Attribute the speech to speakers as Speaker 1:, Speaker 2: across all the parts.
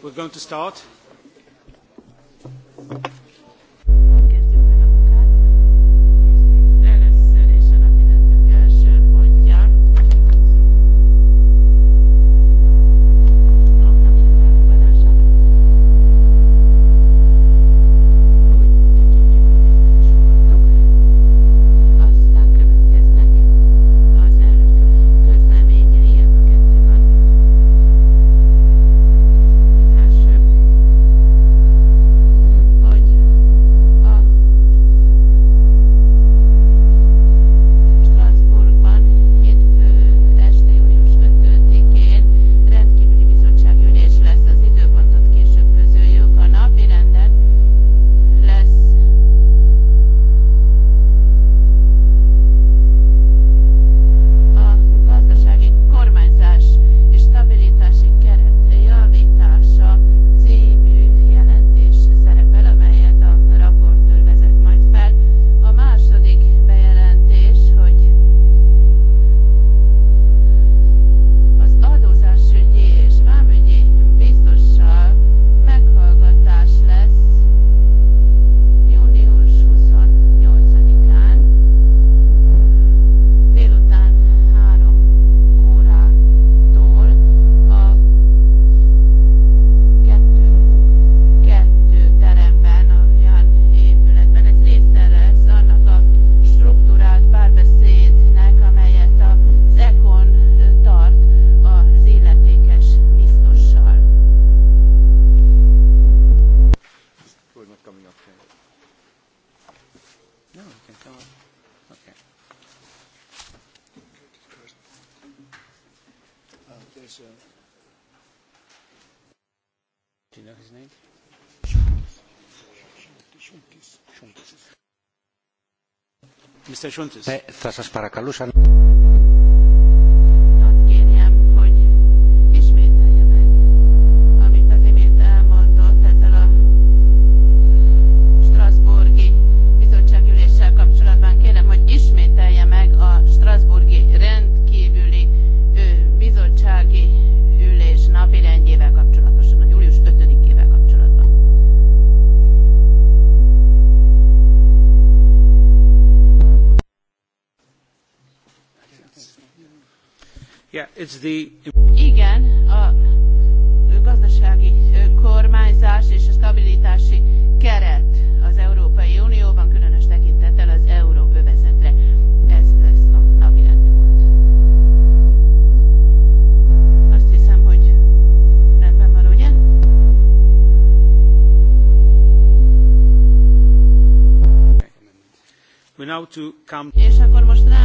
Speaker 1: We're going to start. Σούντες. Θα σας παρακαλούσα...
Speaker 2: It's the...
Speaker 3: Igen, a gazdasági kormányzás és a stabilitási keret az Európai Unióban, különös tekintettel az euróövezetre. Ez lesz a napi rendpont. Azt hiszem, hogy rendben van, ugye? We now to come... És akkor most rá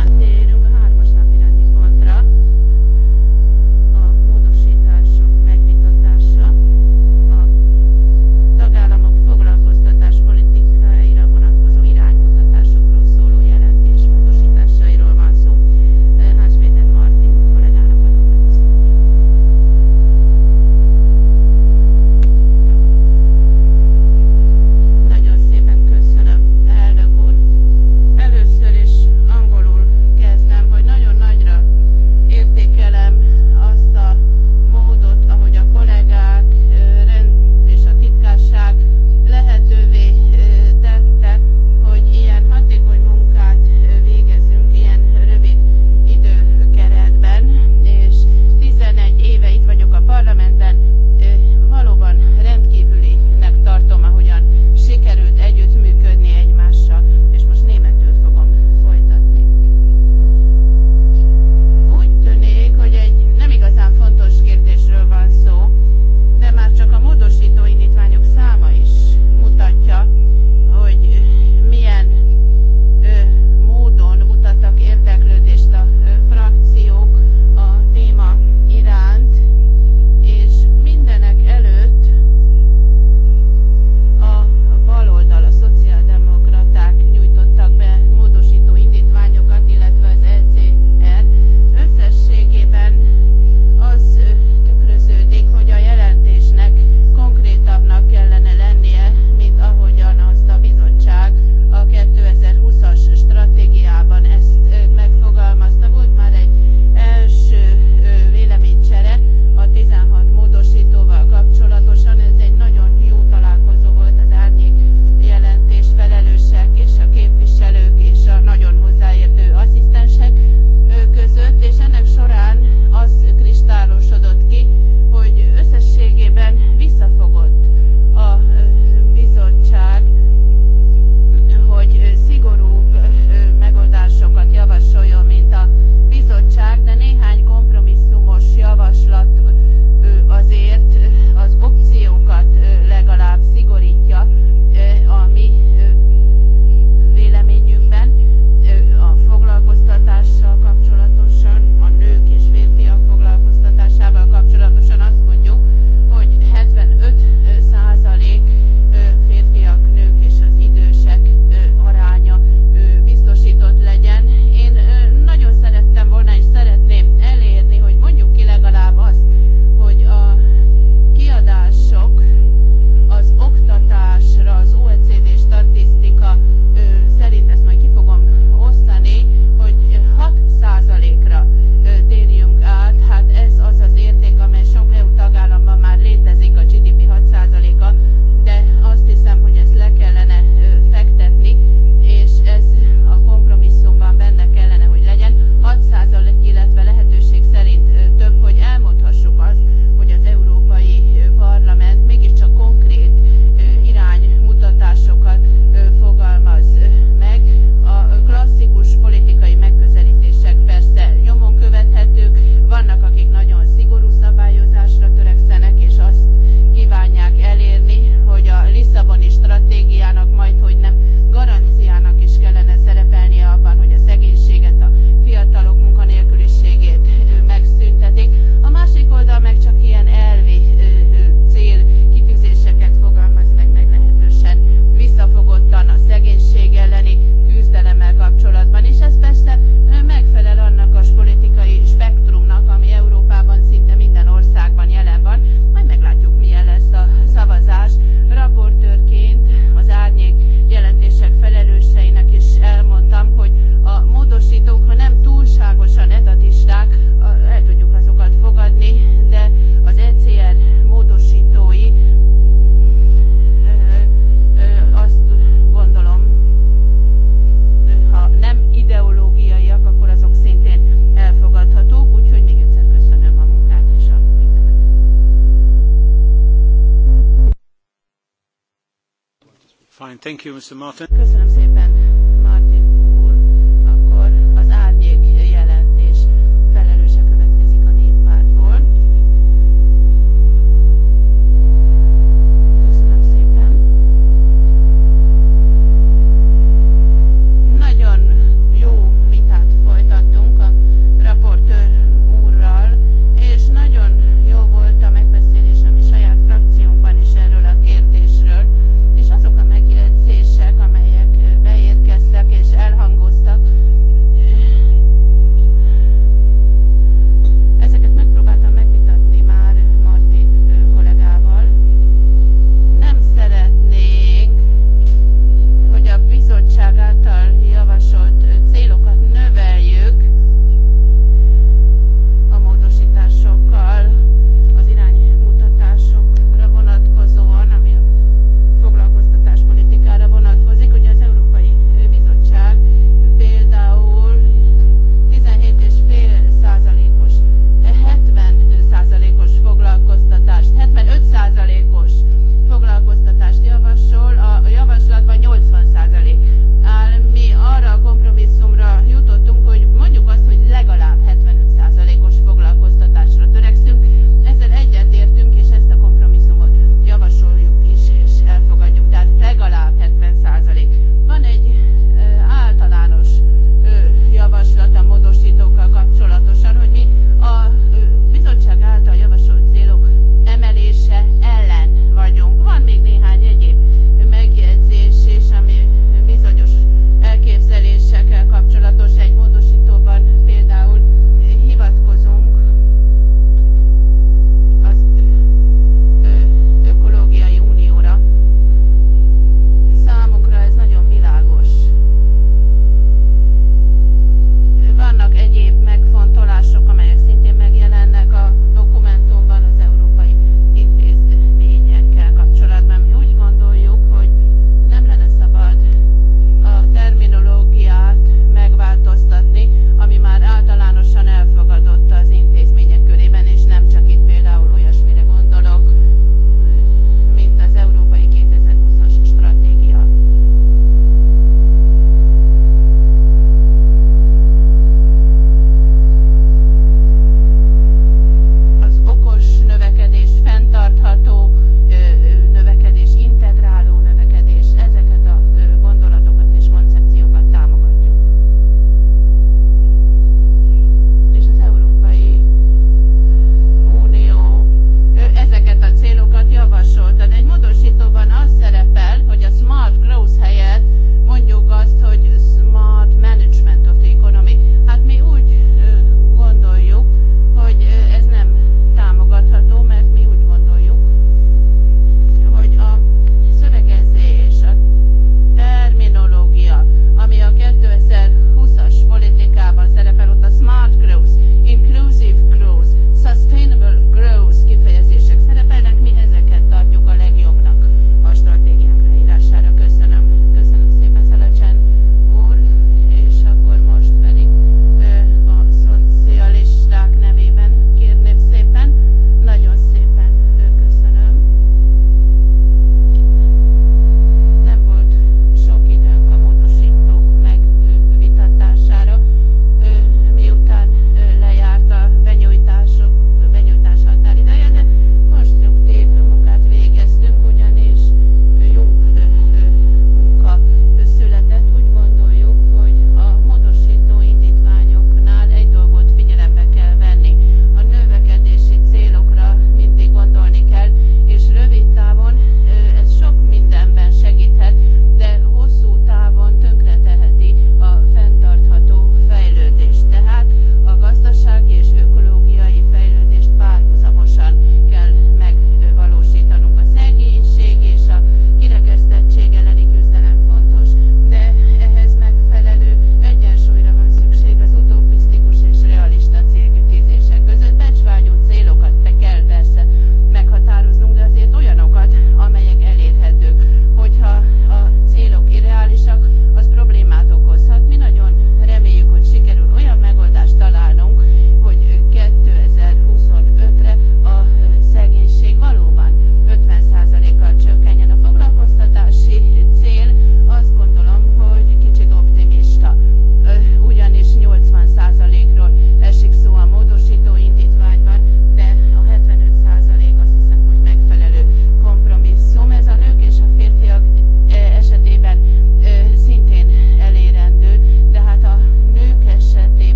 Speaker 3: you, Mr. Martin.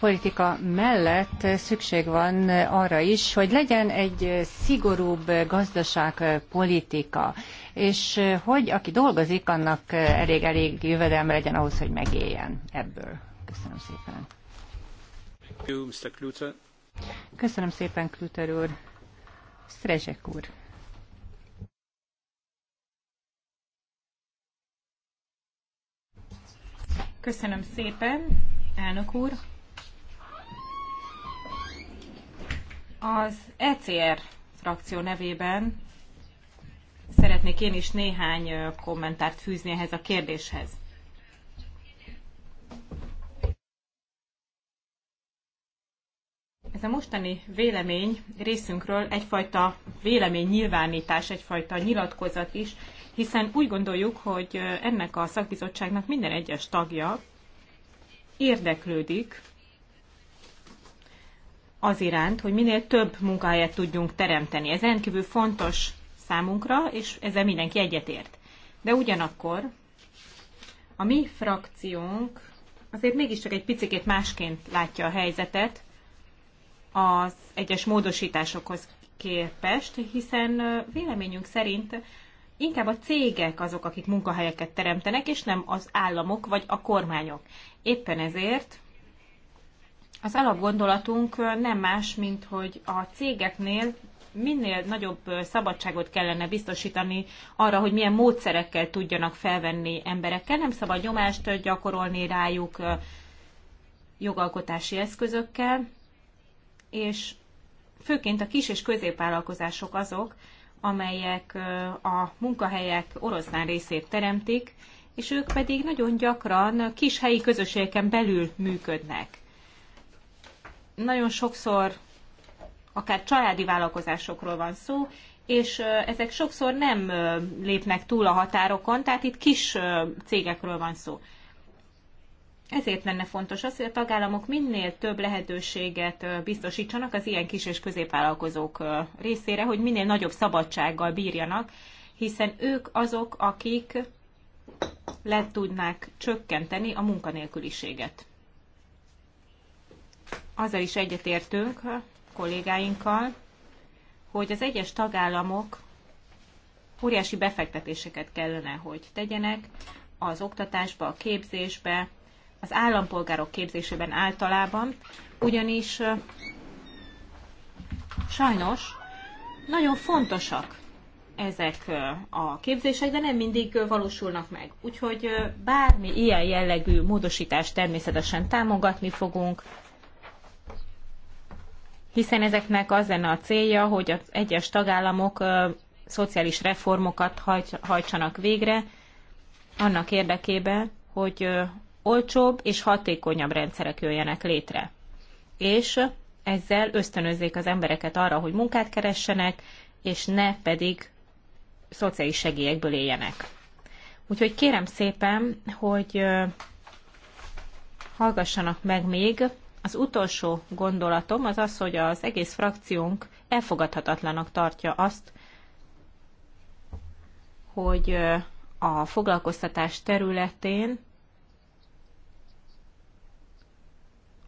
Speaker 1: politika mellett szükség van arra is, hogy legyen egy szigorúbb gazdaságpolitika, és hogy aki dolgozik, annak elég-elég jövedelme legyen ahhoz, hogy megéljen ebből. Köszönöm
Speaker 3: szépen.
Speaker 1: Köszönöm szépen, Klüter úr. Strezsek úr.
Speaker 2: Köszönöm szépen, elnök úr. Az ECR frakció nevében szeretnék én is néhány kommentárt fűzni ehhez a kérdéshez. Ez a mostani vélemény részünkről egyfajta vélemény nyilvánítás, egyfajta nyilatkozat is, hiszen úgy gondoljuk, hogy ennek a szakbizottságnak minden egyes tagja érdeklődik az iránt, hogy minél több munkahelyet tudjunk teremteni. Ez rendkívül fontos számunkra, és ezzel mindenki egyetért. De ugyanakkor a mi frakciónk azért mégiscsak egy picit másként látja a helyzetet az egyes módosításokhoz képest, hiszen véleményünk szerint inkább a cégek azok, akik munkahelyeket teremtenek, és nem az államok vagy a kormányok. Éppen ezért az alapgondolatunk nem más, mint hogy a cégeknél minél nagyobb szabadságot kellene biztosítani arra, hogy milyen módszerekkel tudjanak felvenni emberekkel. Nem szabad nyomást gyakorolni rájuk jogalkotási eszközökkel, és főként a kis és középvállalkozások azok, amelyek a munkahelyek oroszlán részét teremtik, és ők pedig nagyon gyakran kis helyi közösségeken belül működnek nagyon sokszor akár családi vállalkozásokról van szó, és ezek sokszor nem lépnek túl a határokon, tehát itt kis cégekről van szó. Ezért lenne fontos az, hogy a tagállamok minél több lehetőséget biztosítsanak az ilyen kis és középvállalkozók részére, hogy minél nagyobb szabadsággal bírjanak, hiszen ők azok, akik le tudnák csökkenteni a munkanélküliséget azzal is egyetértünk kollégáinkkal, hogy az egyes tagállamok óriási befektetéseket kellene, hogy tegyenek az oktatásba, a képzésbe, az állampolgárok képzésében általában, ugyanis sajnos nagyon fontosak ezek a képzések, de nem mindig valósulnak meg. Úgyhogy bármi ilyen jellegű módosítást természetesen támogatni fogunk, hiszen ezeknek az lenne a célja, hogy az egyes tagállamok szociális reformokat hajtsanak végre, annak érdekében, hogy olcsóbb és hatékonyabb rendszerek jöjjenek létre. És ezzel ösztönözzék az embereket arra, hogy munkát keressenek, és ne pedig szociális segélyekből éljenek. Úgyhogy kérem szépen, hogy hallgassanak meg még az utolsó gondolatom az az, hogy az egész frakciónk elfogadhatatlanak tartja azt, hogy a foglalkoztatás területén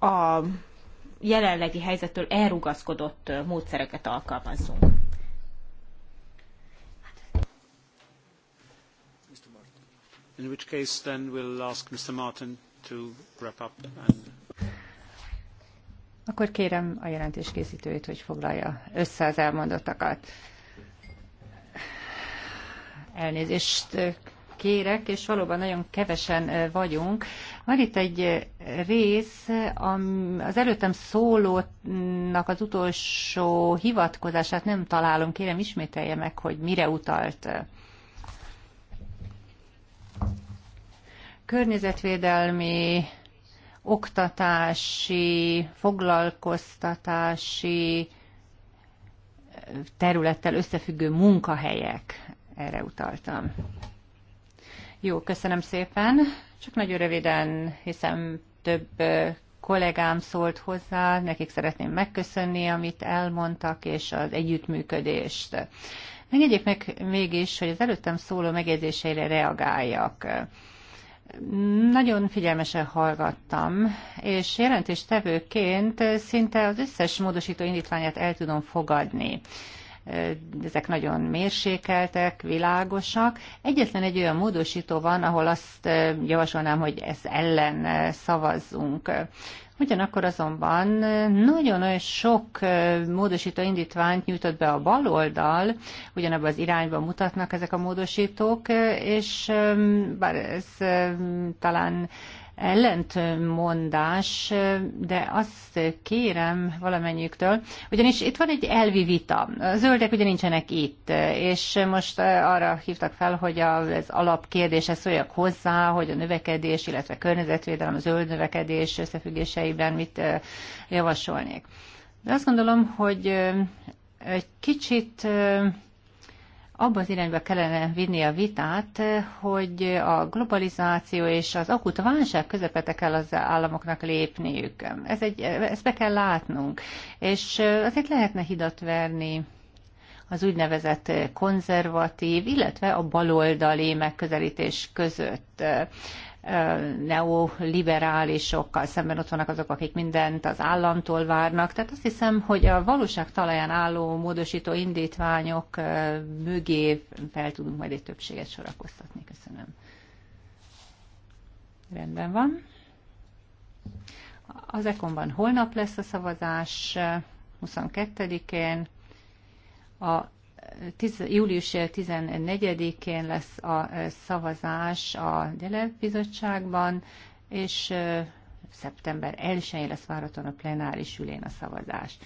Speaker 2: a jelenlegi helyzettől elrugaszkodott módszereket alkalmazzunk. In which case then we'll ask Mr. Martin to wrap up and
Speaker 1: akkor kérem a jelentés készítőjét, hogy foglalja össze az elmondottakat. Elnézést kérek, és valóban nagyon kevesen vagyunk. Van itt egy rész, az előttem szólónak az utolsó hivatkozását nem találom. Kérem, ismételje meg, hogy mire utalt. Környezetvédelmi oktatási, foglalkoztatási eh, területtel összefüggő munkahelyek. Erre utaltam. Jó, köszönöm szépen. Csak nagyon röviden, hiszen több eh, kollégám szólt hozzá, nekik szeretném megköszönni, amit elmondtak, és az együttműködést. Megjegyék meg mégis, hogy az előttem szóló megjegyzéseire reagáljak. Nagyon figyelmesen hallgattam, és jelentéstevőként szinte az összes módosító indítványát el tudom fogadni ezek nagyon mérsékeltek, világosak. Egyetlen egy olyan módosító van, ahol azt javasolnám, hogy ezt ellen szavazzunk. Ugyanakkor azonban nagyon-nagyon sok módosító indítványt nyújtott be a baloldal, ugyanabban az irányba mutatnak ezek a módosítók, és bár ez talán ellentmondás, de azt kérem valamennyiüktől, ugyanis itt van egy elvi vita. A zöldek ugye nincsenek itt, és most arra hívtak fel, hogy az alapkérdéshez szóljak hozzá, hogy a növekedés, illetve környezetvédelem, a zöld növekedés összefüggéseiben mit javasolnék. De azt gondolom, hogy egy kicsit abban az irányba kellene vinni a vitát, hogy a globalizáció és az akut válság közepete kell az államoknak lépniük. Ez egy, ezt be kell látnunk, és azért lehetne hidat verni az úgynevezett konzervatív, illetve a baloldali megközelítés között neoliberálisokkal szemben ott vannak azok, akik mindent az államtól várnak. Tehát azt hiszem, hogy a valóság talaján álló módosító indítványok mögé fel tudunk majd egy többséget sorakoztatni. Köszönöm. Rendben van. Az Ekonban holnap lesz a szavazás, 22-én. A 10, július 14-én lesz a szavazás a Gyelev bizottságban, és szeptember 1-én lesz várhatóan a plenáris ülén a szavazás.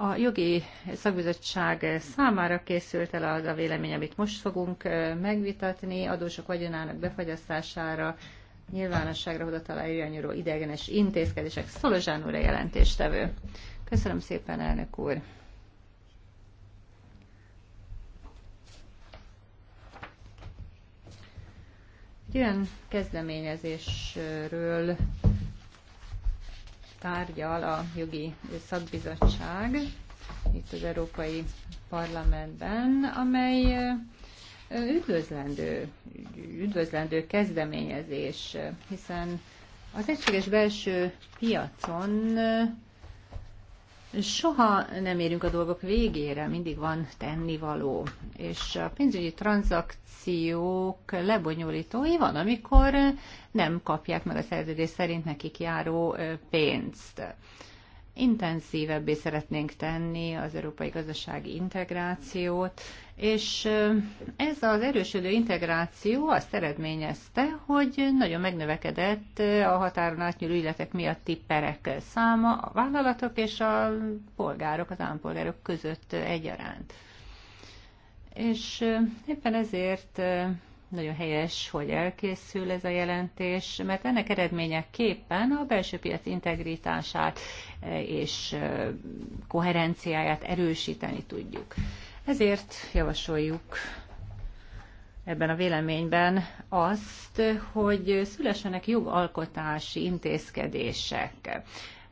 Speaker 1: A jogi szakbizottság számára készült el az a vélemény, amit most fogunk megvitatni, adósok vagyonának befagyasztására, nyilvánosságra hozatala irányuló idegenes intézkedések. Szolozsán úr a jelentéstevő. Köszönöm szépen, elnök úr. Egy olyan kezdeményezésről tárgyal a jogi szakbizottság itt az Európai Parlamentben, amely üdvözlendő, üdvözlendő kezdeményezés, hiszen az egységes belső piacon Soha nem érünk a dolgok végére, mindig van tennivaló. És a pénzügyi tranzakciók lebonyolítói van, amikor nem kapják meg a szerződés szerint nekik járó pénzt intenzívebbé szeretnénk tenni az európai gazdasági integrációt, és ez az erősödő integráció azt eredményezte, hogy nagyon megnövekedett a határon átnyúló ügyletek miatti perek száma a vállalatok és a polgárok, az állampolgárok között egyaránt. És éppen ezért nagyon helyes, hogy elkészül ez a jelentés, mert ennek eredményeképpen a belső piac integritását e, és e, koherenciáját erősíteni tudjuk. Ezért javasoljuk ebben a véleményben azt, hogy szülessenek jogalkotási intézkedések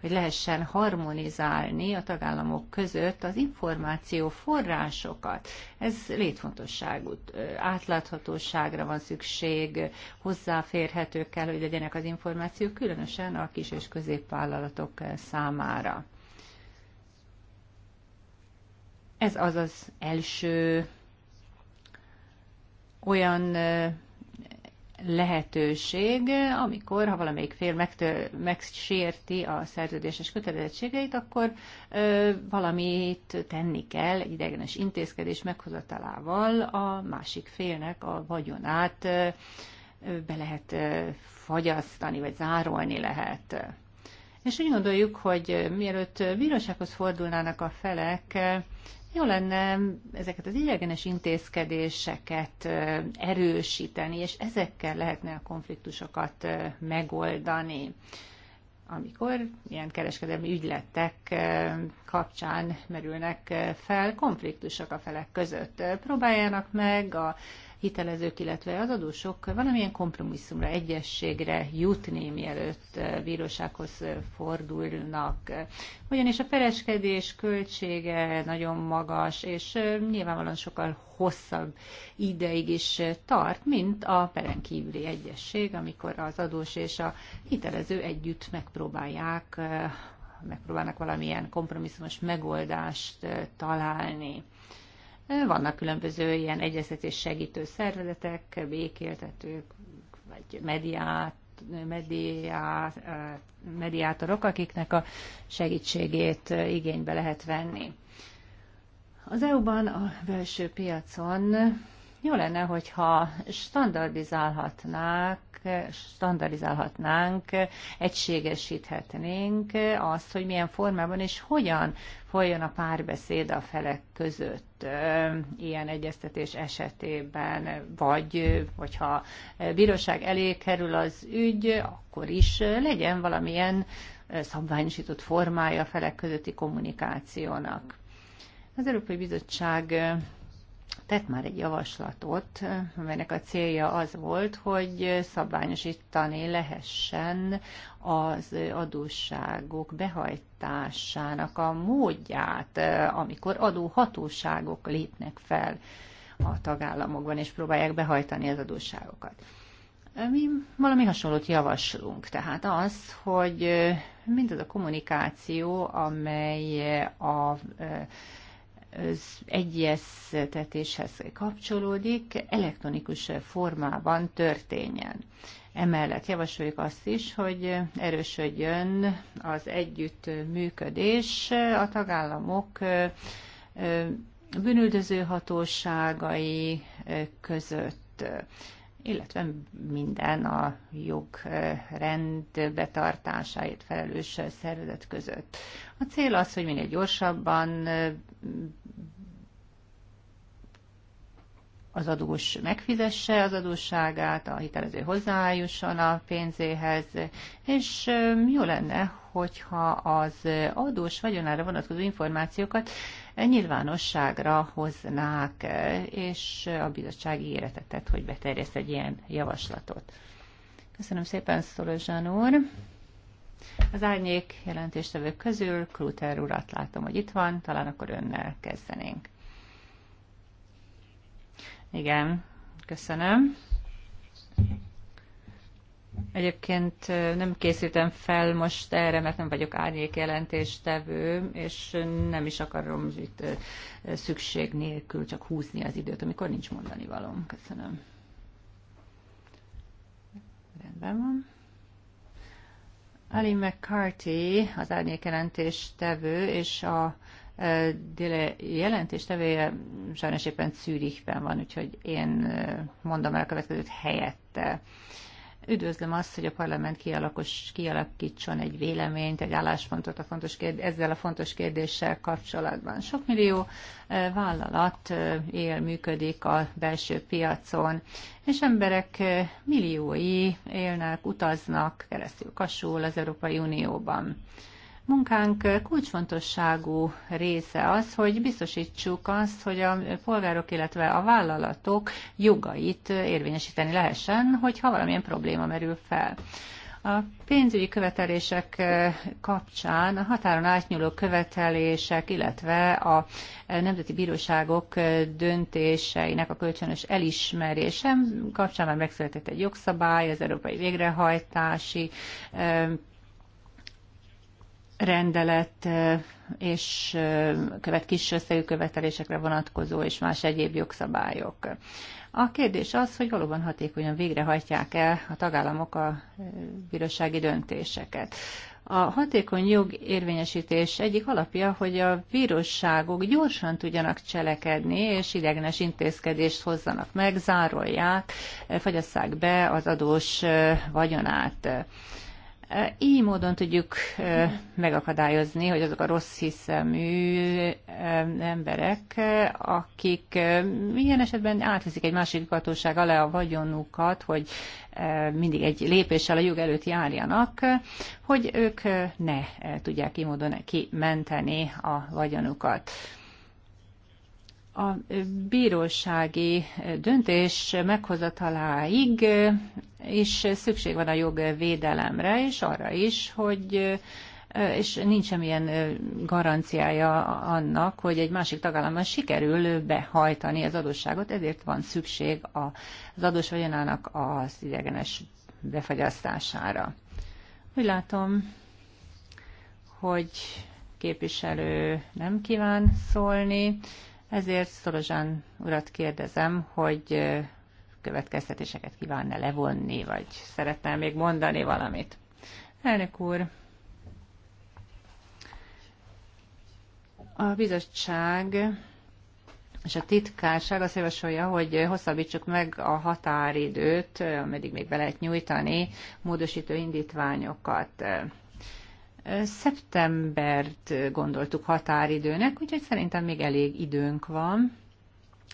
Speaker 1: hogy lehessen harmonizálni a tagállamok között az információ forrásokat. Ez létfontosságú. Átláthatóságra van szükség, hozzáférhető kell, hogy legyenek az információk, különösen a kis és középvállalatok számára. Ez az az első olyan lehetőség, amikor, ha valamelyik fél megtör, megsérti a szerződéses kötelezettségeit, akkor ö, valamit tenni kell egy idegenes intézkedés meghozatalával a másik félnek a vagyonát ö, be lehet ö, fagyasztani, vagy zárolni lehet. És úgy gondoljuk, hogy mielőtt bírósághoz fordulnának a felek, jó lenne ezeket az idegenes intézkedéseket erősíteni, és ezekkel lehetne a konfliktusokat megoldani amikor ilyen kereskedelmi ügyletek kapcsán merülnek fel konfliktusok a felek között. Próbáljanak meg a hitelezők, illetve az adósok valamilyen kompromisszumra, egyességre jutni, mielőtt bírósághoz fordulnak. Ugyanis a pereskedés költsége nagyon magas, és nyilvánvalóan sokkal hosszabb ideig is tart, mint a peren kívüli egyesség, amikor az adós és a hitelező együtt megpróbálják megpróbálnak valamilyen kompromisszumos megoldást találni. Vannak különböző ilyen egyeztetés segítő szervezetek, békéltetők, vagy mediát, mediá, mediátorok, akiknek a segítségét igénybe lehet venni. Az EU-ban a belső piacon jó lenne, hogyha standardizálhatnák standardizálhatnánk, egységesíthetnénk azt, hogy milyen formában és hogyan folyjon a párbeszéd a felek között ilyen egyeztetés esetében, vagy hogyha bíróság elé kerül az ügy, akkor is legyen valamilyen szabványosított formája a felek közötti kommunikációnak. Az Európai Bizottság tett már egy javaslatot, amelynek a célja az volt, hogy szabványosítani lehessen az adósságok behajtásának a módját, amikor adóhatóságok lépnek fel a tagállamokban, és próbálják behajtani az adósságokat. Mi valami hasonlót javaslunk, tehát az, hogy mindaz a kommunikáció, amely a egyeztetéshez kapcsolódik, elektronikus formában történjen. Emellett javasoljuk azt is, hogy erősödjön az együttműködés a tagállamok bűnüldöző hatóságai között, illetve minden a jogrend betartásáért felelős szervezet között. A cél az, hogy minél gyorsabban az adós megfizesse az adósságát, a hitelező hozzájusson a pénzéhez, és jó lenne, hogyha az adós vagyonára vonatkozó információkat nyilvánosságra hoznák, és a bizottság ígéretet hogy beterjeszt egy ilyen javaslatot. Köszönöm szépen, Szolozsán úr! Az árnyék jelentéstevők közül Klúter urat látom, hogy itt van, talán akkor önnel kezdenénk. Igen, köszönöm. Egyébként nem készítem fel most erre, mert nem vagyok árnyék jelentéstevő, és nem is akarom itt szükség nélkül csak húzni az időt, amikor nincs mondani valom. Köszönöm. Rendben van. Ali McCarthy, az árnyék jelentéstevő, és a Dile jelentéstevéje sajnos éppen Zürichben van, úgyhogy én mondom el a következőt helyette. Üdvözlöm azt, hogy a parlament kialakos, kialakítson egy véleményt, egy álláspontot a fontos kérd, ezzel a fontos kérdéssel kapcsolatban. Sok millió vállalat él, működik a belső piacon, és emberek milliói élnek, utaznak keresztül Kassul az Európai Unióban. Munkánk kulcsfontosságú része az, hogy biztosítsuk azt, hogy a polgárok, illetve a vállalatok jogait érvényesíteni lehessen, hogyha valamilyen probléma merül fel. A pénzügyi követelések eh, kapcsán a határon átnyúló követelések, illetve a eh, nemzeti bíróságok eh, döntéseinek a kölcsönös elismerése kapcsán már megszületett egy jogszabály, az európai végrehajtási rendelet és követ kis összegű követelésekre vonatkozó és más egyéb jogszabályok. A kérdés az, hogy valóban hatékonyan végrehajtják el a tagállamok a bírósági döntéseket. A hatékony jog érvényesítés egyik alapja, hogy a bíróságok gyorsan tudjanak cselekedni, és idegenes intézkedést hozzanak meg, zárolják, fagyasszák be az adós vagyonát. Így módon tudjuk megakadályozni, hogy azok a rossz hiszemű emberek, akik ilyen esetben átviszik egy másik hatóság alá a vagyonukat, hogy mindig egy lépéssel a jog előtt járjanak, hogy ők ne tudják így módon kimenteni a vagyonukat a bírósági döntés meghozataláig is szükség van a jogvédelemre, és arra is, hogy és nincs semmilyen garanciája annak, hogy egy másik tagállamban sikerül behajtani az adósságot, ezért van szükség az adós vagyonának az idegenes befagyasztására. Úgy látom, hogy képviselő nem kíván szólni. Ezért Szorozsán urat kérdezem, hogy következtetéseket kívánna levonni, vagy szeretne még mondani valamit. Elnök úr, a bizottság és a titkárság azt javasolja, hogy hosszabbítsuk meg a határidőt, ameddig még be lehet nyújtani módosító indítványokat. Szeptembert gondoltuk határidőnek, úgyhogy szerintem még elég időnk van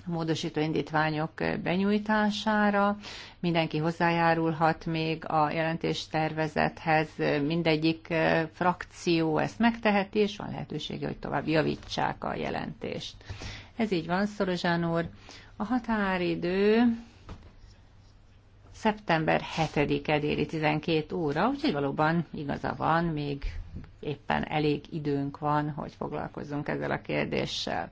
Speaker 1: módosító indítványok benyújtására. Mindenki hozzájárulhat még a jelentéstervezethez, mindegyik eh, frakció ezt megteheti, és van lehetősége, hogy tovább javítsák a jelentést. Ez így van, Szorozsán úr. A határidő szeptember 7-e déli 12 óra, úgyhogy valóban igaza van, még éppen elég időnk van, hogy foglalkozzunk ezzel a kérdéssel.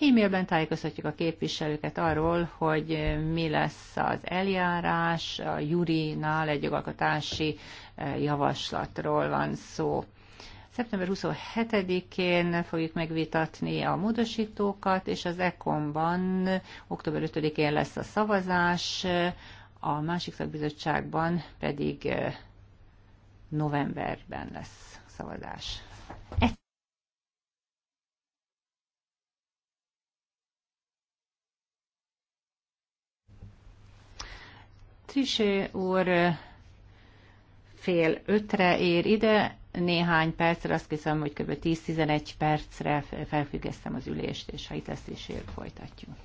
Speaker 1: E-mailben tájékoztatjuk a képviselőket arról, hogy mi lesz az eljárás, a Jurinál egy jogalkotási e, javaslatról van szó. Szeptember 27-én fogjuk megvitatni a módosítókat, és az ECOM-ban október 5-én lesz a szavazás, a másik szakbizottságban pedig e, novemberben lesz szavazás. Trisé úr fél ötre ér ide, néhány percre, azt hiszem, hogy kb. 10-11 percre felfüggesztem az ülést, és ha itt lesz is ér, folytatjuk.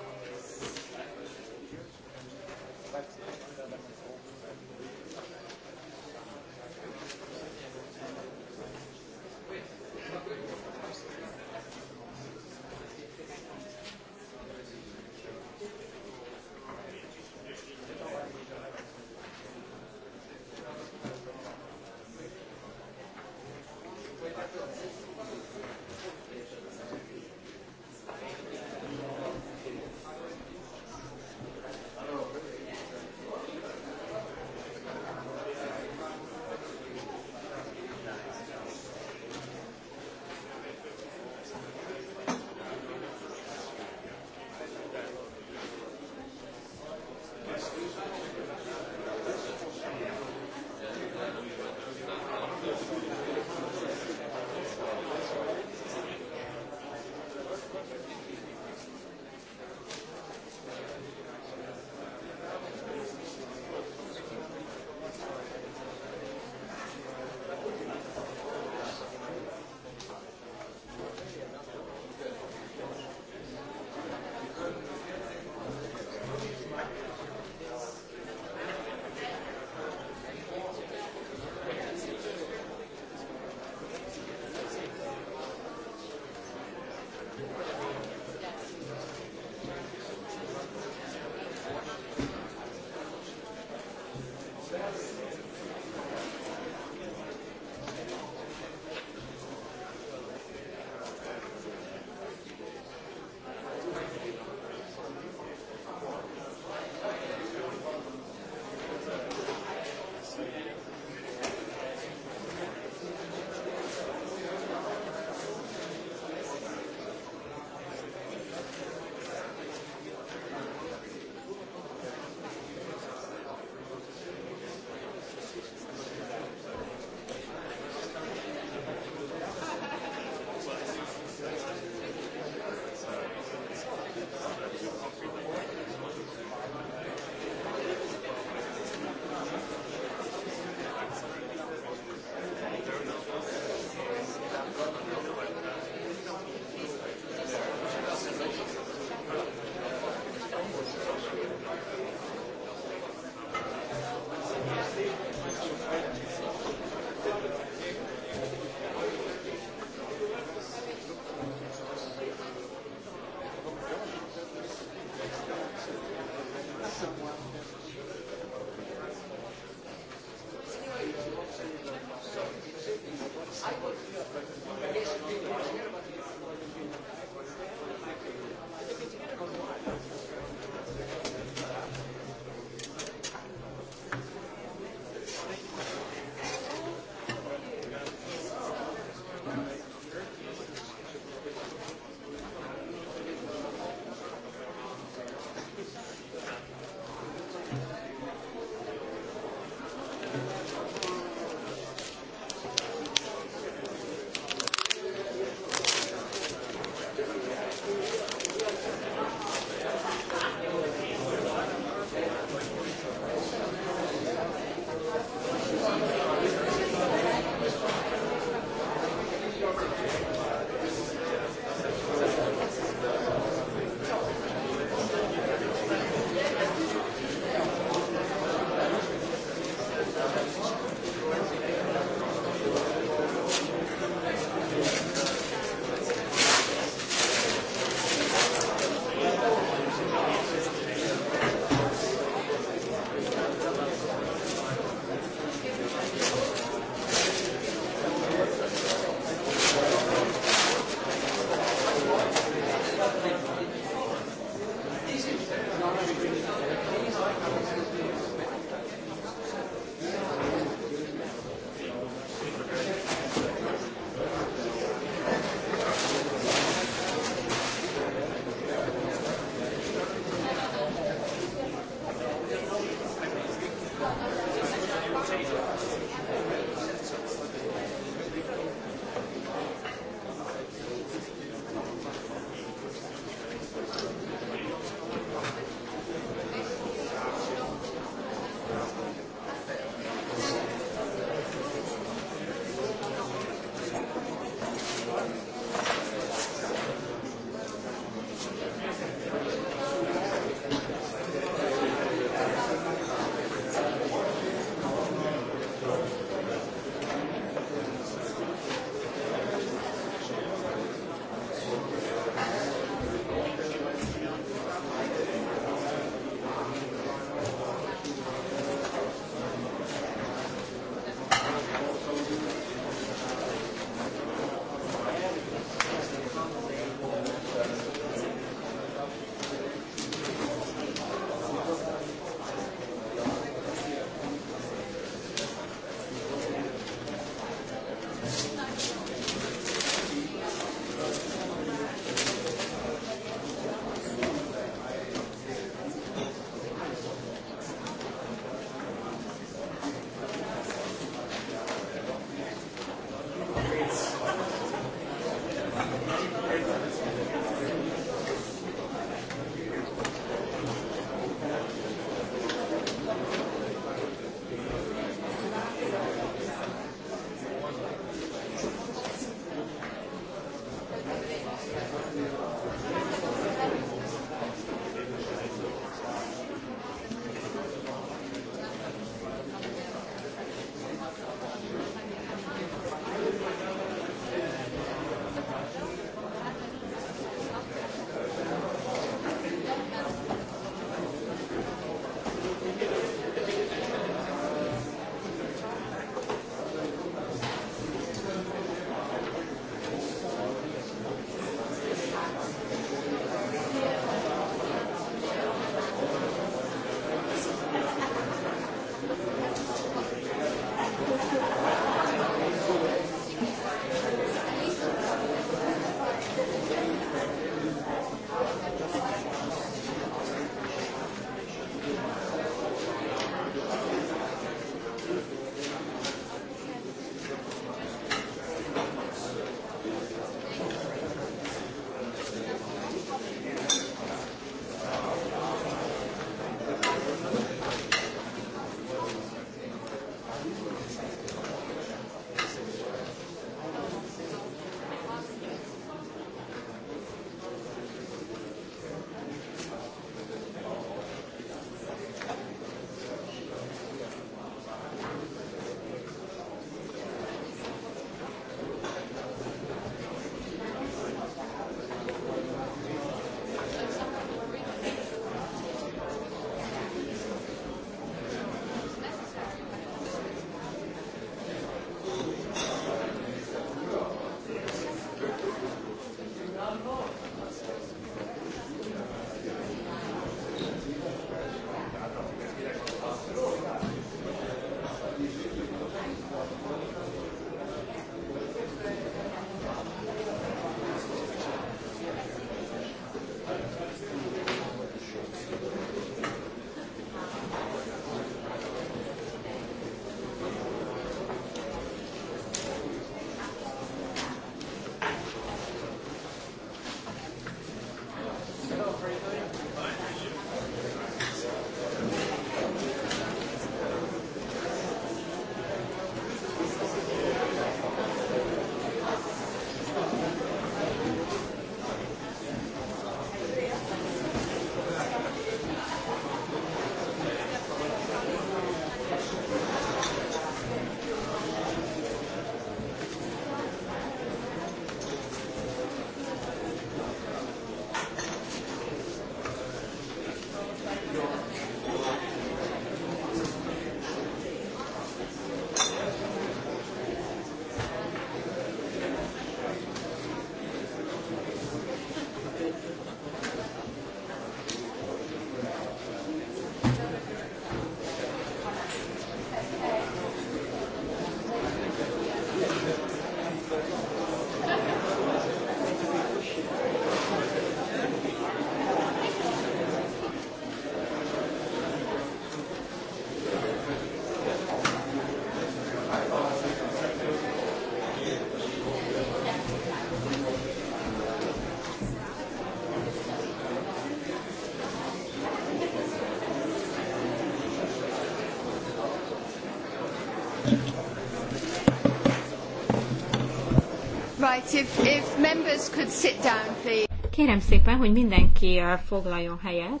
Speaker 2: Kérem szépen, hogy mindenki uh, foglaljon helyet,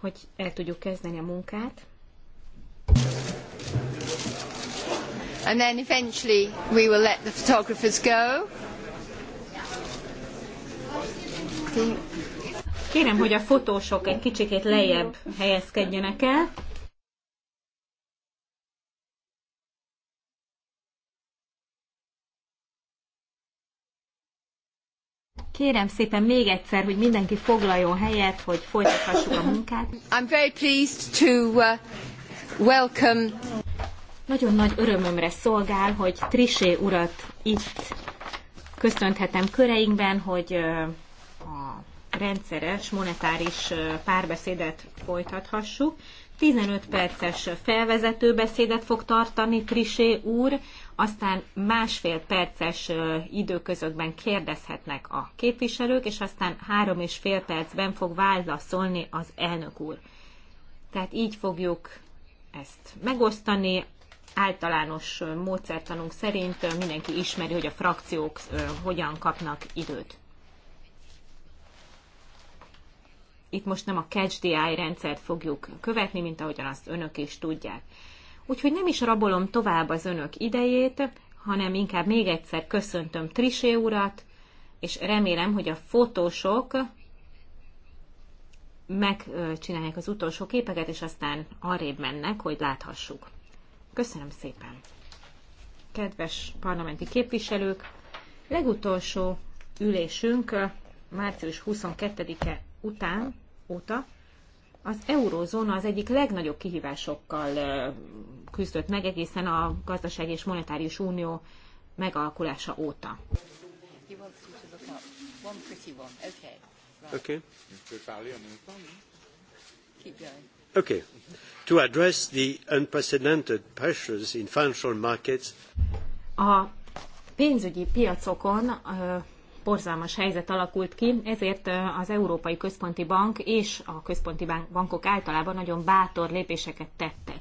Speaker 2: hogy el tudjuk kezdeni a munkát. And then eventually we will let the photographers go. Kérem, hogy a fotósok egy kicsikét lejjebb helyezkedjenek el. Kérem szépen még egyszer, hogy mindenki foglaljon helyet, hogy folytathassuk a munkát. I'm very pleased to uh, welcome... Nagyon nagy örömömre szolgál, hogy Trisé urat itt köszönhetem köreinkben, hogy uh, a rendszeres monetáris uh, párbeszédet folytathassuk. 15 perces felvezető beszédet fog tartani Trisé úr, aztán másfél perces időközökben kérdezhetnek a képviselők, és aztán három és fél percben fog válaszolni az elnök úr. Tehát így fogjuk ezt megosztani. Általános módszertanunk szerint mindenki ismeri, hogy a frakciók hogyan kapnak időt. itt most nem a catch the eye rendszert fogjuk követni, mint ahogyan azt önök is tudják. Úgyhogy nem is rabolom tovább az önök idejét, hanem inkább még egyszer köszöntöm Trisé urat, és remélem, hogy a fotósok megcsinálják az utolsó képeket, és aztán arrébb mennek, hogy láthassuk. Köszönöm szépen! Kedves parlamenti képviselők, legutolsó ülésünk március 22-e után óta az eurózóna az egyik legnagyobb kihívásokkal küzdött meg egészen a gazdaság és monetáris unió megalakulása óta. Okay. To address the unprecedented pressures in financial markets. A pénzügyi piacokon borzalmas helyzet alakult ki, ezért az Európai Központi Bank és a központi bankok általában nagyon bátor lépéseket tettek.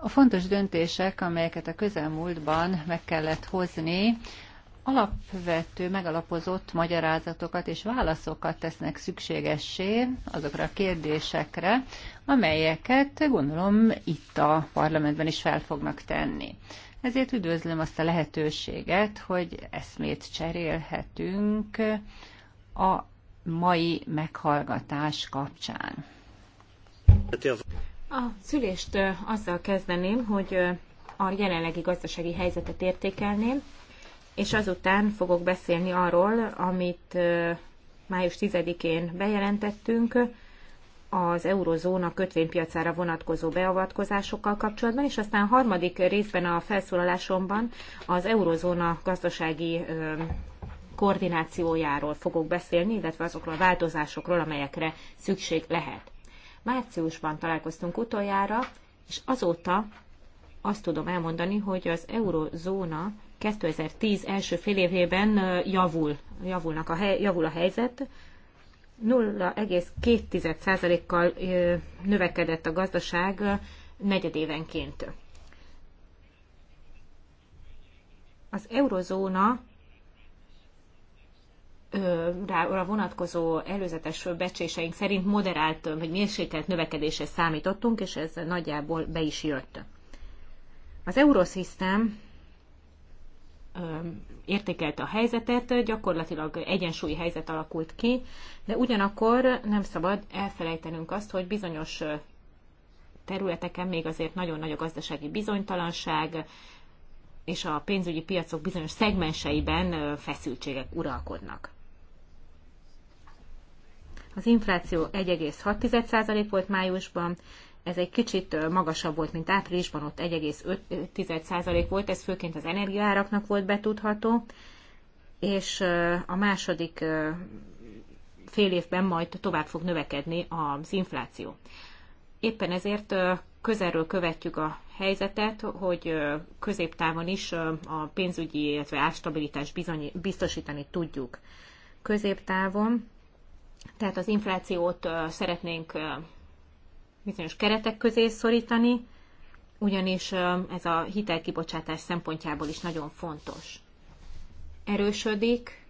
Speaker 1: A fontos döntések, amelyeket a közelmúltban meg kellett hozni, alapvető, megalapozott magyarázatokat és válaszokat tesznek szükségessé azokra a kérdésekre, amelyeket gondolom itt a parlamentben is fel fognak tenni. Ezért üdvözlöm azt a lehetőséget, hogy eszmét cserélhetünk a mai meghallgatás kapcsán.
Speaker 2: A szülést azzal kezdeném, hogy a jelenlegi gazdasági helyzetet értékelném, és azután fogok beszélni arról, amit május 10-én bejelentettünk, az eurozóna kötvénypiacára vonatkozó beavatkozásokkal kapcsolatban, és aztán harmadik részben a felszólalásomban az eurozóna gazdasági koordinációjáról fogok beszélni, illetve azokról a változásokról, amelyekre szükség lehet. Márciusban találkoztunk utoljára, és azóta azt tudom elmondani, hogy az eurozóna 2010 első fél évében javul, javulnak a hely, javul a helyzet, 0,2%-kal növekedett a gazdaság negyedévenként. Az eurozóna rá vonatkozó előzetes becséseink szerint moderált vagy mérsékelt növekedésre számítottunk, és ez nagyjából be is jött. Az Eurosystem értékelte a helyzetet, gyakorlatilag egyensúlyi helyzet alakult ki, de ugyanakkor nem szabad elfelejtenünk azt, hogy bizonyos területeken még azért nagyon nagy a gazdasági bizonytalanság, és a pénzügyi piacok bizonyos szegmenseiben feszültségek uralkodnak. Az infláció 1,6% volt májusban, ez egy kicsit magasabb volt, mint áprilisban, ott 1,5% volt, ez főként az energiáraknak volt betudható, és a második fél évben majd tovább fog növekedni az infláció. Éppen ezért közelről követjük a helyzetet, hogy középtávon is a pénzügyi, illetve árstabilitást biztosítani tudjuk. Középtávon, tehát az inflációt szeretnénk bizonyos keretek közé szorítani, ugyanis ez a hitelkibocsátás szempontjából is nagyon fontos. Erősödik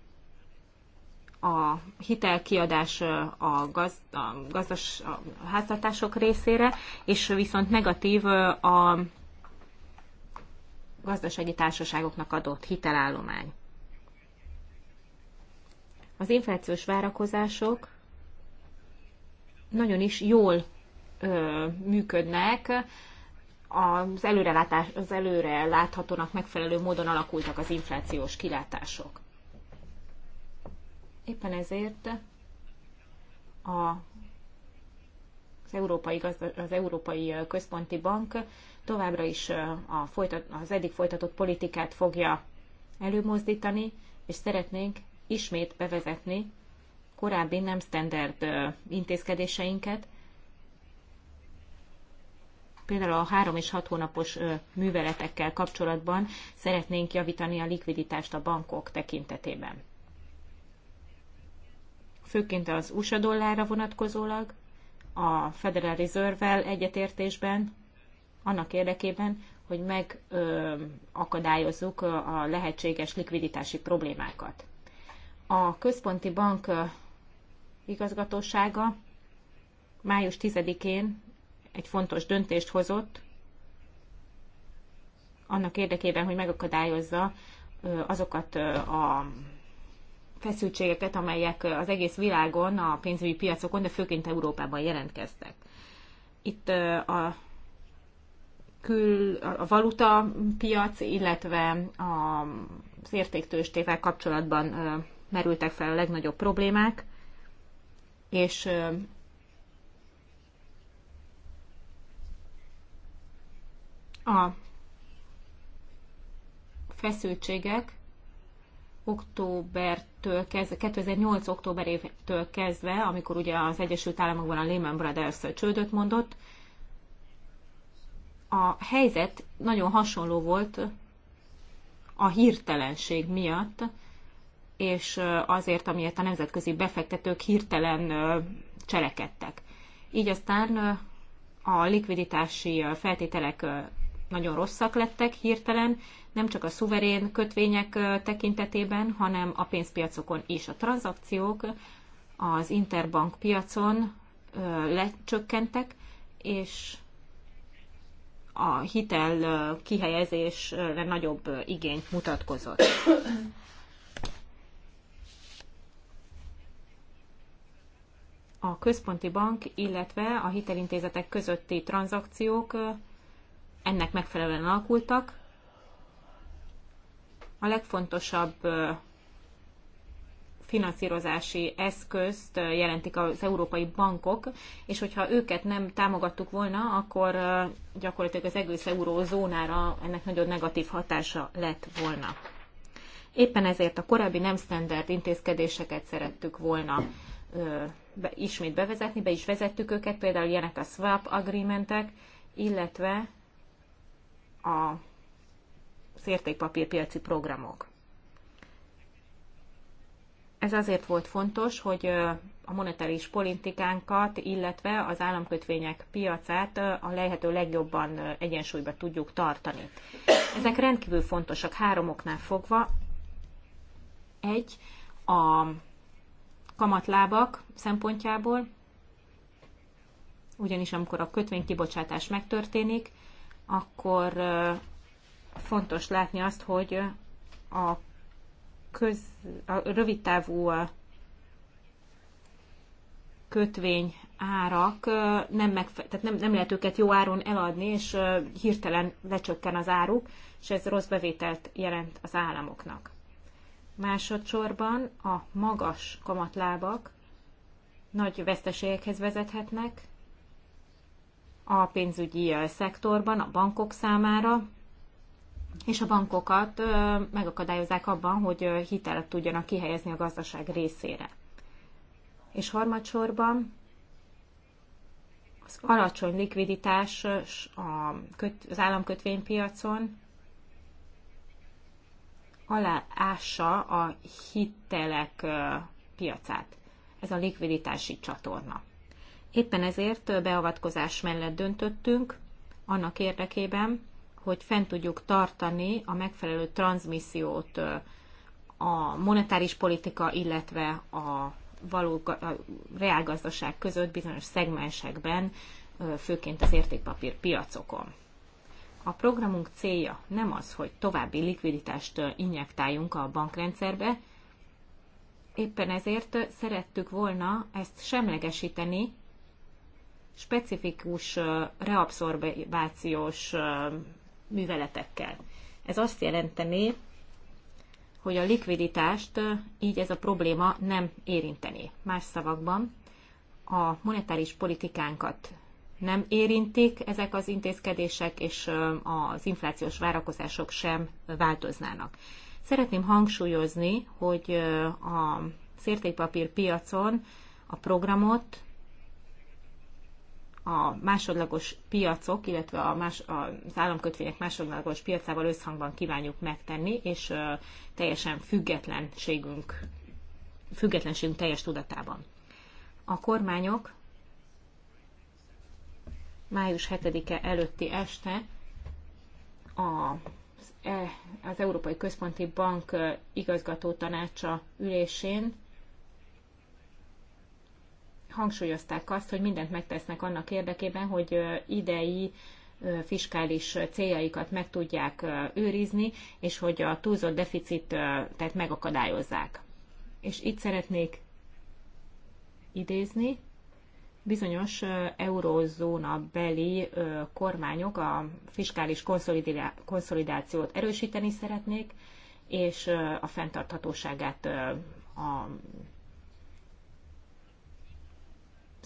Speaker 2: a hitelkiadás a, gaz, a gazdas a háztartások részére, és viszont negatív a gazdasági társaságoknak adott hitelállomány. Az inflációs várakozások nagyon is jól működnek, az előrelátás, az előre láthatónak megfelelő módon alakultak az inflációs kilátások. Éppen ezért a, az, Európai, az Európai Központi Bank továbbra is a folytat, az eddig folytatott politikát fogja előmozdítani, és szeretnénk ismét bevezetni korábbi nem standard intézkedéseinket, Például a három és hat hónapos műveletekkel kapcsolatban szeretnénk javítani a likviditást a bankok tekintetében. Főként az USA dollárra vonatkozólag, a Federal Reserve-vel egyetértésben, annak érdekében, hogy megakadályozzuk a lehetséges likviditási problémákat. A központi bank igazgatósága május 10-én egy fontos döntést hozott annak érdekében, hogy megakadályozza azokat a feszültségeket, amelyek az egész világon, a pénzügyi piacokon, de főként Európában jelentkeztek. Itt a kül, a valuta piac, illetve az értéktőstével kapcsolatban merültek fel a legnagyobb problémák, és A feszültségek októbertől kezdve, 2008. októberétől kezdve, amikor ugye az Egyesült Államokban a Lehman Brothers csődöt mondott, a helyzet nagyon hasonló volt a hirtelenség miatt, és azért, amiért a nemzetközi befektetők hirtelen cselekedtek. Így aztán a likviditási feltételek nagyon rosszak lettek hirtelen, nem csak a szuverén kötvények tekintetében, hanem a pénzpiacokon is. A tranzakciók az interbank piacon lecsökkentek, és a hitel kihelyezésre nagyobb igényt mutatkozott. A központi bank, illetve a hitelintézetek közötti tranzakciók ennek megfelelően alakultak. A legfontosabb finanszírozási eszközt jelentik az európai bankok, és hogyha őket nem támogattuk volna, akkor gyakorlatilag az egész eurózónára ennek nagyon negatív hatása lett volna. Éppen ezért a korábbi nem standard intézkedéseket szerettük volna ö, be, ismét bevezetni, be is vezettük őket, például ilyenek a swap agreementek, illetve a szértékpapírpiaci programok. Ez azért volt fontos, hogy a monetáris politikánkat, illetve az államkötvények piacát a lehető legjobban egyensúlyba tudjuk tartani. Ezek rendkívül fontosak három oknál fogva. Egy, a kamatlábak szempontjából, ugyanis amikor a kötvénykibocsátás megtörténik, akkor fontos látni azt, hogy a, köz, a rövidtávú kötvény árak nem, megfe- tehát nem, nem lehet őket jó áron eladni, és hirtelen lecsökken az áruk, és ez rossz bevételt jelent az államoknak. Másodszorban a magas kamatlábak nagy veszteségekhez vezethetnek, a pénzügyi szektorban, a bankok számára, és a bankokat megakadályozzák abban, hogy hitelet tudjanak kihelyezni a gazdaság részére. És harmadsorban az alacsony likviditás az államkötvénypiacon aláássa a hitelek piacát. Ez a likviditási csatorna. Éppen ezért beavatkozás mellett döntöttünk, annak érdekében, hogy fent tudjuk tartani a megfelelő transmissziót a monetáris politika, illetve a való a reálgazdaság között bizonyos szegmensekben, főként az értékpapír piacokon. A programunk célja nem az, hogy további likviditást injektáljunk a bankrendszerbe, éppen ezért szerettük volna ezt semlegesíteni specifikus reabszorbációs műveletekkel. Ez azt jelenteni, hogy a likviditást így ez a probléma nem érinteni. Más szavakban a monetáris politikánkat nem érintik ezek az intézkedések, és az inflációs várakozások sem változnának. Szeretném hangsúlyozni, hogy a szértékpapír piacon a programot a másodlagos piacok, illetve a más, az államkötvények másodlagos piacával összhangban kívánjuk megtenni, és teljesen függetlenségünk, függetlenségünk teljes tudatában. A kormányok május 7-e előtti este a az e, Európai Központi Bank igazgató tanácsa ülésén hangsúlyozták azt, hogy mindent megtesznek annak érdekében, hogy idei fiskális céljaikat meg tudják őrizni, és hogy a túlzott deficit tehát megakadályozzák. És itt szeretnék idézni, bizonyos eurózóna beli kormányok a fiskális konszolidációt erősíteni szeretnék, és a fenntarthatóságát a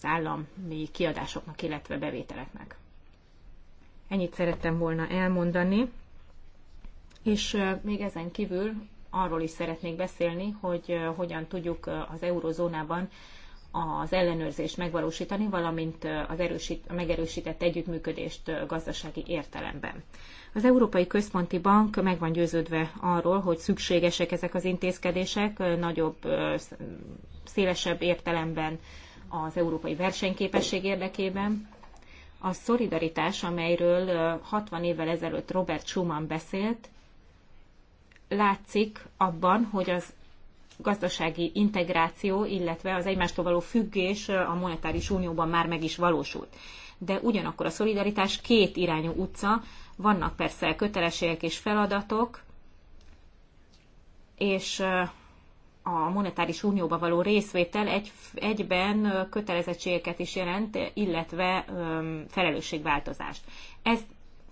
Speaker 2: az állami kiadásoknak, illetve bevételeknek. Ennyit szerettem volna elmondani, és még ezen kívül arról is szeretnék beszélni, hogy hogyan tudjuk az eurozónában az ellenőrzést megvalósítani, valamint az erősít, a megerősített együttműködést gazdasági értelemben. Az Európai Központi Bank meg van győződve arról, hogy szükségesek ezek az intézkedések, nagyobb, szélesebb értelemben az európai versenyképesség érdekében. A szolidaritás, amelyről 60 évvel ezelőtt Robert Schuman beszélt, látszik abban, hogy az gazdasági integráció, illetve az egymástól való függés a monetáris unióban már meg is valósult. De ugyanakkor a szolidaritás két irányú utca, vannak persze kötelességek és feladatok, és a monetáris unióba való részvétel egy, egyben kötelezettségeket is jelent, illetve öm, felelősségváltozást. Ez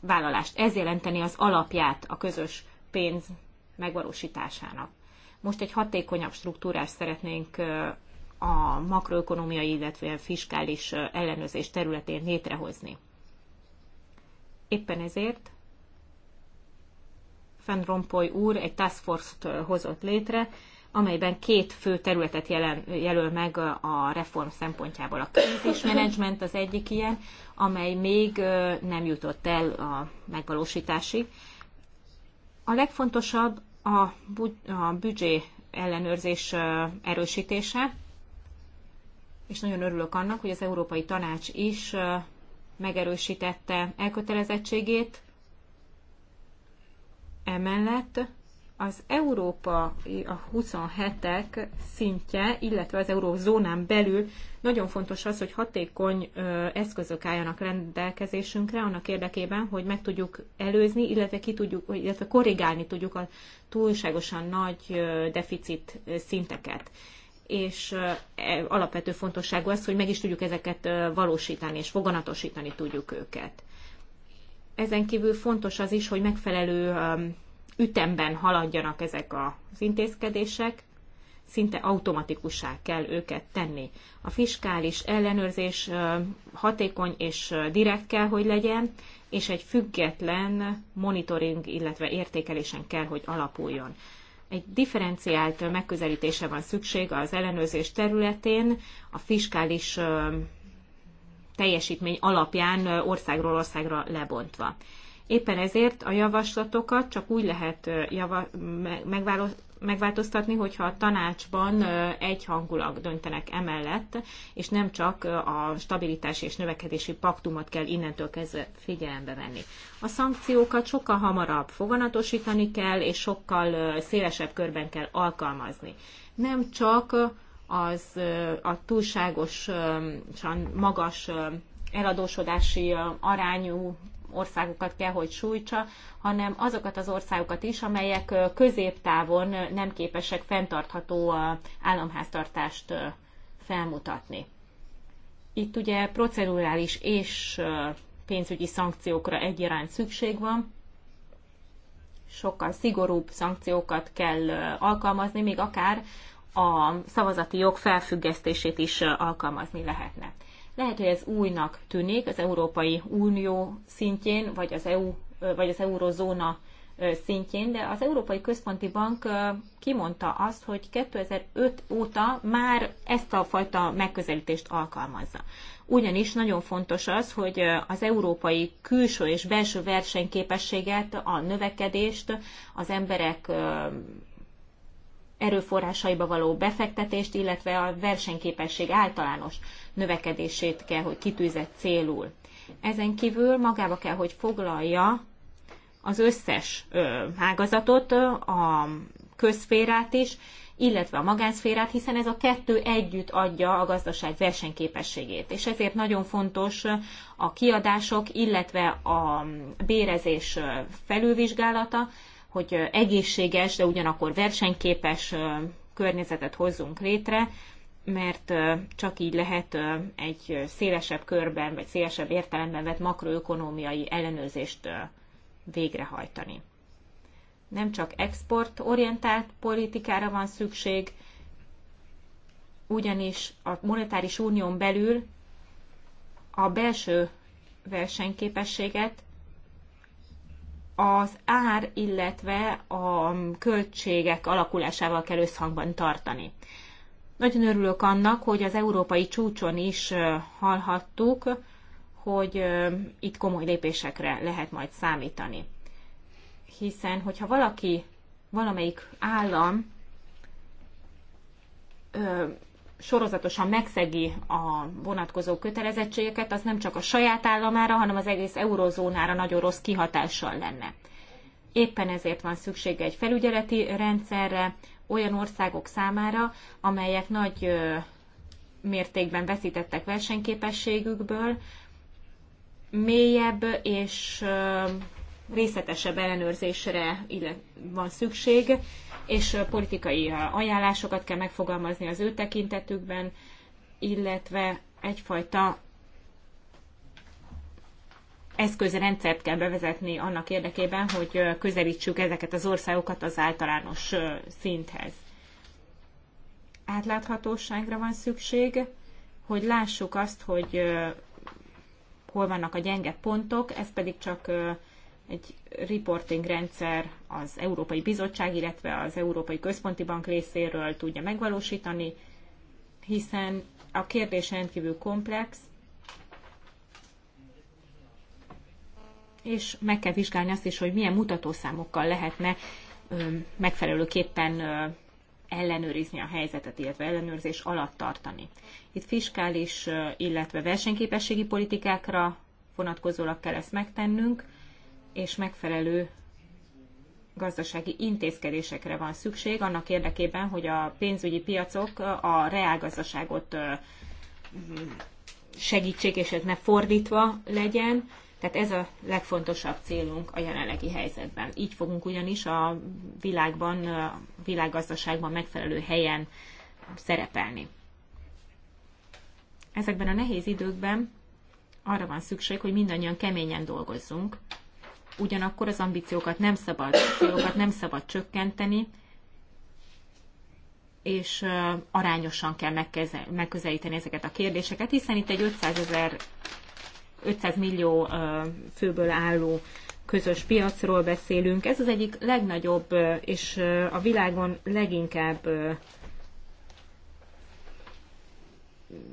Speaker 2: vállalást, ez jelenteni az alapját a közös pénz megvalósításának. Most egy hatékonyabb struktúrás szeretnénk a makroökonomiai, illetve fiskális ellenőrzés területén létrehozni. Éppen ezért Fenn Rompoy úr egy task force-t hozott létre, amelyben két fő területet jelen, jelöl meg a reform szempontjából. A krízismenedzsment az egyik ilyen, amely még nem jutott el a megvalósításig. A legfontosabb a, a büdzsé ellenőrzés erősítése, és nagyon örülök annak, hogy az Európai Tanács is megerősítette elkötelezettségét emellett, az Európa a 27-ek szintje, illetve az eurózónán belül nagyon fontos az, hogy hatékony eszközök álljanak rendelkezésünkre annak érdekében, hogy meg tudjuk előzni, illetve, ki tudjuk, illetve korrigálni tudjuk a túlságosan nagy deficit szinteket. És e, alapvető fontosságú az, hogy meg is tudjuk ezeket valósítani, és foganatosítani tudjuk őket. Ezen kívül fontos az is, hogy megfelelő ütemben haladjanak ezek az intézkedések, szinte automatikussá kell őket tenni. A fiskális ellenőrzés hatékony és direkt kell, hogy legyen, és egy független monitoring, illetve értékelésen kell, hogy alapuljon. Egy differenciált megközelítése van szükség az ellenőrzés területén, a fiskális teljesítmény alapján országról országra lebontva. Éppen ezért a javaslatokat csak úgy lehet java- megváltoztatni, hogyha a tanácsban egyhangulag döntenek emellett, és nem csak a stabilitási és növekedési paktumot kell innentől kezdve figyelembe venni. A szankciókat sokkal hamarabb foganatosítani kell, és sokkal szélesebb körben kell alkalmazni. Nem csak az a túlságosan magas eladósodási arányú országokat kell, hogy sújtsa, hanem azokat az országokat is, amelyek középtávon nem képesek fenntartható államháztartást felmutatni. Itt ugye procedurális és pénzügyi szankciókra egyaránt szükség van, sokkal szigorúbb szankciókat kell alkalmazni, még akár a szavazati jog felfüggesztését is alkalmazni lehetne. Lehet, hogy ez újnak tűnik az Európai Unió szintjén, vagy az EU, vagy az eurozóna szintjén, de az Európai Központi Bank kimondta azt, hogy 2005 óta már ezt a fajta megközelítést alkalmazza. Ugyanis nagyon fontos az, hogy az európai külső és belső versenyképességet, a növekedést, az emberek erőforrásaiba való befektetést, illetve a versenyképesség általános növekedését kell, hogy kitűzett célul. Ezen kívül magába kell, hogy foglalja az összes ö, ágazatot, a közférát is, illetve a magánszférát, hiszen ez a kettő együtt adja a gazdaság versenyképességét. És ezért nagyon fontos a kiadások, illetve a bérezés felülvizsgálata, hogy egészséges, de ugyanakkor versenyképes környezetet hozzunk létre, mert csak így lehet egy szélesebb körben, vagy szélesebb értelemben vett makroökonómiai ellenőrzést végrehajtani. Nem csak exportorientált politikára van szükség, ugyanis a monetáris unión belül a belső versenyképességet az ár, illetve a költségek alakulásával kell összhangban tartani. Nagyon örülök annak, hogy az európai csúcson is hallhattuk, hogy itt komoly lépésekre lehet majd számítani. Hiszen, hogyha valaki, valamelyik állam sorozatosan megszegi a vonatkozó kötelezettségeket, az nem csak a saját államára, hanem az egész eurozónára nagyon rossz kihatással lenne. Éppen ezért van szüksége egy felügyeleti rendszerre olyan országok számára, amelyek nagy mértékben veszítettek versenyképességükből, mélyebb és részletesebb ellenőrzésre van szükség, és politikai ajánlásokat kell megfogalmazni az ő tekintetükben, illetve egyfajta eszközrendszert kell bevezetni annak érdekében, hogy közelítsük ezeket az országokat az általános szinthez. Átláthatóságra van szükség, hogy lássuk azt, hogy hol vannak a gyenge pontok, ez pedig csak egy reporting rendszer az Európai Bizottság, illetve az Európai Központi Bank részéről tudja megvalósítani, hiszen a kérdés rendkívül komplex, és meg kell vizsgálni azt is, hogy milyen mutatószámokkal lehetne megfelelőképpen ellenőrizni a helyzetet, illetve ellenőrzés alatt tartani. Itt fiskális, illetve versenyképességi politikákra vonatkozólag kell ezt megtennünk, és megfelelő gazdasági intézkedésekre van szükség annak érdekében, hogy a pénzügyi piacok a reálgazdaságot segítsék, és ez ne fordítva legyen. Tehát ez a legfontosabb célunk a jelenlegi helyzetben. Így fogunk ugyanis a világban, a világgazdaságban megfelelő helyen szerepelni. Ezekben a nehéz időkben arra van szükség, hogy mindannyian keményen dolgozzunk, ugyanakkor az ambíciókat nem szabad, célokat nem szabad csökkenteni, és arányosan kell megközelíteni ezeket a kérdéseket, hiszen itt egy 500 ezer 500 millió főből álló közös piacról beszélünk. Ez az egyik legnagyobb és a világon leginkább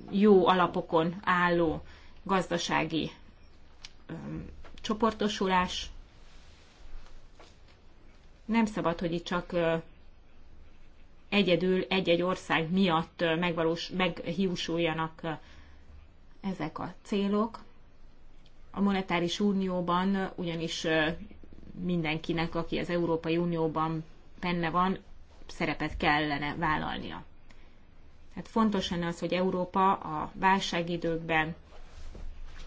Speaker 2: jó alapokon álló gazdasági csoportosulás. Nem szabad, hogy itt csak egyedül egy-egy ország miatt megvalós, meghiúsuljanak ezek a célok. A monetáris unióban ugyanis mindenkinek, aki az Európai Unióban benne van, szerepet kellene vállalnia. Hát fontos lenne az, hogy Európa a válságidőkben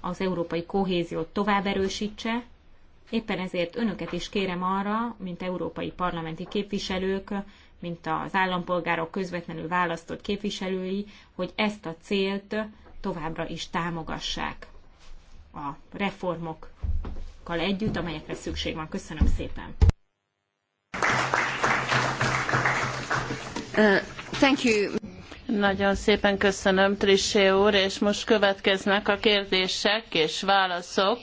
Speaker 2: az európai kohéziót tovább erősítse, Éppen ezért önöket is kérem arra, mint európai parlamenti képviselők, mint az állampolgárok közvetlenül választott képviselői, hogy ezt a célt továbbra is támogassák a reformokkal együtt, amelyekre szükség van. Köszönöm szépen!
Speaker 3: Uh, thank you. Nagyon szépen köszönöm, Trissé úr, és most következnek a kérdések és válaszok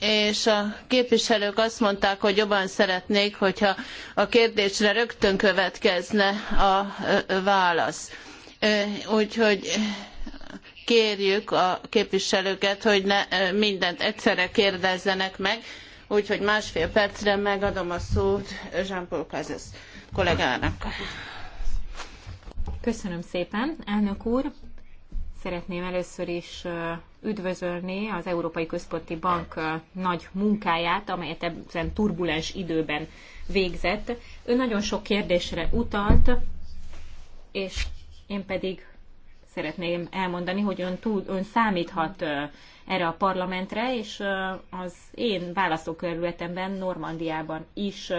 Speaker 3: és a képviselők azt mondták, hogy jobban szeretnék, hogyha a kérdésre rögtön következne a válasz. Úgyhogy kérjük a képviselőket, hogy ne mindent egyszerre kérdezzenek meg, úgyhogy másfél percre
Speaker 2: megadom a szót Jean-Paul Cazes kollégának. Köszönöm szépen, elnök úr! Szeretném először is üdvözölni az Európai Központi Bank nagy munkáját, amelyet ezen turbulens időben végzett. Ő nagyon sok kérdésre utalt, és én pedig szeretném elmondani, hogy ön, túl, ön számíthat erre a parlamentre, és az én választókörületemben, Normandiában is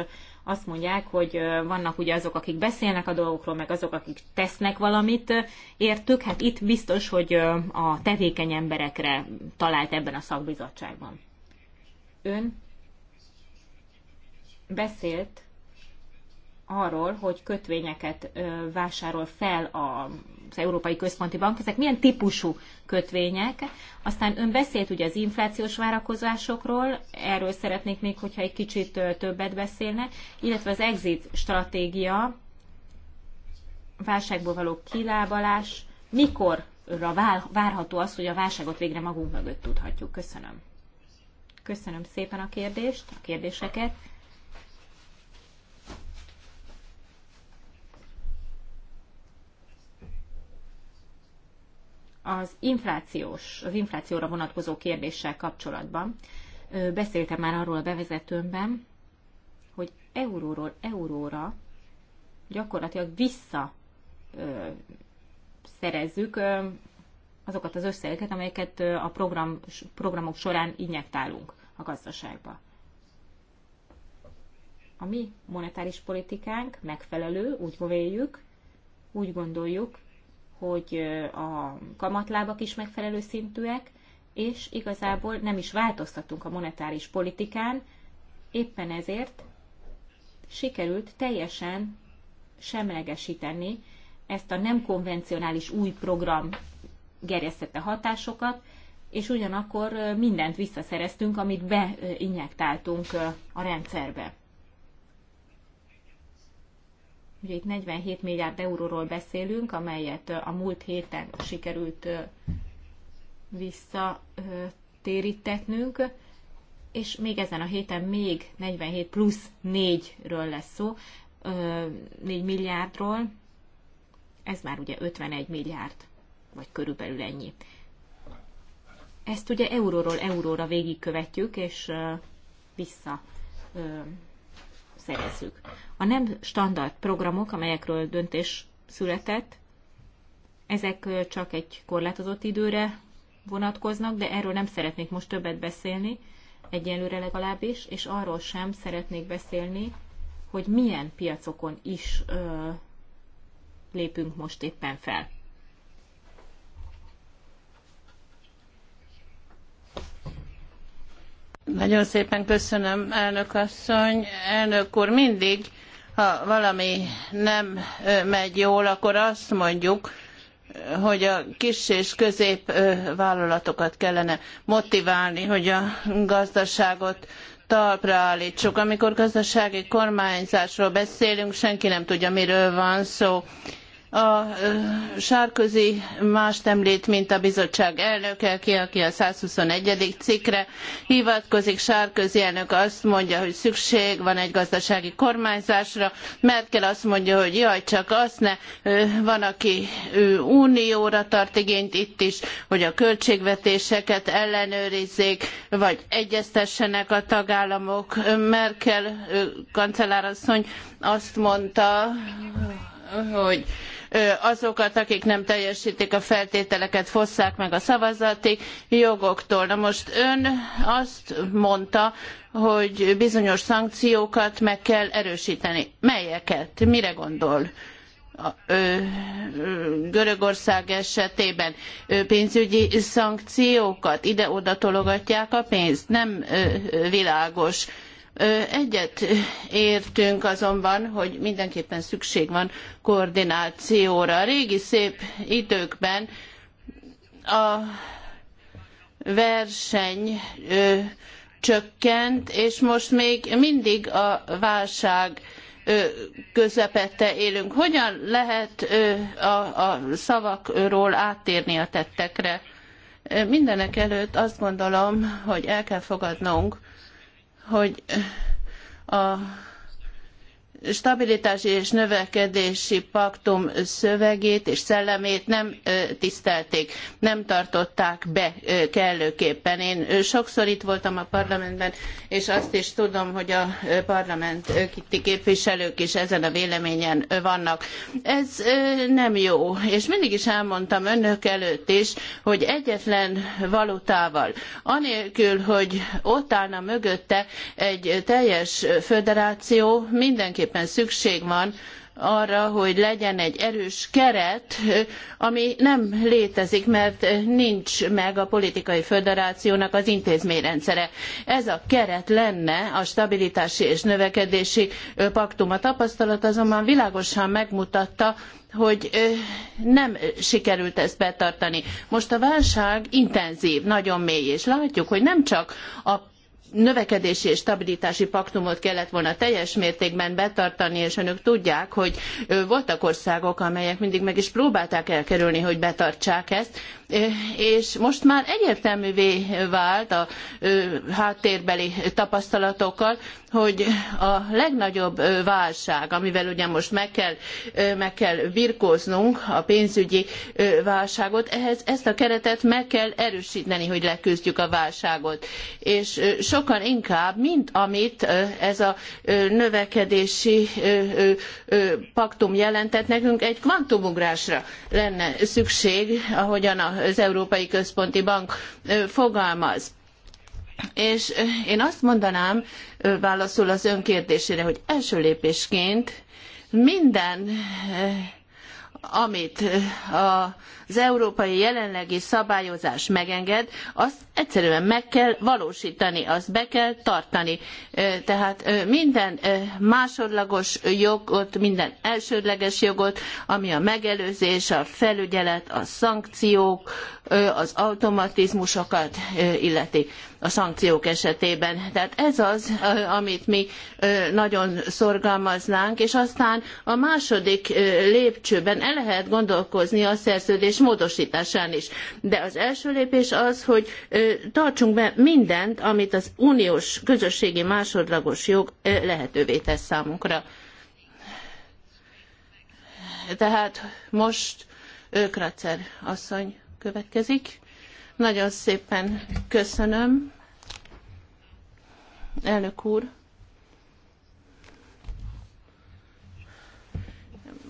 Speaker 2: azt mondják, hogy vannak ugye azok, akik beszélnek a dolgokról, meg azok, akik tesznek valamit értük. Hát itt biztos, hogy a tevékeny emberekre talált ebben a szakbizottságban. Ön beszélt arról, hogy kötvényeket vásárol fel a az Európai Központi Bank, ezek milyen típusú kötvények. Aztán ön beszélt ugye az inflációs várakozásokról, erről szeretnék még, hogyha egy kicsit többet beszélne, illetve az exit stratégia, válságból való kilábalás, mikor várható az, hogy a válságot végre magunk mögött tudhatjuk. Köszönöm. Köszönöm szépen a kérdést, a kérdéseket. az inflációs, az inflációra vonatkozó kérdéssel kapcsolatban. Beszéltem már arról a bevezetőmben, hogy euróról euróra gyakorlatilag vissza ö, szerezzük ö, azokat az összegeket, amelyeket a program, programok során injektálunk a gazdaságba. A mi monetáris politikánk megfelelő, úgy véljük, úgy gondoljuk, hogy a kamatlábak is megfelelő szintűek, és igazából nem is változtatunk a monetáris politikán, éppen ezért sikerült teljesen semlegesíteni ezt a nem konvencionális új program gerjesztette hatásokat, és ugyanakkor mindent visszaszereztünk, amit beinjektáltunk a rendszerbe. Ugye itt 47 milliárd euróról beszélünk, amelyet a múlt héten sikerült visszatérítetnünk, és még ezen a héten még 47 plusz 4-ről lesz szó, 4 milliárdról, ez már ugye 51 milliárd, vagy körülbelül ennyi. Ezt ugye euróról euróra végigkövetjük, és vissza szerezzük. A nem standard programok, amelyekről döntés született, ezek csak egy korlátozott időre vonatkoznak, de erről nem szeretnék most többet beszélni, egyelőre legalábbis, és arról sem szeretnék beszélni, hogy milyen piacokon is ö, lépünk most éppen fel.
Speaker 3: Nagyon szépen köszönöm, elnök asszony. Elnök úr, mindig, ha valami nem megy jól, akkor azt mondjuk, hogy a kis és középvállalatokat kellene motiválni, hogy a gazdaságot talpra állítsuk. Amikor gazdasági kormányzásról beszélünk, senki nem tudja, miről van szó a sárközi más említ, mint a bizottság elnöke, ki, aki a 121. cikkre hivatkozik. Sárközi elnök azt mondja, hogy szükség van egy gazdasági kormányzásra. Merkel azt mondja, hogy jaj, csak azt ne. Van, aki unióra tart igényt itt is, hogy a költségvetéseket ellenőrizzék, vagy egyeztessenek a tagállamok. Merkel kancellárasszony azt mondta, hogy azokat, akik nem teljesítik a feltételeket, fosszák meg a szavazati jogoktól. Na most ön azt mondta, hogy bizonyos szankciókat meg kell erősíteni. Melyeket? Mire gondol? Görögország esetében pénzügyi szankciókat, ide-oda tologatják a pénzt. Nem világos Egyet értünk azonban, hogy mindenképpen szükség van koordinációra. A régi szép időkben a verseny csökkent, és most még mindig a válság közepette élünk. Hogyan lehet a, szavakról áttérni a tettekre? Mindenekelőtt azt gondolom, hogy el kell fogadnunk, hogy a stabilitási és növekedési paktum szövegét és szellemét nem tisztelték, nem tartották be kellőképpen. Én sokszor itt voltam a parlamentben, és azt is tudom, hogy a parlamenti képviselők is ezen a véleményen vannak. Ez nem jó, és mindig is elmondtam önök előtt is, hogy egyetlen valutával, anélkül, hogy ott állna mögötte egy teljes föderáció, mindenki mindenképpen szükség van arra, hogy legyen egy erős keret, ami nem létezik, mert nincs meg a politikai föderációnak az intézményrendszere. Ez a keret lenne a stabilitási és növekedési paktum. A tapasztalat azonban világosan megmutatta, hogy nem sikerült ezt betartani. Most a válság intenzív, nagyon mély, és látjuk, hogy nem csak a növekedési és stabilitási paktumot kellett volna teljes mértékben betartani, és önök tudják, hogy voltak országok, amelyek mindig meg is próbálták elkerülni, hogy betartsák ezt, és most már egyértelművé vált a háttérbeli tapasztalatokkal, hogy a legnagyobb válság, amivel ugye most meg kell, meg kell birkóznunk, a pénzügyi válságot, ehhez ezt a keretet meg kell erősíteni, hogy leküzdjük a válságot. És sokkal inkább, mint amit ez a növekedési paktum jelentett nekünk, egy kvantumugrásra lenne szükség, ahogyan a az Európai Központi Bank fogalmaz. És én azt mondanám, válaszul az önkérdésére, hogy első lépésként minden amit eh, az európai jelenlegi szabályozás megenged, azt egyszerűen meg kell valósítani, azt be kell tartani. Eh, tehát eh, minden másodlagos jogot, minden elsődleges jogot, ami a megelőzés, a felügyelet, a szankciók, az automatizmusokat illeti a szankciók esetében. Tehát ez az, amit mi nagyon szorgalmaznánk, és aztán a második lépcsőben el lehet gondolkozni a szerződés módosításán is. De az első lépés az, hogy tartsunk be mindent, amit az uniós közösségi másodlagos jog lehetővé tesz számunkra. Tehát most Kratzer asszony következik. Nagyon szépen köszönöm, elnök úr.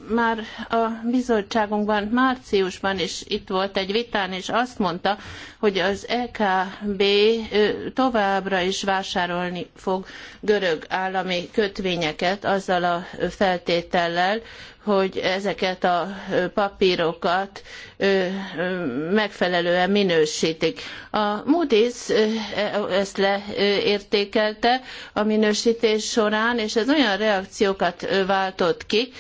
Speaker 3: már a bizottságunkban márciusban is itt volt egy vitán, és azt mondta, hogy az EKB továbbra is vásárolni fog görög állami kötvényeket azzal a feltétellel, hogy ezeket a papírokat megfelelően minősítik. A Moody's e, ezt leértékelte a minősítés során, és ez olyan reakciókat váltott ki,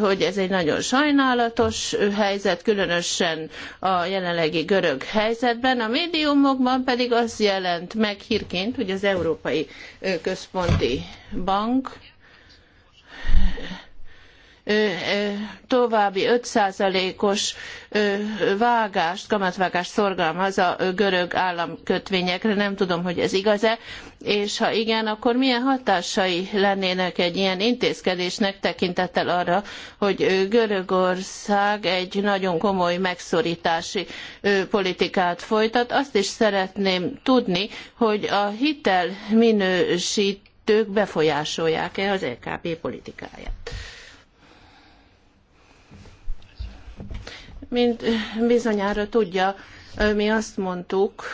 Speaker 3: hogy ez egy nagyon sajnálatos helyzet, különösen a jelenlegi görög helyzetben. A médiumokban pedig az jelent meg hírként, hogy az Európai Központi Bank további 5%-os vágást, kamatvágást szorgalmaz a görög államkötvényekre. Nem tudom, hogy ez igaz-e, és ha igen, akkor milyen hatásai lennének egy ilyen intézkedésnek tekintettel arra, hogy Görögország egy nagyon komoly megszorítási politikát folytat. Azt is szeretném tudni, hogy a hitel minősítők befolyásolják-e az LKP e politikáját. Mint bizonyára tudja, mi azt mondtuk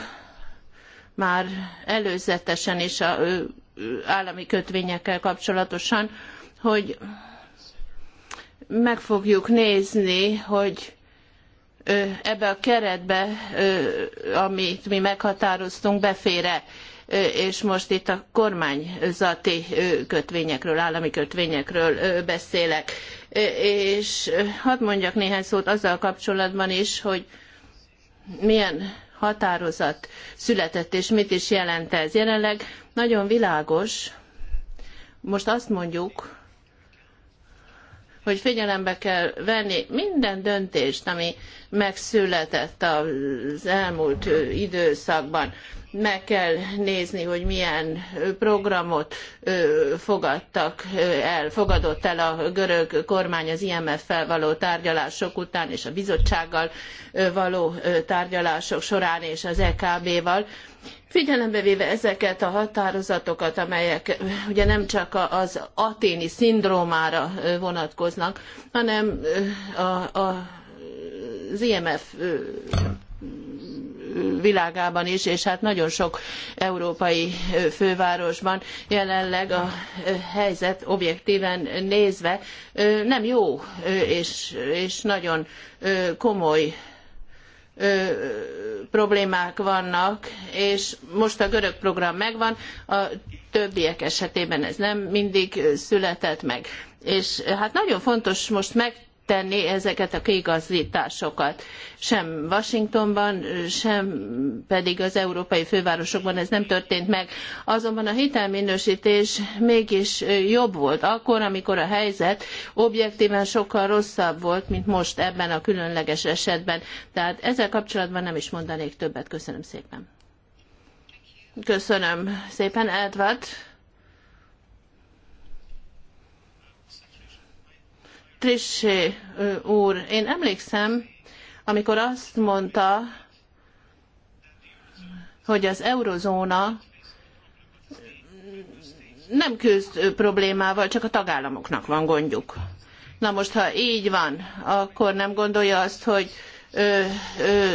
Speaker 3: már előzetesen is a állami kötvényekkel kapcsolatosan, hogy meg fogjuk nézni, hogy ebbe a keretbe, amit mi meghatároztunk, befére, és most itt a kormányzati kötvényekről, állami kötvényekről beszélek és hadd mondjak néhány szót azzal kapcsolatban is, hogy milyen határozat született, és mit is jelent ez. Jelenleg nagyon világos, most azt mondjuk, hogy figyelembe kell venni minden döntést, ami megszületett az elmúlt időszakban meg kell nézni, hogy milyen programot fogadtak el, fogadott el a görög kormány az IMF-fel való tárgyalások után és a bizottsággal való tárgyalások során és az EKB-val. Figyelembe véve ezeket a határozatokat, amelyek ugye nem csak az aténi szindrómára vonatkoznak, hanem a, a, az IMF világában is, és hát nagyon sok európai fővárosban jelenleg a helyzet objektíven nézve nem jó, és, és nagyon komoly problémák vannak, és most a görög program megvan, a többiek esetében ez nem mindig született meg. És hát nagyon fontos most meg tenni ezeket a kiigazításokat. Sem Washingtonban, sem pedig az európai fővárosokban ez nem történt meg. Azonban a hitelminősítés mégis jobb volt akkor, amikor a helyzet objektíven sokkal rosszabb volt, mint most ebben a különleges esetben. Tehát ezzel kapcsolatban nem is mondanék többet. Köszönöm szépen. Köszönöm szépen, Edward. Trissé úr, én emlékszem, amikor azt mondta, hogy az eurozóna nem küzd problémával, csak a tagállamoknak van gondjuk. Na most, ha így van, akkor nem gondolja azt, hogy ö, ö,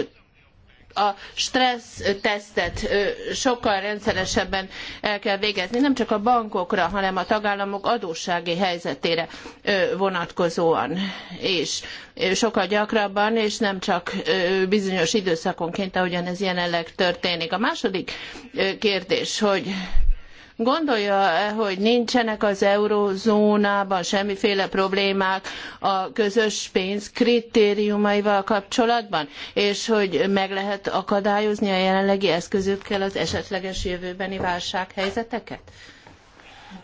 Speaker 3: a stressz tesztet sokkal rendszeresebben el kell végezni, nem csak a bankokra, hanem a tagállamok adóssági helyzetére vonatkozóan, és sokkal gyakrabban, és nem csak bizonyos időszakonként, ahogyan ez jelenleg történik. A második kérdés, hogy Gondolja, eh, hogy nincsenek az eurózónában semmiféle problémák a közös pénz kritériumaival kapcsolatban, és hogy meg lehet akadályozni a jelenlegi eszközökkel az esetleges jövőbeni válsághelyzeteket?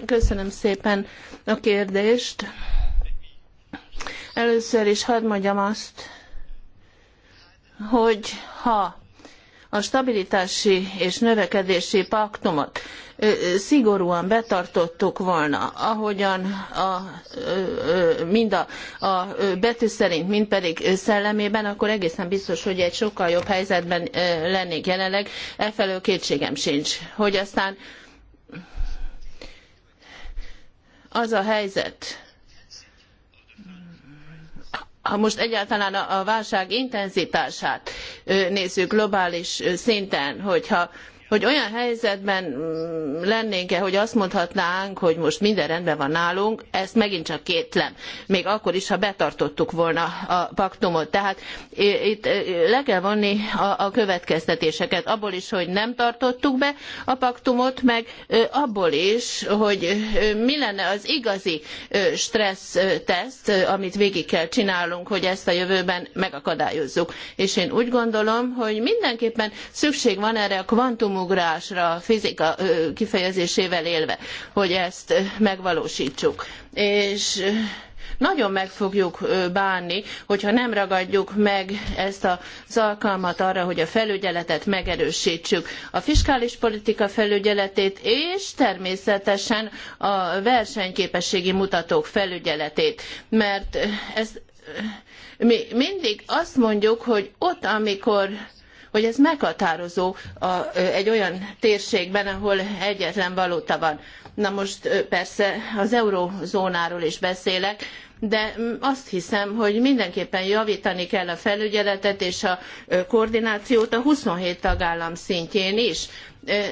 Speaker 3: Köszönöm szépen a kérdést. Először is hadd mondjam azt, hogy ha a stabilitási és növekedési paktumot szigorúan betartottuk volna, ahogyan a, mind a, a betű szerint, mind pedig szellemében, akkor egészen biztos, hogy egy sokkal jobb helyzetben lennék jelenleg. Efelől kétségem sincs, hogy aztán az a helyzet, ha most egyáltalán a válság intenzitását nézzük globális szinten, hogyha hogy olyan helyzetben mm, lennénk-e, hogy azt mondhatnánk, hogy most minden rendben van nálunk, ezt megint csak kétlem. Még akkor is, ha betartottuk volna a paktumot. Tehát itt le kell vonni a, a következtetéseket. Abból is, hogy nem tartottuk be a paktumot, meg abból is, hogy mi lenne az igazi stressz teszt, amit végig kell csinálnunk, hogy ezt a jövőben megakadályozzuk. És én úgy gondolom, hogy mindenképpen szükség van erre a kvantum a fizika kifejezésével élve, hogy ezt megvalósítsuk. És nagyon meg fogjuk bánni, hogyha nem ragadjuk meg ezt az alkalmat arra, hogy a felügyeletet megerősítsük, a fiskális politika felügyeletét és természetesen a versenyképességi mutatók felügyeletét, mert ez mi mindig azt mondjuk, hogy ott, amikor hogy ez meghatározó a, egy olyan térségben, ahol egyetlen valuta van. Na most persze az eurózónáról is beszélek, de azt hiszem, hogy mindenképpen javítani kell a felügyeletet és a koordinációt a 27 tagállam szintjén is.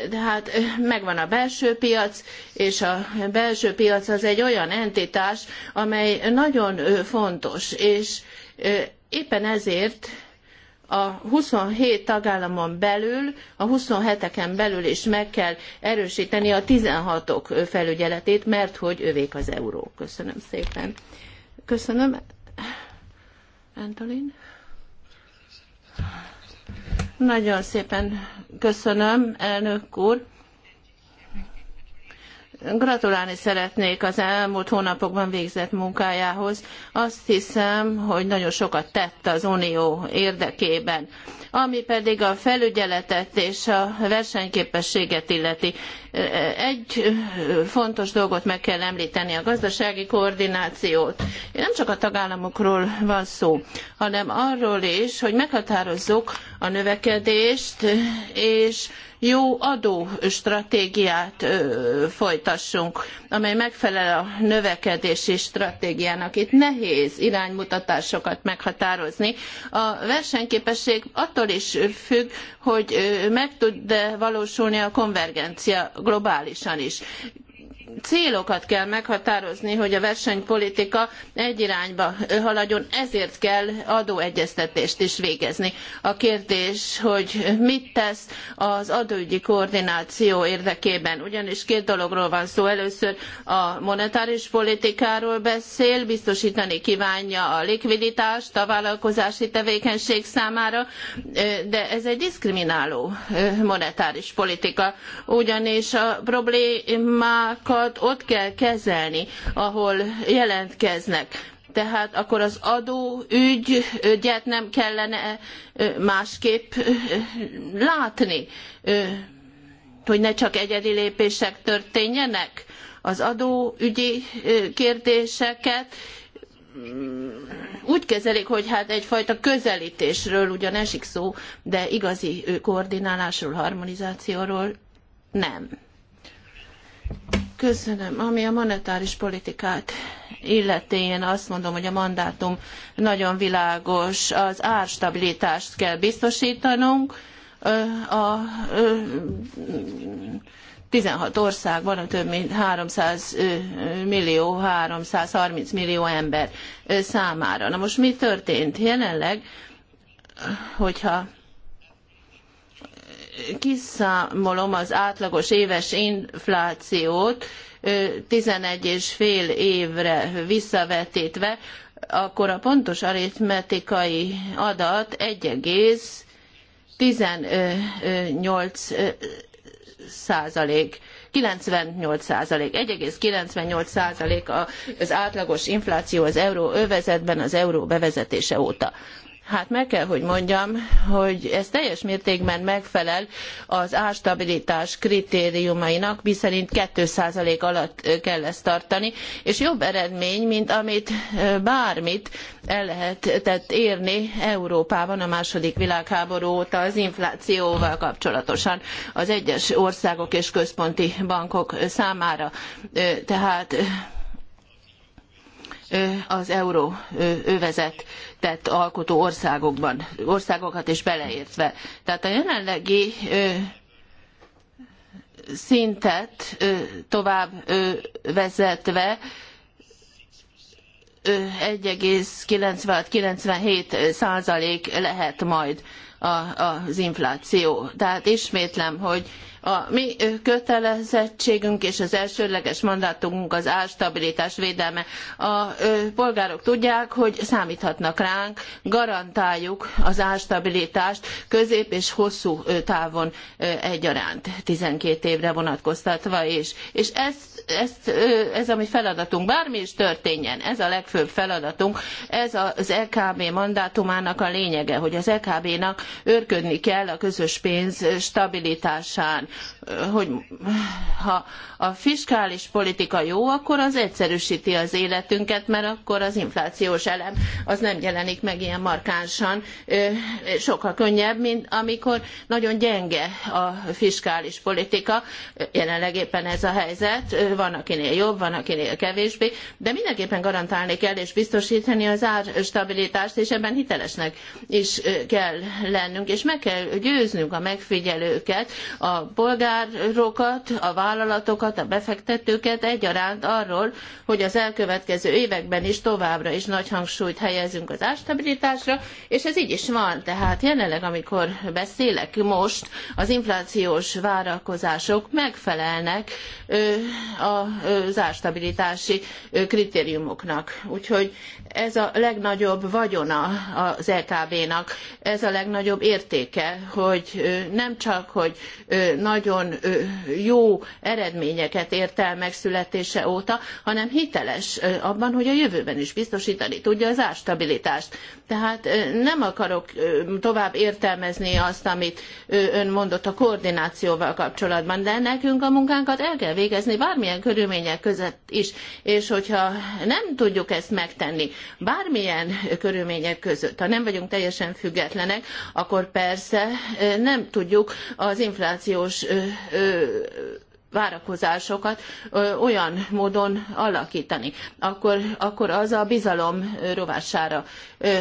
Speaker 3: Tehát megvan a belső piac, és a belső piac az egy olyan entitás, amely nagyon fontos, és éppen ezért a 27 tagállamon belül, a 27-eken belül is meg kell erősíteni a 16-ok felügyeletét, mert hogy övék az euró. Köszönöm szépen. Köszönöm. Antolin. Nagyon szépen köszönöm, elnök úr. Gratulálni szeretnék az elmúlt hónapokban végzett munkájához. Azt hiszem, hogy nagyon sokat tett az Unió érdekében. Ami pedig a felügyeletet és a versenyképességet illeti. Egy fontos dolgot meg kell említeni, a gazdasági koordinációt. Nem csak a tagállamokról van szó, hanem arról is, hogy meghatározzuk a növekedést és jó adóstratégiát folytassunk, amely megfelel a növekedési stratégiának. Itt nehéz iránymutatásokat meghatározni. A versenyképesség attól is függ, hogy meg tud-e valósulni a konvergencia globálisan is célokat kell meghatározni, hogy a versenypolitika egy irányba haladjon, ezért kell adóegyeztetést is végezni. A kérdés, hogy mit tesz az adóügyi koordináció érdekében, ugyanis két dologról van szó. Először a monetáris politikáról beszél, biztosítani kívánja a likviditást a vállalkozási tevékenység számára, de ez egy diszkrimináló monetáris politika, ugyanis a problémákat adatokat ott kell kezelni, ahol jelentkeznek. Tehát akkor az adóügyet nem kellene másképp látni, hogy ne csak egyedi lépések történjenek. Az adóügyi kérdéseket mm, úgy kezelik, hogy hát egyfajta közelítésről ugyan esik szó, de igazi koordinálásról, harmonizációról nem. Köszönöm. Ami a monetáris politikát illeti, én azt mondom, hogy a mandátum nagyon világos, az árstabilitást kell biztosítanunk. A 16 országban a több mint 300 millió, 330 millió ember számára. Na most mi történt? Jelenleg, hogyha kiszámolom az átlagos éves inflációt 11 és fél évre visszavetítve, akkor a pontos aritmetikai adat 1,18 százalék. 98 százalék, 1,98 százalék az átlagos infláció az euróövezetben az euró bevezetése óta. Hát meg kell, hogy mondjam, hogy ez teljes mértékben megfelel az árstabilitás kritériumainak, miszerint 2% alatt kell ezt tartani, és jobb eredmény, mint amit bármit el lehetett érni Európában a második világháború óta az inflációval kapcsolatosan az egyes országok és központi bankok számára. Tehát az euró övezetet alkotó országokban, országokat is beleértve. Tehát a jelenlegi szintet tovább vezetve 1,96-97 százalék lehet majd az infláció. Tehát ismétlem, hogy a mi kötelezettségünk és az elsődleges mandátumunk az árstabilitás védelme. A polgárok tudják, hogy számíthatnak ránk, garantáljuk az árstabilitást közép és hosszú távon egyaránt, 12 évre vonatkoztatva is. És ez, ez, ez a mi feladatunk, bármi is történjen, ez a legfőbb feladatunk, ez az EKB mandátumának a lényege, hogy az EKB-nak őrködni kell a közös pénz stabilitásán hogy ha a fiskális politika jó, akkor az egyszerűsíti az életünket, mert akkor az inflációs elem az nem jelenik meg ilyen markánsan, sokkal könnyebb, mint amikor nagyon gyenge a fiskális politika, jelenleg éppen ez a helyzet, van akinél jobb, van akinél kevésbé, de mindenképpen garantálni kell és biztosítani az árstabilitást, és ebben hitelesnek is kell lennünk, és meg kell győznünk a megfigyelőket, a polgárokat, a vállalatokat, a befektetőket egyaránt arról, hogy az elkövetkező években is továbbra is nagy hangsúlyt helyezünk az ástabilitásra, és ez így is van. Tehát jelenleg, amikor beszélek most, az inflációs várakozások megfelelnek az ástabilitási kritériumoknak. Úgyhogy ez a legnagyobb vagyona az ekb nak ez a legnagyobb értéke, hogy nem csak, hogy nagy nagyon jó eredményeket ért el megszületése óta, hanem hiteles abban, hogy a jövőben is biztosítani tudja az árstabilitást. Tehát nem akarok tovább értelmezni azt, amit ön mondott a koordinációval kapcsolatban, de nekünk a munkánkat el kell végezni bármilyen körülmények között is, és hogyha nem tudjuk ezt megtenni, bármilyen körülmények között, ha nem vagyunk teljesen függetlenek, akkor persze nem tudjuk az inflációs várakozásokat olyan módon alakítani, akkor, akkor az a bizalom rovására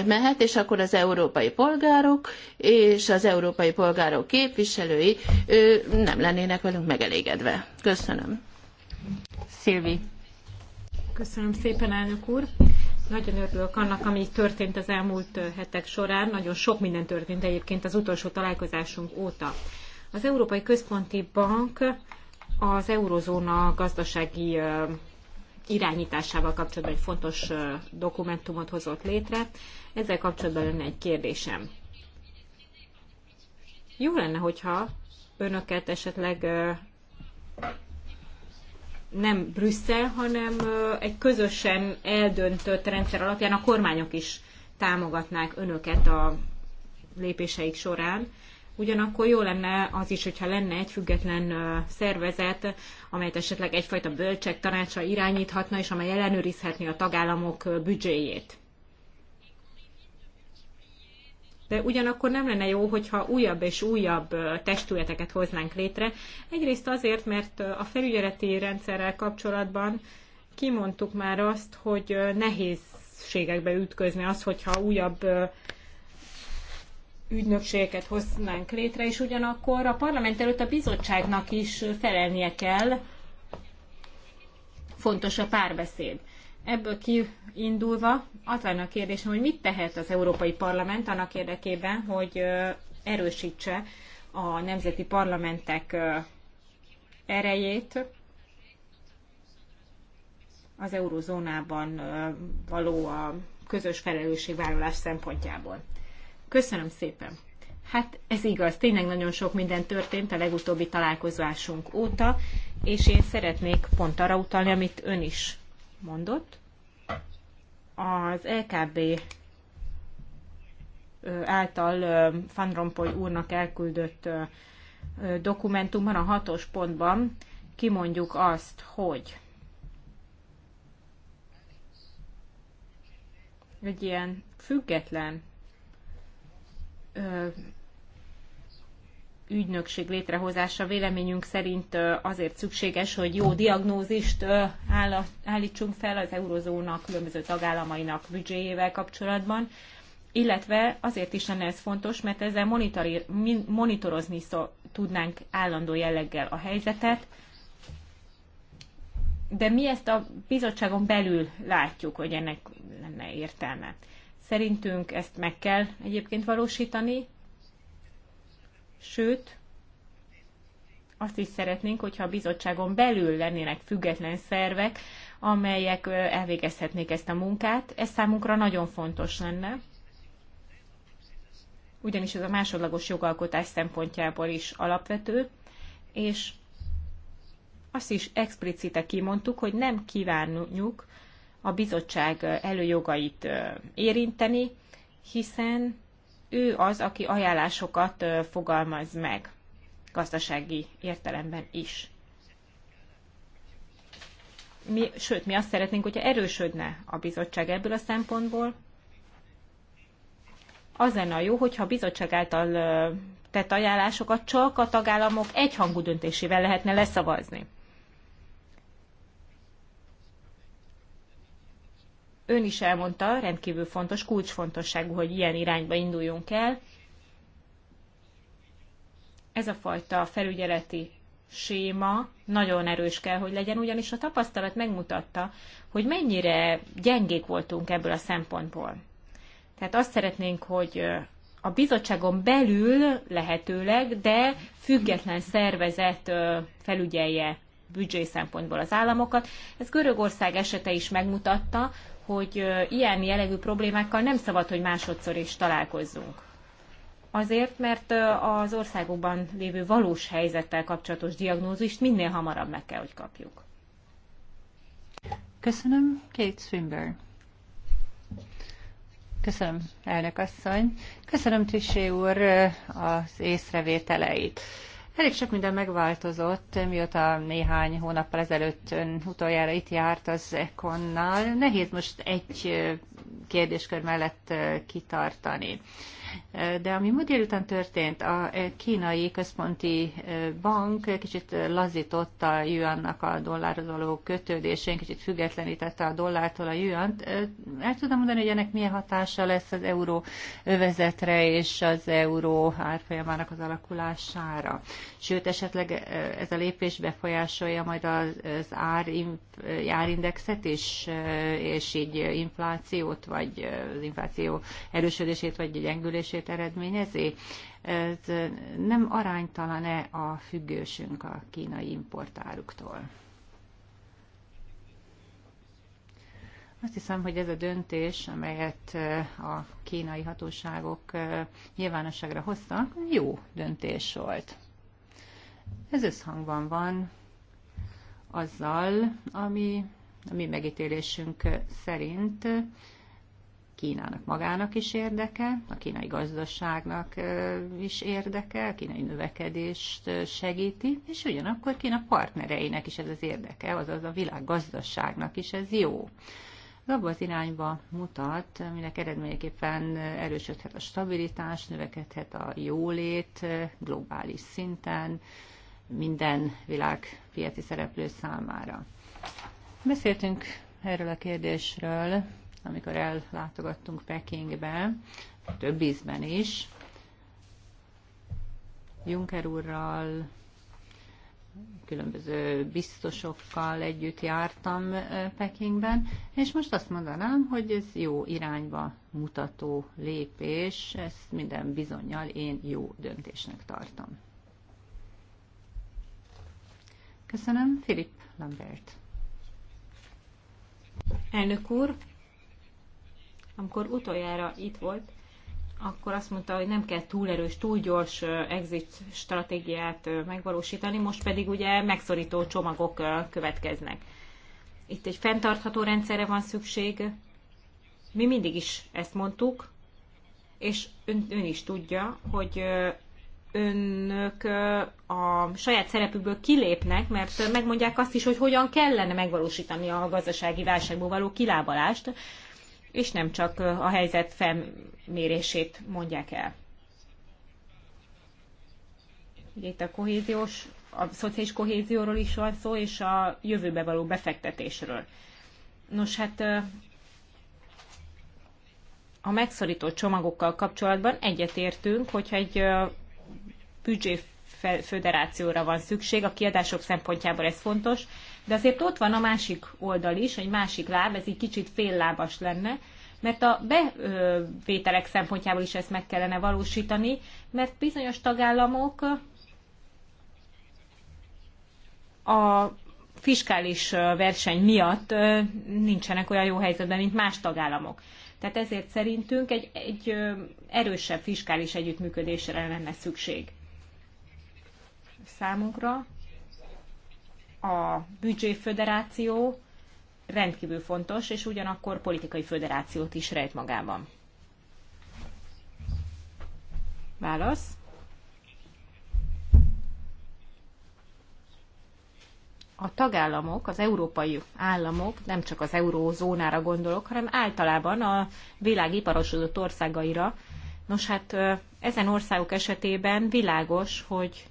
Speaker 3: mehet, és akkor az európai polgárok és az európai polgárok képviselői nem lennének velünk megelégedve. Köszönöm. Szilvi.
Speaker 2: Köszönöm szépen, elnök úr. Nagyon örülök annak, ami történt az elmúlt hetek során. Nagyon sok minden történt egyébként az utolsó találkozásunk óta. Az Európai Központi Bank az eurozóna gazdasági irányításával kapcsolatban egy fontos dokumentumot hozott létre. Ezzel kapcsolatban lenne egy kérdésem. Jó lenne, hogyha önöket esetleg nem Brüsszel, hanem egy közösen eldöntött rendszer alapján a kormányok is támogatnák önöket a lépéseik során, Ugyanakkor jó lenne az is, hogyha lenne egy független szervezet, amelyet esetleg egyfajta bölcsek tanácsa irányíthatna, és amely ellenőrizhetné a tagállamok büdzséjét. De ugyanakkor nem lenne jó, hogyha újabb és újabb testületeket hoznánk létre. Egyrészt azért, mert a felügyeleti rendszerrel kapcsolatban kimondtuk már azt, hogy nehézségekbe ütközni az, hogyha újabb ügynökségeket hoznánk létre, és ugyanakkor a parlament előtt a bizottságnak is felelnie kell. Fontos a párbeszéd. Ebből kiindulva az lenne a kérdésem, hogy mit tehet az Európai Parlament annak érdekében, hogy erősítse a nemzeti parlamentek erejét az eurozónában való a közös felelősségvállalás szempontjából. Köszönöm szépen. Hát ez igaz, tényleg nagyon sok minden történt a legutóbbi találkozásunk óta, és én szeretnék pont arra utalni, amit ön is mondott. Az LKB által Van Rompuy úrnak elküldött dokumentumban, a hatos pontban kimondjuk azt, hogy egy ilyen független ügynökség létrehozása véleményünk szerint azért szükséges, hogy jó diagnózist állítsunk fel az eurozónak különböző tagállamainak büdzséjével kapcsolatban, illetve azért is lenne ez fontos, mert ezzel monitorozni szó, tudnánk állandó jelleggel a helyzetet, de mi ezt a bizottságon belül látjuk, hogy ennek lenne értelme. Szerintünk ezt meg kell egyébként valósítani, sőt, azt is szeretnénk, hogyha a bizottságon belül lennének független szervek, amelyek elvégezhetnék ezt a munkát. Ez számunkra nagyon fontos lenne, ugyanis ez a másodlagos jogalkotás szempontjából is alapvető, és azt is explicite kimondtuk, hogy nem kívánjuk a bizottság előjogait érinteni, hiszen ő az, aki ajánlásokat fogalmaz meg gazdasági értelemben is. Mi, sőt, mi azt szeretnénk, hogyha erősödne a bizottság ebből a szempontból. Az lenne a jó, hogyha a bizottság által tett ajánlásokat csak a tagállamok egyhangú döntésével lehetne leszavazni. ön is elmondta, rendkívül fontos, kulcsfontosságú, hogy ilyen irányba induljunk el. Ez a fajta felügyeleti séma nagyon erős kell, hogy legyen, ugyanis a tapasztalat megmutatta, hogy mennyire gyengék voltunk ebből a szempontból. Tehát azt szeretnénk, hogy a bizottságon belül lehetőleg, de független szervezet felügyelje büdzsé szempontból az államokat. Ez Görögország esete is megmutatta, hogy ilyen jellegű problémákkal nem szabad, hogy másodszor is találkozzunk. Azért, mert az országokban lévő valós helyzettel kapcsolatos diagnózist minél hamarabb meg kell, hogy kapjuk.
Speaker 1: Köszönöm, Kate Swinburne. Köszönöm, elnök asszony. Köszönöm, Tissé úr, az észrevételeit. Elég sok minden megváltozott, mióta néhány hónappal ezelőtt ön utoljára itt járt az Econnal. Nehéz most egy kérdéskör mellett kitartani. De ami múlt délután történt, a kínai központi bank kicsit lazította a yuannak a dollárhoz való kötődésén, kicsit függetlenítette a dollártól a yuant. El tudom mondani, hogy ennek milyen hatása lesz az euró övezetre és az euró árfolyamának az alakulására. Sőt, esetleg ez a lépés befolyásolja majd az árindexet is, és így inflációt, vagy az infláció erősödését, vagy gyengülését növelését eredményezi? Ez nem aránytalan-e a függősünk a kínai importáruktól? Azt hiszem, hogy ez a döntés, amelyet a kínai hatóságok nyilvánosságra hoztak, jó döntés volt. Ez összhangban van azzal, ami a mi megítélésünk szerint Kínának magának is érdeke, a kínai gazdaságnak is érdeke, a kínai növekedést segíti, és ugyanakkor Kína partnereinek is ez az érdeke, azaz a világ gazdaságnak is ez jó. Ez abban az irányba mutat, aminek eredményeképpen erősödhet a stabilitás, növekedhet a jólét globális szinten, minden világpiaci szereplő számára. Beszéltünk erről a kérdésről amikor ellátogattunk Pekingbe, több ízben is, Juncker úrral, különböző biztosokkal együtt jártam Pekingben, és most azt mondanám, hogy ez jó irányba mutató lépés, ezt minden bizonyal én jó döntésnek tartom. Köszönöm, Filip Lambert.
Speaker 2: Elnök úr, amikor utoljára itt volt, akkor azt mondta, hogy nem kell túl erős, túl gyors exit stratégiát megvalósítani, most pedig ugye megszorító csomagok következnek. Itt egy fenntartható rendszerre van szükség. Mi mindig is ezt mondtuk, és ön, ön is tudja, hogy önök a saját szerepükből kilépnek, mert megmondják azt is, hogy hogyan kellene megvalósítani a gazdasági válságból való kilábalást, és nem csak a helyzet felmérését mondják el. Ugye itt a kohéziós, a szociális kohézióról is van szó, és a jövőbe való befektetésről. Nos, hát a megszorító csomagokkal kapcsolatban egyetértünk, hogyha egy büdzsé föderációra van szükség, a kiadások szempontjából ez fontos, de azért ott van a másik oldal is, egy másik láb, ez így kicsit féllábas lenne, mert a bevételek szempontjából is ezt meg kellene valósítani, mert bizonyos tagállamok a fiskális verseny miatt nincsenek olyan jó helyzetben, mint más tagállamok. Tehát ezért szerintünk egy, egy erősebb fiskális együttműködésre lenne szükség. Számunkra a föderáció rendkívül fontos, és ugyanakkor politikai föderációt is rejt magában. Válasz? A tagállamok, az európai államok, nem csak az eurózónára gondolok, hanem általában a világ iparosodott országaira. Nos hát ezen országok esetében világos, hogy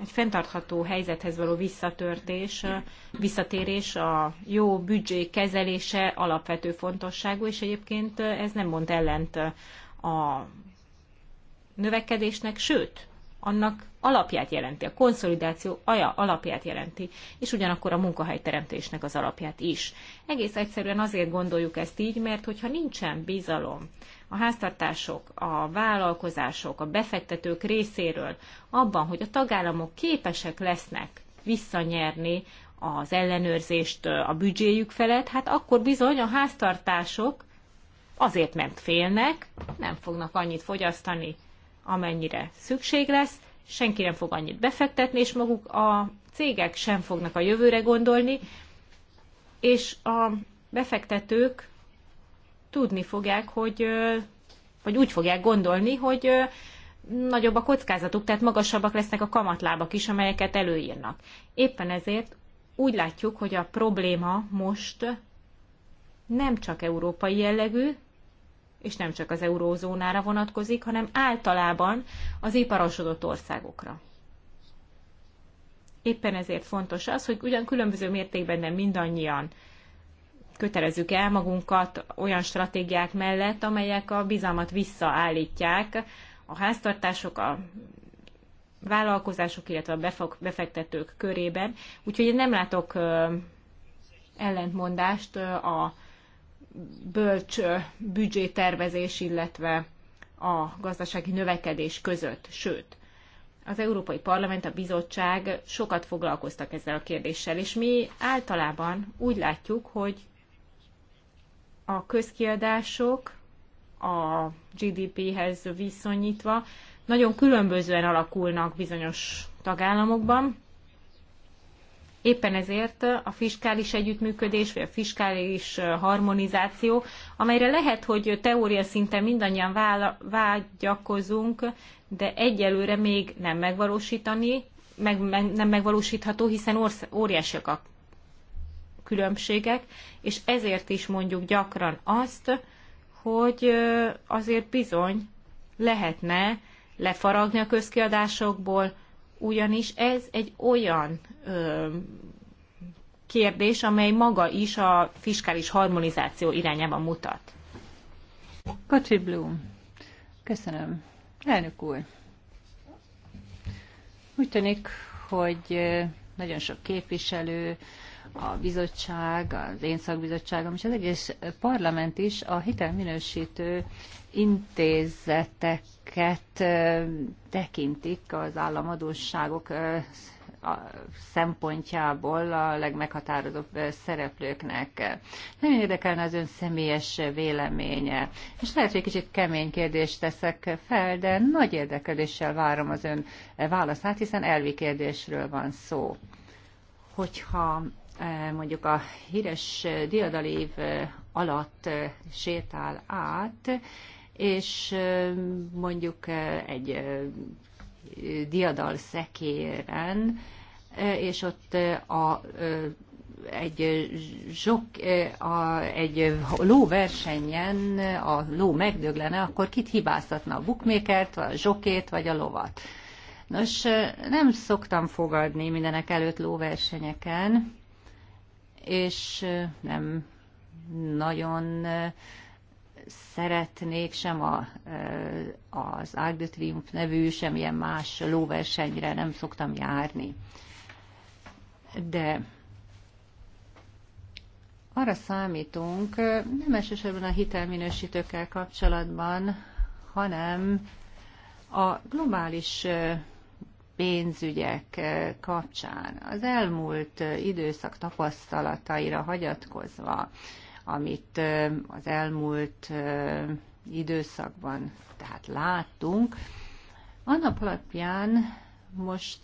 Speaker 2: egy fenntartható helyzethez való visszatörtés, visszatérés a jó büdzsé kezelése alapvető fontosságú, és egyébként ez nem mond ellent a növekedésnek, sőt, annak alapját jelenti, a konszolidáció aja alapját jelenti, és ugyanakkor a munkahelyteremtésnek az alapját is. Egész egyszerűen azért gondoljuk ezt így, mert hogyha nincsen bizalom a háztartások, a vállalkozások, a befektetők részéről abban, hogy a tagállamok képesek lesznek visszanyerni az ellenőrzést a büdzséjük felett, hát akkor bizony a háztartások azért, mert félnek, nem fognak annyit fogyasztani, amennyire szükség lesz, senki nem fog annyit befektetni, és maguk a cégek sem fognak a jövőre gondolni, és a befektetők tudni fogják, hogy, vagy úgy fogják gondolni, hogy nagyobb a kockázatuk, tehát magasabbak lesznek a kamatlábak is, amelyeket előírnak. Éppen ezért úgy látjuk, hogy a probléma most nem csak európai jellegű, és nem csak az eurózónára vonatkozik, hanem általában az iparosodott országokra. Éppen ezért fontos az, hogy ugyan különböző mértékben, nem mindannyian kötelezzük el magunkat olyan stratégiák mellett, amelyek a bizalmat visszaállítják a háztartások, a vállalkozások, illetve a befektetők körében. Úgyhogy én nem látok ellentmondást a bölcs büdzsétervezés, illetve a gazdasági növekedés között. Sőt, az Európai Parlament, a bizottság sokat foglalkoztak ezzel a kérdéssel, és mi általában úgy látjuk, hogy a közkiadások a GDP-hez viszonyítva nagyon különbözően alakulnak bizonyos tagállamokban. Éppen ezért a fiskális együttműködés, vagy a fiskális harmonizáció, amelyre lehet, hogy teória szinten mindannyian vágyakozunk, de egyelőre még nem megvalósítani, meg, meg, nem megvalósítható, hiszen orsz, óriásiak a különbségek, és ezért is mondjuk gyakran azt, hogy azért bizony lehetne lefaragni a közkiadásokból, ugyanis ez egy olyan ö, kérdés, amely maga is a fiskális harmonizáció irányába mutat. Kocsi Blum, köszönöm. Elnök úr,
Speaker 1: úgy tűnik, hogy nagyon sok képviselő a bizottság, az én szakbizottságom és az egész parlament is a hitelminősítő intézeteket tekintik az államadósságok szempontjából a legmeghatározóbb szereplőknek. Nem érdekelne az ön személyes véleménye. És lehet, hogy egy kicsit kemény kérdést teszek fel, de nagy érdeklődéssel várom az ön válaszát, hiszen elvi kérdésről van szó. Hogyha Eh, mondjuk a híres eh, diadalév eh, alatt sétál át, és mondjuk egy diadal szekéren, és ott a egy, zsok, a, egy lóversenyen a ló megdöglene, akkor kit hibáztatna a bukmékert, a zsokét vagy a lovat? Nos, nem szoktam fogadni mindenek előtt lóversenyeken, és nem nagyon szeretnék sem a, az Arc de Triumph nevű, semmilyen más lóversenyre nem szoktam járni. De arra számítunk, nem elsősorban a hitelminősítőkkel kapcsolatban, hanem a globális pénzügyek eh, kapcsán. Az elmúlt eh, időszak tapasztalataira hagyatkozva, amit eh, az elmúlt időszakban tehát láttunk, annak alapján most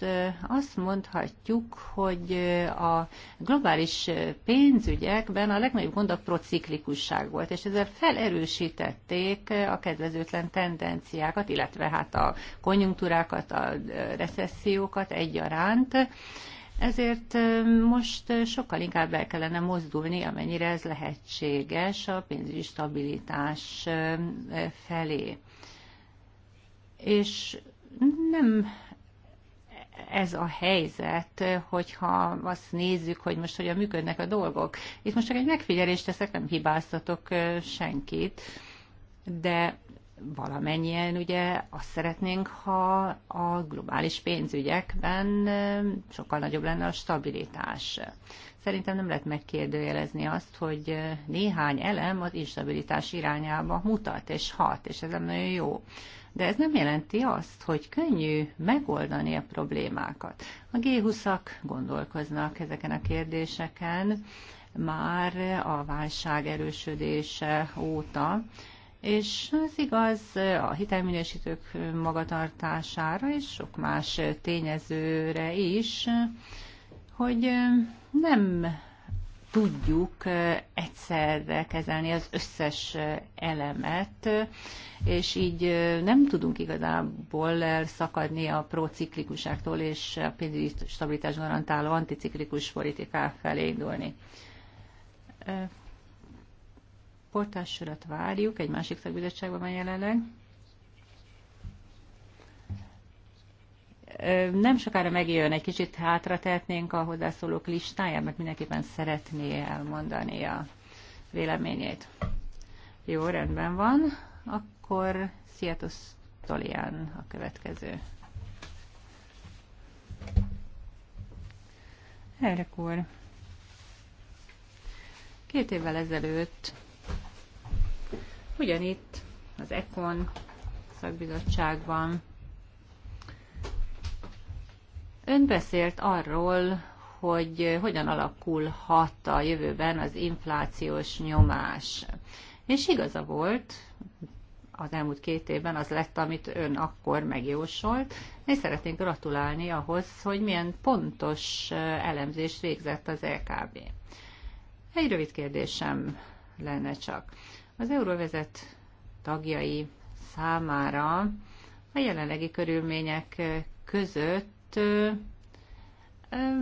Speaker 1: azt mondhatjuk, hogy a globális pénzügyekben a legnagyobb gond a prociklikusság volt, és ezzel felerősítették a kedvezőtlen tendenciákat, illetve hát a konjunktúrákat, a recessziókat egyaránt. Ezért most sokkal inkább el kellene mozdulni, amennyire ez lehetséges a pénzügyi stabilitás felé. És nem ez a helyzet, hogyha azt nézzük, hogy most hogyan működnek a dolgok. Itt most csak egy megfigyelést teszek, nem hibáztatok senkit, de valamennyien ugye azt szeretnénk, ha a globális pénzügyekben sokkal nagyobb lenne a stabilitás. Szerintem nem lehet megkérdőjelezni azt, hogy néhány elem az instabilitás irányába mutat és hat, és ez nem nagyon jó de ez nem jelenti azt, hogy könnyű megoldani a problémákat. A G20-ak gondolkoznak ezeken a kérdéseken már a válság erősödése óta, és az igaz a hitelminősítők magatartására és sok más tényezőre is, hogy nem tudjuk egyszerre kezelni az összes elemet, és így nem tudunk igazából elszakadni a prociklikuságtól és a pénzügyi stabilitás garantáló anticiklikus politikák felé indulni. Portásurat várjuk, egy másik szakbizottságban van jelenleg. Nem sokára megjön, egy kicsit hátra tehetnénk a hozzászólók listáját, mert mindenképpen szeretné elmondani a véleményét. Jó, rendben van. Akkor Sziatos Tolian a következő. Elnök úr, két évvel ezelőtt ugyanitt az ECON szakbizottságban Ön beszélt arról, hogy hogyan alakulhat a jövőben az inflációs nyomás. És igaza volt, az elmúlt két évben az lett, amit ön akkor megjósolt, Én szeretnék gratulálni ahhoz, hogy milyen pontos eh, elemzést végzett az LKB. Egy rövid kérdésem lenne csak. Az euróvezet tagjai számára a jelenlegi körülmények eh, között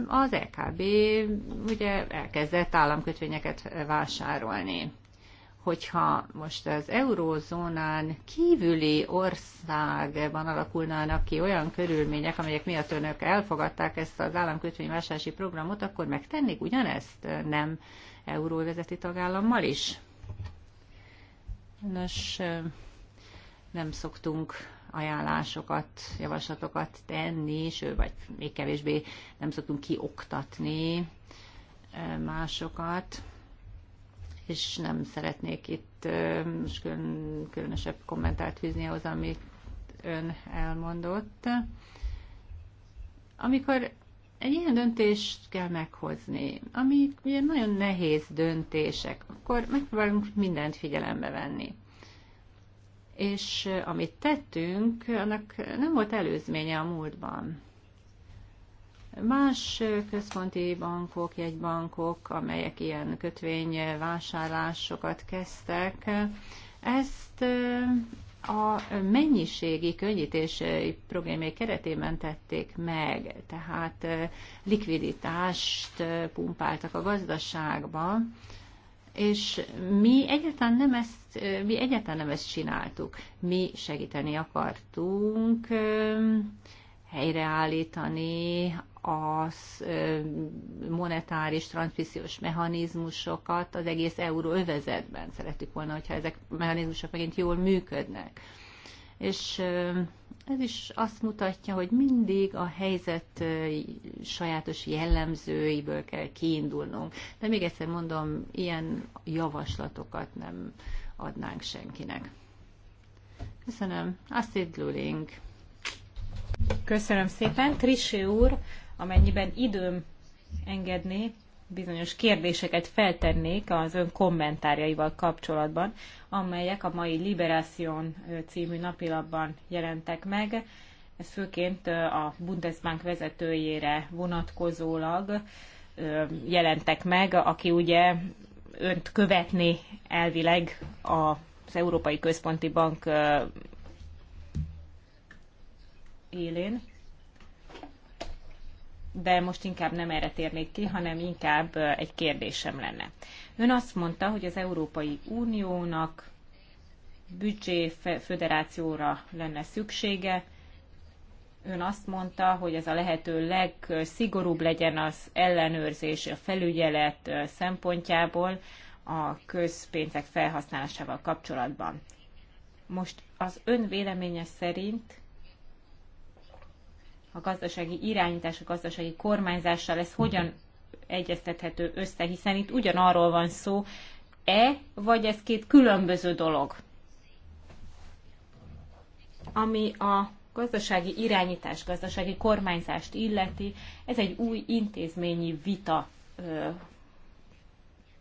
Speaker 1: az LKB e ugye elkezdett államkötvényeket vásárolni. Hogyha most az eurózónán kívüli országban alakulnának ki olyan körülmények, amelyek miatt önök elfogadták ezt az államkötvényvásárlási programot, akkor megtennék ugyanezt nem euróvezeti tagállammal is? Nos, nem szoktunk ajánlásokat, javaslatokat tenni, ső, vagy még kevésbé nem szoktunk kioktatni másokat, és nem szeretnék itt most külön, különösebb kommentárt fűzni ahhoz, amit ön elmondott. Amikor egy ilyen döntést kell meghozni, ami ugye nagyon nehéz döntések, akkor megpróbálunk mindent figyelembe venni és eh, amit tettünk, annak nem volt előzménye a múltban. Más eh, központi bankok, jegybankok, amelyek ilyen kötvényvásárlásokat kezdtek, ezt eh, a mennyiségi könnyítési programjai keretében tették meg, tehát likviditást pumpáltak a gazdaságba, és mi egyáltalán nem ezt, mi egyáltalán nem ezt csináltuk. Mi segíteni akartunk helyreállítani a monetáris transmissziós mechanizmusokat az egész euró övezetben Szerettük volna, hogyha ezek mechanizmusok megint jól működnek. És ez is azt mutatja, hogy mindig a helyzet sajátos jellemzőiből kell kiindulnunk. De még egyszer mondom, ilyen javaslatokat nem
Speaker 2: adnánk senkinek. Köszönöm. Acid Luling. Köszönöm szépen. Trissé úr, amennyiben időm engedné, bizonyos kérdéseket feltennék az ön kommentárjaival kapcsolatban, amelyek a mai Liberation című napilapban jelentek meg. Ez főként a Bundesbank vezetőjére vonatkozólag jelentek meg, aki ugye önt követni elvileg az Európai Központi Bank élén de most inkább nem erre térnék ki, hanem inkább egy kérdésem lenne. Ön azt mondta, hogy az Európai Uniónak büdzsé föderációra lenne szüksége. Ön azt mondta, hogy ez a lehető legszigorúbb legyen az ellenőrzés, a felügyelet szempontjából a közpénzek felhasználásával kapcsolatban. Most az ön véleménye szerint a gazdasági irányítás, a gazdasági kormányzással ez hogyan egyeztethető össze, hiszen itt ugyanarról van szó, e, vagy ez két különböző dolog. Ami a gazdasági irányítás, gazdasági kormányzást illeti, ez egy új intézményi vita ö,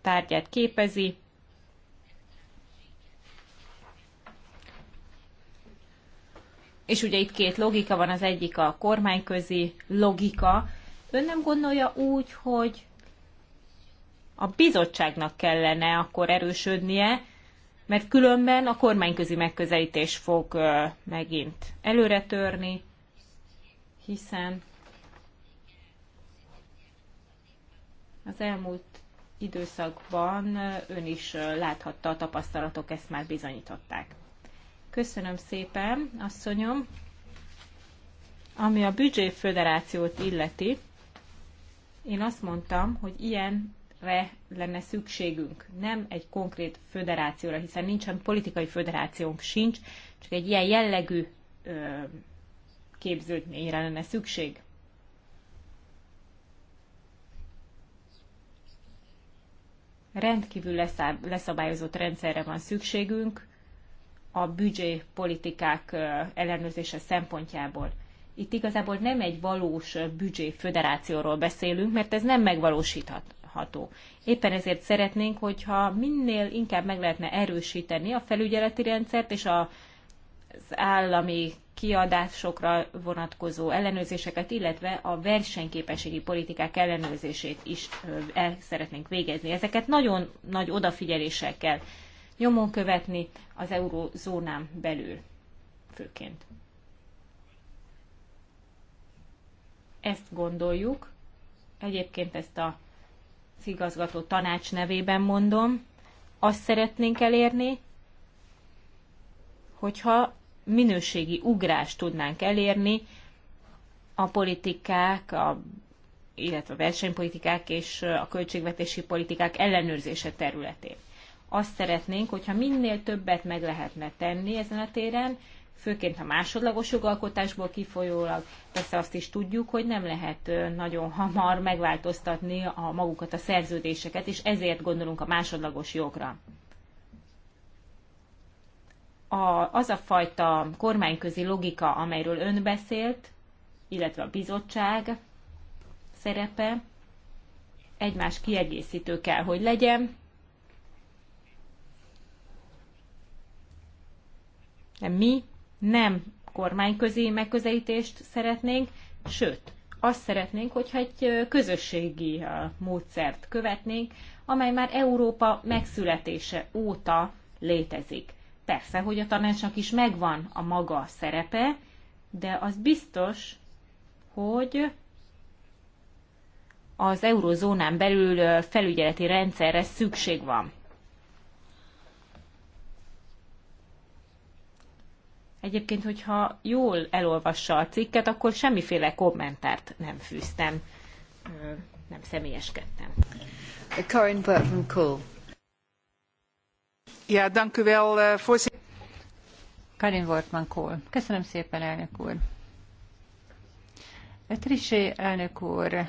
Speaker 2: tárgyát képezi. És ugye itt két logika van, az egyik a kormányközi logika. Ön nem gondolja úgy, hogy a bizottságnak kellene akkor erősödnie, mert különben a kormányközi megközelítés fog megint előre törni, hiszen az elmúlt időszakban ön is láthatta, a tapasztalatok ezt már bizonyították. Köszönöm szépen, asszonyom. Ami a Büdzsé Föderációt illeti, én azt mondtam, hogy ilyenre lenne szükségünk. Nem egy konkrét föderációra, hiszen nincsen politikai föderációnk sincs, csak egy ilyen jellegű ö, képződményre lenne szükség. Rendkívül leszab- leszabályozott rendszerre van szükségünk, a büdzsé politikák ellenőrzése szempontjából. Itt igazából nem egy valós büdzsé föderációról beszélünk, mert ez nem megvalósítható. Éppen ezért szeretnénk, hogyha minél inkább meg lehetne erősíteni a felügyeleti rendszert és a, az állami kiadásokra vonatkozó ellenőrzéseket, illetve a versenyképességi politikák ellenőrzését is el szeretnénk végezni. Ezeket nagyon nagy odafigyeléssel kell nyomon követni az eurózónán belül főként. Ezt gondoljuk, egyébként ezt a igazgató tanács nevében mondom, azt szeretnénk elérni, hogyha minőségi ugrást tudnánk elérni a politikák, a, illetve a versenypolitikák és a költségvetési politikák ellenőrzése területén azt szeretnénk, hogyha minél többet meg lehetne tenni ezen a téren, főként a másodlagos jogalkotásból kifolyólag, persze azt is tudjuk, hogy nem lehet nagyon hamar megváltoztatni a magukat a szerződéseket, és ezért gondolunk a másodlagos jogra. A, az a fajta kormányközi logika, amelyről ön beszélt, illetve a bizottság szerepe, egymás kiegészítő kell, hogy legyen, mi nem kormányközi megközelítést szeretnénk, sőt, azt szeretnénk, hogyha egy közösségi módszert követnénk, amely már Európa megszületése óta létezik. Persze, hogy a tanácsnak is megvan a maga szerepe, de az biztos, hogy az eurozónán belül felügyeleti rendszerre szükség van. Egyébként, hogyha jól elolvassa a cikket, akkor semmiféle kommentárt nem fűztem, nem személyeskedtem. Karin Burton Cole. Ja, dank u
Speaker 1: wel, eh, voorzitter. Karin Wortman Kohl. Köszönöm szépen, elnök úr. Trisé elnök úr, eh,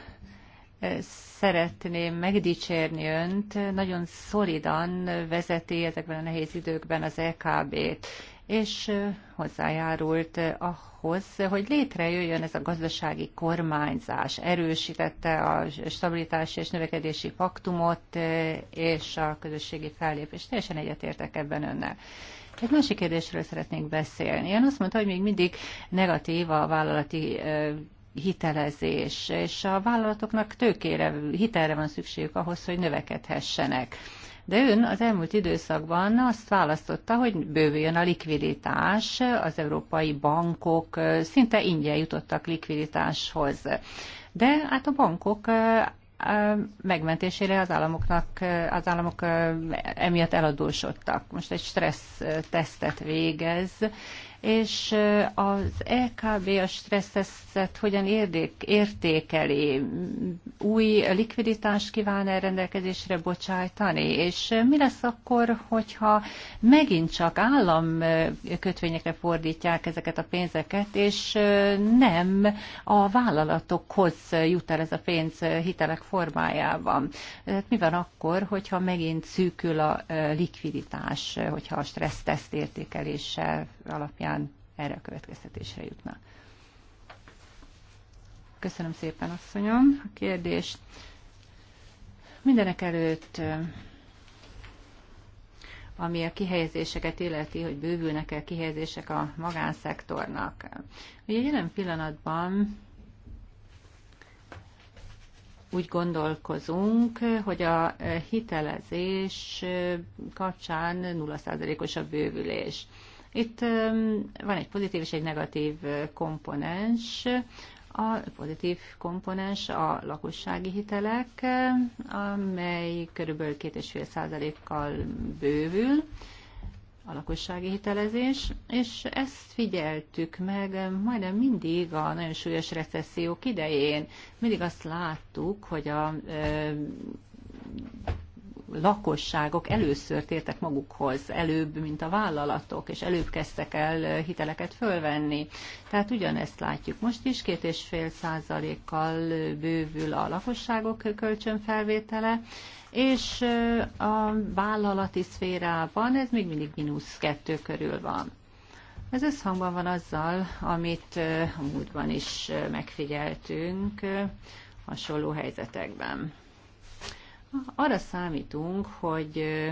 Speaker 1: szeretném megdicsérni önt. Nagyon szolidan vezeti ezekben a nehéz időkben az EKB-t és hozzájárult ahhoz, hogy létrejöjjön ez a gazdasági kormányzás, erősítette a stabilitási és növekedési paktumot és a közösségi fellépést. Teljesen egyetértek ebben önnel. Egy másik kérdésről szeretnék beszélni. Ön azt mondta, hogy még mindig negatív a vállalati hitelezés, és a vállalatoknak tőkére, hitelre van szükségük ahhoz, hogy növekedhessenek de ön az elmúlt időszakban azt választotta, hogy bővüljön a likviditás, az európai bankok szinte ingyen jutottak likviditáshoz. De hát a bankok megmentésére az államoknak, az államok emiatt eladósodtak. Most egy stressz tesztet végez, és az EKB a stresszeszet hogyan érdék, értékeli, új likviditást kíván el rendelkezésre bocsájtani, és mi lesz akkor, hogyha megint csak állam kötvényekre fordítják ezeket a pénzeket, és nem a vállalatokhoz jut el ez a pénz hitelek formájában. mi van akkor, hogyha megint szűkül a likviditás, hogyha a stresszteszt értékelése alapján erre a következtetésre jutna. Köszönöm szépen, asszonyom, a kérdést. Mindenek előtt, ami a kihelyezéseket illeti, hogy bővülnek-e kihelyezések a magánszektornak. Ugye jelen pillanatban úgy gondolkozunk, hogy a hitelezés kapcsán 0%-os a bővülés. Itt van egy pozitív és egy negatív komponens. A pozitív komponens a lakossági hitelek, amely kb. 2,5%-kal bővül a lakossági hitelezés, és ezt figyeltük meg majdnem mindig a nagyon súlyos recessziók idején. Mindig azt láttuk, hogy a lakosságok először tértek magukhoz, előbb, mint a vállalatok, és előbb kezdtek el hiteleket fölvenni. Tehát ugyanezt látjuk most is, két és fél százalékkal bővül a lakosságok kölcsönfelvétele, és a vállalati szférában ez még mindig mínusz kettő körül van. Ez összhangban van azzal, amit a múltban is megfigyeltünk hasonló helyzetekben. Arra számítunk, hogy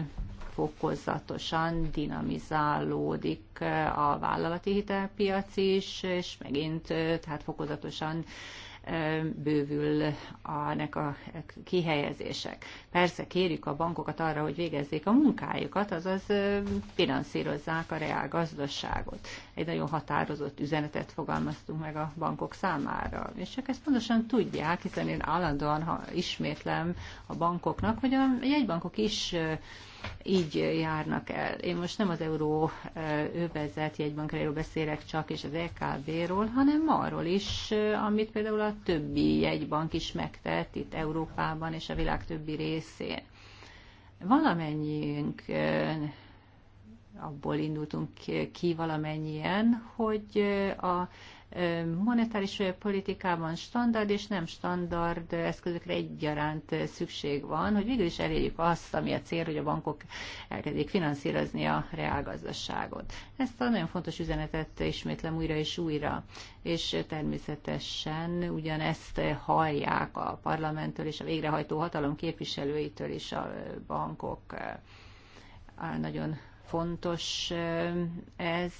Speaker 1: fokozatosan dinamizálódik a vállalati hitelpiac is, és megint tehát fokozatosan bővül a nek a kihelyezések. Persze kérjük a bankokat arra, hogy végezzék a munkájukat, azaz finanszírozzák a reál gazdaságot. Egy nagyon határozott üzenetet fogalmaztunk meg a bankok számára. És csak ezt pontosan tudják, hiszen én állandóan ha ismétlem a bankoknak, hogy a jegybankok is így járnak el. Én most nem az euró övezet jegybankról beszélek csak, és az EKB-ról, hanem arról is, amit például a többi jegybank is megtett itt Európában és a világ többi részén. Valamennyiünk abból indultunk ki valamennyien, hogy a monetáris politikában standard és nem standard eszközökre egyaránt szükség van, hogy végül is elérjük azt, ami a cél, hogy a bankok elkezdjék finanszírozni a reálgazdaságot. Ezt a nagyon fontos üzenetet ismétlem újra és újra, és természetesen ugyanezt hallják a parlamenttől és a végrehajtó hatalom képviselőitől is a bankok nagyon fontos ez,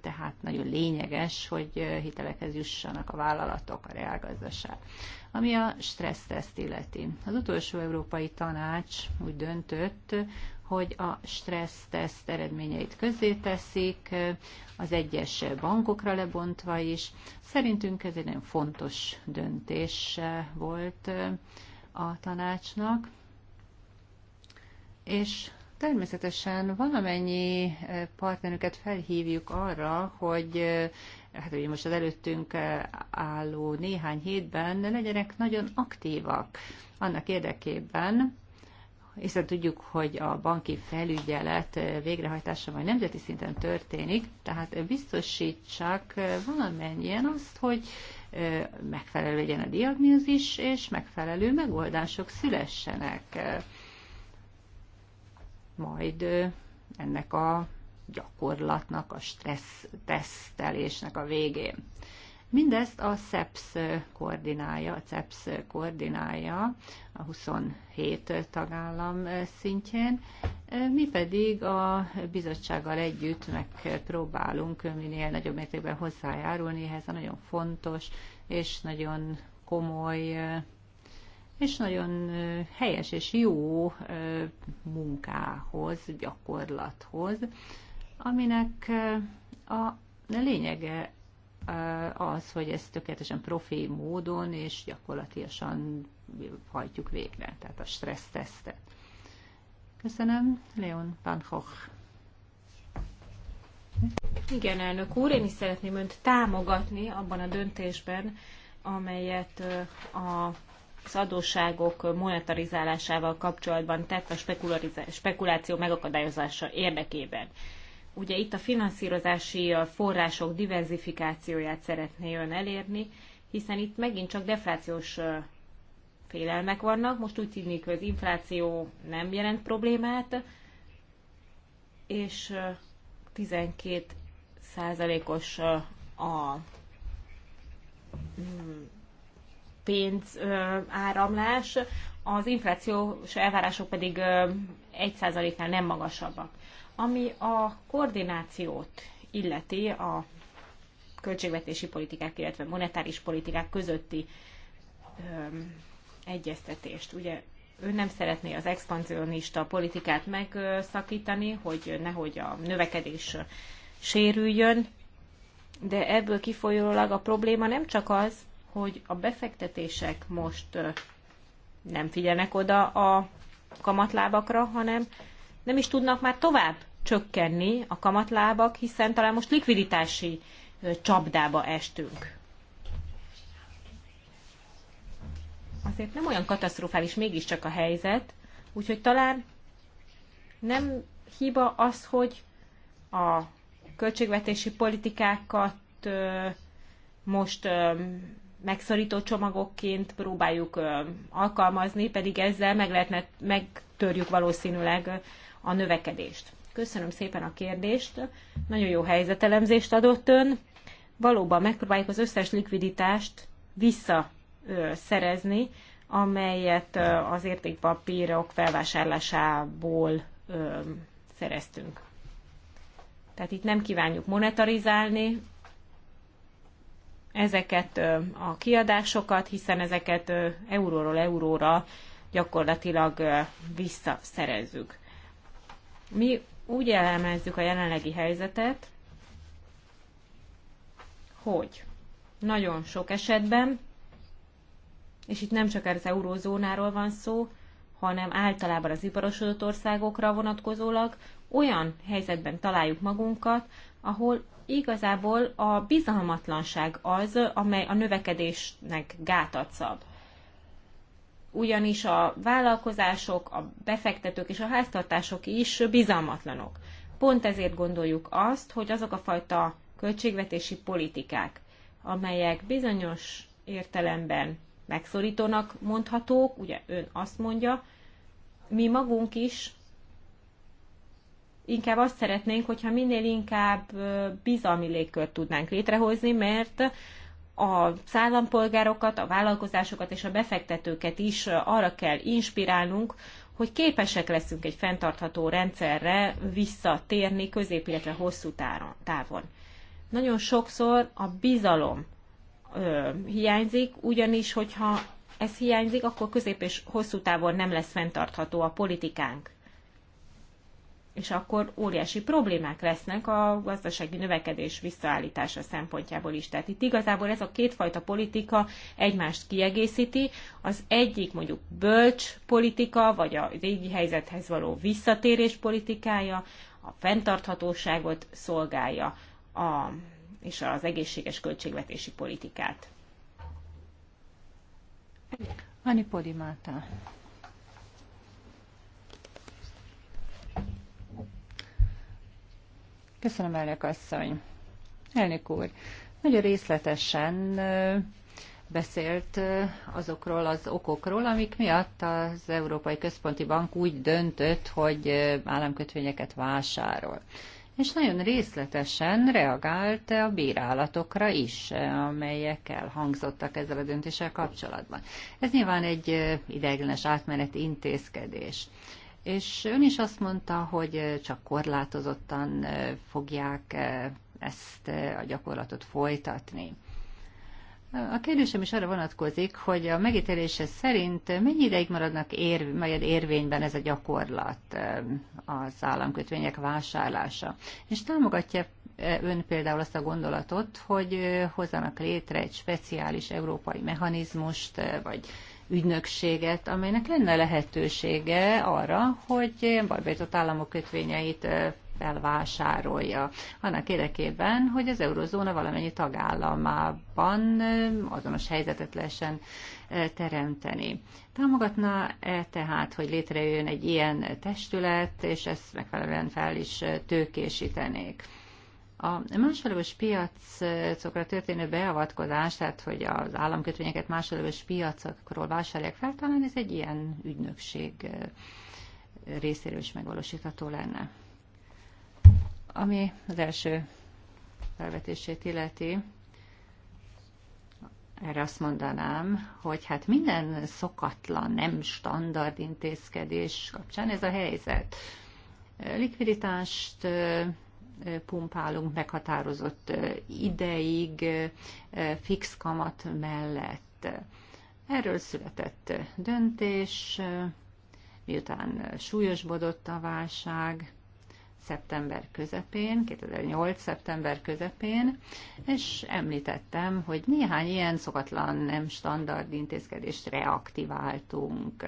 Speaker 1: tehát nagyon lényeges, hogy hitelekhez jussanak a vállalatok, a reálgazdaság. Ami a stresszteszt illeti. Az utolsó Európai Tanács úgy döntött, hogy a stresszteszt eredményeit teszik, az egyes bankokra lebontva is. Szerintünk ez egy nagyon fontos döntés volt a tanácsnak, és Természetesen valamennyi eh, partnerünket felhívjuk arra, hogy eh, hát ugye most az előttünk eh, álló néhány hétben legyenek nagyon aktívak annak érdekében, hiszen tudjuk, hogy a banki felügyelet végrehajtása majd nemzeti szinten történik, tehát biztosítsák valamennyien azt, hogy megfelelő legyen a diagnózis, és megfelelő megoldások szülessenek majd ennek a gyakorlatnak, a stressz tesztelésnek a végén. Mindezt a CEPS koordinálja, a CEPS koordinálja a 27 tagállam szintjén, mi pedig a bizottsággal együtt megpróbálunk minél nagyobb mértékben hozzájárulni ehhez a nagyon fontos és nagyon komoly és nagyon helyes és jó munkához, gyakorlathoz, aminek a lényege az, hogy ezt tökéletesen profi módon és gyakorlatilag hajtjuk végre, tehát a stressztesztet. Köszönöm, Leon Panhoch.
Speaker 2: Igen, elnök úr, én is szeretném önt támogatni abban a döntésben, amelyet a az adósságok monetarizálásával kapcsolatban tett a spekuláció megakadályozása érdekében. Ugye itt a finanszírozási források diversifikációját szeretné ön elérni, hiszen itt megint csak deflációs félelmek vannak. Most úgy tűnik, hogy az infláció nem jelent problémát, és 12 százalékos a mm, pénz áramlás, az inflációs elvárások pedig 1%-nál nem magasabbak. Ami a koordinációt illeti a költségvetési politikák, illetve monetáris politikák közötti ö, egyeztetést. Ugye ő nem szeretné az expanzionista politikát megszakítani, hogy nehogy a növekedés sérüljön, de ebből kifolyólag a probléma nem csak az, hogy a befektetések most nem figyelnek oda a kamatlábakra, hanem nem is tudnak már tovább csökkenni a kamatlábak, hiszen talán most likviditási csapdába estünk. Azért nem olyan katasztrofális mégiscsak a helyzet, úgyhogy talán nem hiba az, hogy a költségvetési politikákat most megszorító csomagokként próbáljuk alkalmazni, pedig ezzel meg lehetne, megtörjük valószínűleg a növekedést. Köszönöm szépen a kérdést, nagyon jó helyzetelemzést adott ön. Valóban megpróbáljuk az összes likviditást visszaszerezni, amelyet az értékpapírok felvásárlásából szereztünk. Tehát itt nem kívánjuk monetarizálni ezeket a kiadásokat, hiszen ezeket euróról euróra gyakorlatilag visszaszerezzük. Mi úgy elemezzük a jelenlegi helyzetet, hogy nagyon sok esetben, és itt nem csak az eurózónáról van szó, hanem általában az iparosodott országokra vonatkozólag olyan helyzetben találjuk magunkat, ahol igazából a bizalmatlanság az, amely a növekedésnek gátat szab. Ugyanis a vállalkozások, a befektetők és a háztartások is bizalmatlanok. Pont ezért gondoljuk azt, hogy azok a fajta költségvetési politikák, amelyek bizonyos értelemben megszorítónak mondhatók, ugye ön azt mondja, mi magunk is inkább azt szeretnénk, hogyha minél inkább bizalmi légkört tudnánk létrehozni, mert a szállampolgárokat, a vállalkozásokat és a befektetőket is arra kell inspirálnunk, hogy képesek leszünk egy fenntartható rendszerre visszatérni közép, illetve hosszú távon. Nagyon sokszor a bizalom ö, hiányzik, ugyanis, hogyha ez hiányzik, akkor közép és hosszú távon nem lesz fenntartható a politikánk és akkor óriási problémák lesznek a gazdasági növekedés visszaállítása szempontjából is. Tehát itt igazából ez a kétfajta politika egymást kiegészíti. Az egyik mondjuk bölcs politika, vagy a régi helyzethez való visszatérés politikája, a fenntarthatóságot szolgálja, a, és az egészséges költségvetési politikát.
Speaker 1: Anipodimáta Köszönöm, elnök asszony. Elnök úr, nagyon részletesen beszélt azokról az okokról, amik miatt az Európai Központi Bank úgy döntött, hogy államkötvényeket vásárol. És nagyon részletesen reagált a bírálatokra is, amelyek elhangzottak ezzel a döntéssel kapcsolatban. Ez nyilván egy ideiglenes átmeneti intézkedés és ön is azt mondta, hogy csak korlátozottan fogják ezt a gyakorlatot folytatni. A kérdésem is arra vonatkozik, hogy a megítélése szerint mennyi ideig maradnak ér, majd érvényben ez a gyakorlat az államkötvények vásárlása. És támogatja ön például azt a gondolatot, hogy hozzanak létre egy speciális európai mechanizmust, vagy ügynökséget, amelynek lenne lehetősége arra, hogy barbétott államok kötvényeit felvásárolja. Annak érdekében, hogy az eurozóna valamennyi tagállamában azonos helyzetet lehessen teremteni. Támogatná-e tehát, hogy létrejön egy ilyen testület, és ezt megfelelően fel is tőkésítenék? A másodlagos piacokra történő beavatkozás, tehát hogy az államkötvényeket másodlagos piacokról vásárolják fel, talán ez egy ilyen ügynökség részéről is megvalósítható lenne. Ami az első felvetését illeti, erre azt mondanám, hogy hát minden szokatlan, nem standard intézkedés kapcsán ez a helyzet. Likviditást pumpálunk meghatározott ideig fix kamat mellett. Erről született döntés, miután súlyosbodott a válság szeptember közepén, 2008. szeptember közepén, és említettem, hogy néhány ilyen szokatlan, nem standard intézkedést reaktiváltunk.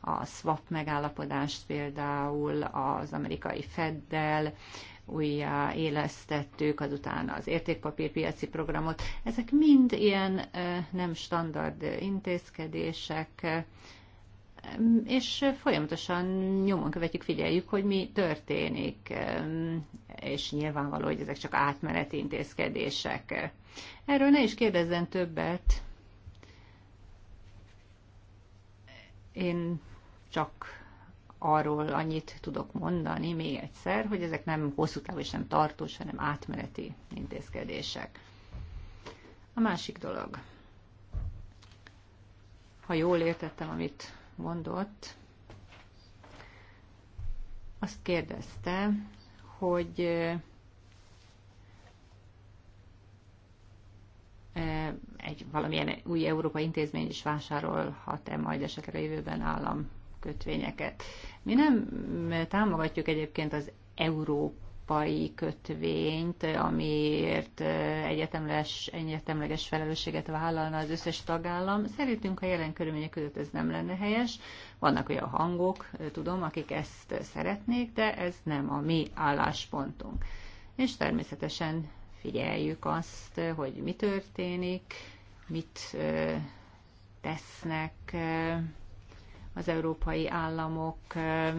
Speaker 1: A swap megállapodást például az amerikai Feddel, újjáélesztettük, azután az értékpapírpiaci programot. Ezek mind ilyen nem standard intézkedések, és folyamatosan nyomon követjük, figyeljük, hogy mi történik, és nyilvánvaló, hogy ezek csak átmeneti intézkedések. Erről ne is kérdezzen többet. Én csak arról annyit tudok mondani még egyszer, hogy ezek nem hosszú távú és nem tartós, hanem átmeneti intézkedések. A másik dolog, ha jól értettem, amit mondott, azt kérdezte, hogy egy valamilyen új európai intézmény is vásárolhat-e majd esetleg a jövőben állam kötvényeket. Mi nem támogatjuk egyébként az európai kötvényt, amiért egyetemles egyetemleges felelősséget vállalna az összes tagállam. Szerintünk a jelen körülmények között ez nem lenne helyes. Vannak olyan hangok, tudom, akik ezt szeretnék, de ez nem a mi álláspontunk. És természetesen figyeljük azt, hogy mi történik, mit tesznek az európai államok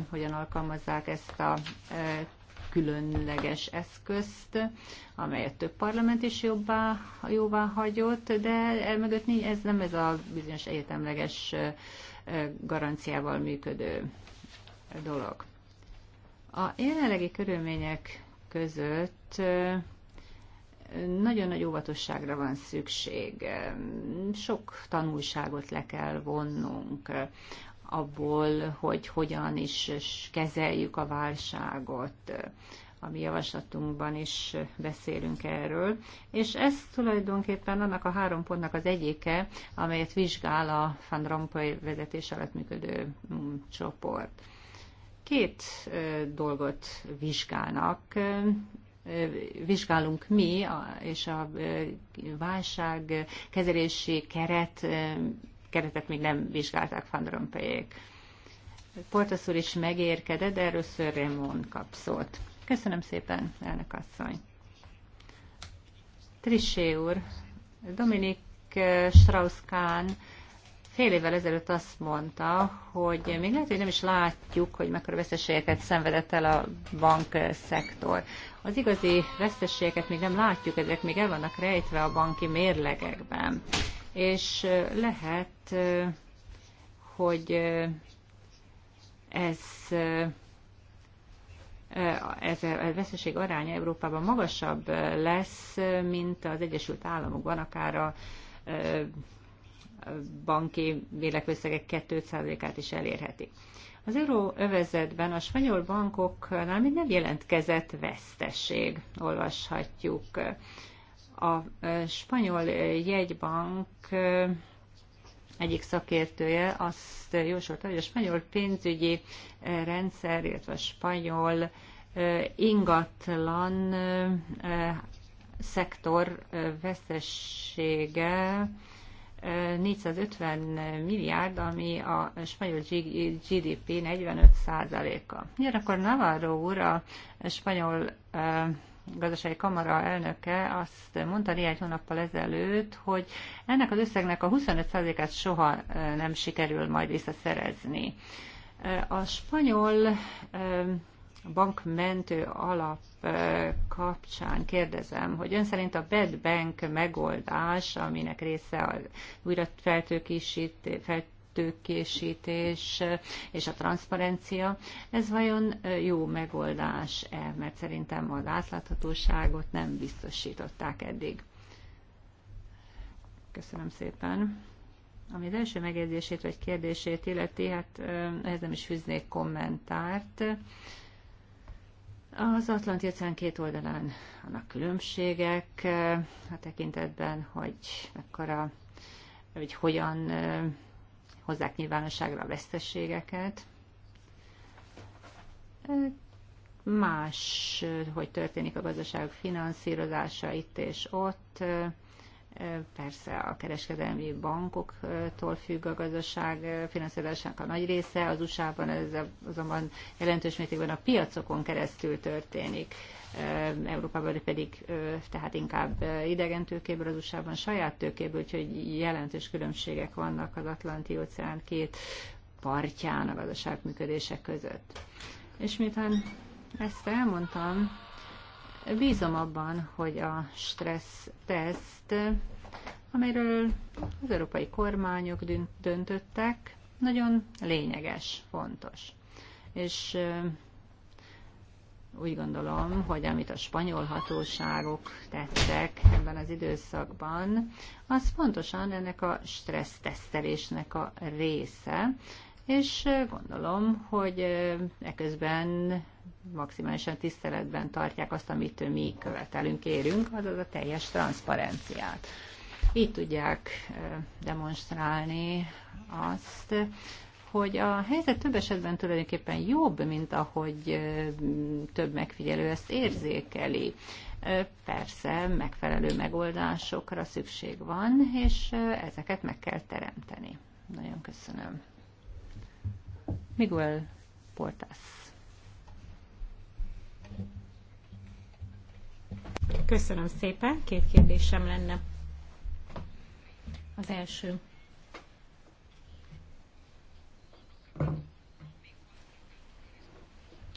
Speaker 1: hogyan alkalmazzák ezt a különleges eszközt, amelyet több parlament is jobbá, jóvá hagyott, de e mögött ez nem ez a bizonyos egyetemleges garanciával működő dolog. A jelenlegi körülmények között nagyon nagy óvatosságra van szükség. Sok tanulságot le kell vonnunk abból, hogy hogyan is kezeljük a válságot. A mi javaslatunkban is beszélünk erről. És ez tulajdonképpen annak a három pontnak az egyike, amelyet vizsgál a Van Rompuy vezetés alatt működő mm, csoport. Két dolgot vizsgálnak, vizsgálunk mi, és a válság kezelési keret keretet még nem vizsgálták Van Rompelyék. Portas úr is megérkedett, de először Raymond kap szót. Köszönöm szépen, elnök asszony. Trissé úr, Dominik Strauss-Kahn fél évvel ezelőtt azt mondta, hogy még lehet, hogy nem is látjuk, hogy mekkora veszteségeket szenvedett el a bankszektor. Az igazi veszteségeket még nem látjuk, ezek még el vannak rejtve a banki mérlegekben és lehet, hogy ez ez a veszeség aránya Európában magasabb lesz, mint az Egyesült Államokban, akár a banki vélekösszegek 2%-át is elérheti. Az euróövezetben a spanyol bankoknál még nem jelentkezett veszteség, olvashatjuk. A spanyol jegybank egyik szakértője azt jósolta, hogy a spanyol pénzügyi rendszer, illetve a spanyol ingatlan szektor veszessége 450 milliárd, ami a spanyol GDP 45 százaléka. Ugyanakkor Navarro úr, a spanyol gazdasági kamara elnöke azt mondta néhány hónappal ezelőtt, hogy ennek az összegnek a 25%-át soha nem sikerül majd visszaszerezni. A spanyol bankmentő alap kapcsán kérdezem, hogy ön szerint a bad bank megoldás, aminek része az újra feltőkésítés, felt, tőkésítés eh, és a transzparencia. Ez vajon eh, jó megoldás -e? Mert szerintem a látláthatóságot nem biztosították eddig. Köszönöm szépen. Ami az első megjegyzését vagy kérdését illeti, hát eh, ehhez nem is fűznék kommentárt. Az Atlanti óceán két oldalán vannak különbségek a tekintetben, hogy mekkora, hogy hogyan hozzák nyilvánosságra a vesztességeket. Más, hogy történik a gazdaságok finanszírozása itt és ott, Persze a kereskedelmi bankoktól függ a gazdaság finanszírozásának a nagy része, az USA-ban ez azonban jelentős mértékben a piacokon keresztül történik. Európában pedig tehát inkább idegen tőkéből, az USA-ban saját tőkéből, úgyhogy jelentős különbségek vannak az Atlanti-óceán két partján a gazdaság működése között. És miután ezt elmondtam, Bízom abban, hogy a stressz teszt, amiről az európai kormányok döntöttek, nagyon lényeges, fontos. És úgy gondolom, hogy amit a spanyol hatóságok tettek ebben az időszakban, az pontosan ennek a stressztesztelésnek a része, és gondolom, hogy eközben maximálisan tiszteletben tartják azt, amit mi követelünk, érünk, azaz a teljes transzparenciát. Így tudják demonstrálni azt, hogy a helyzet több esetben tulajdonképpen jobb, mint ahogy több megfigyelő ezt érzékeli. Persze megfelelő megoldásokra szükség van, és ezeket meg kell teremteni. Nagyon köszönöm.
Speaker 2: Miguel Portas. Köszönöm szépen, két kérdésem lenne. Az első.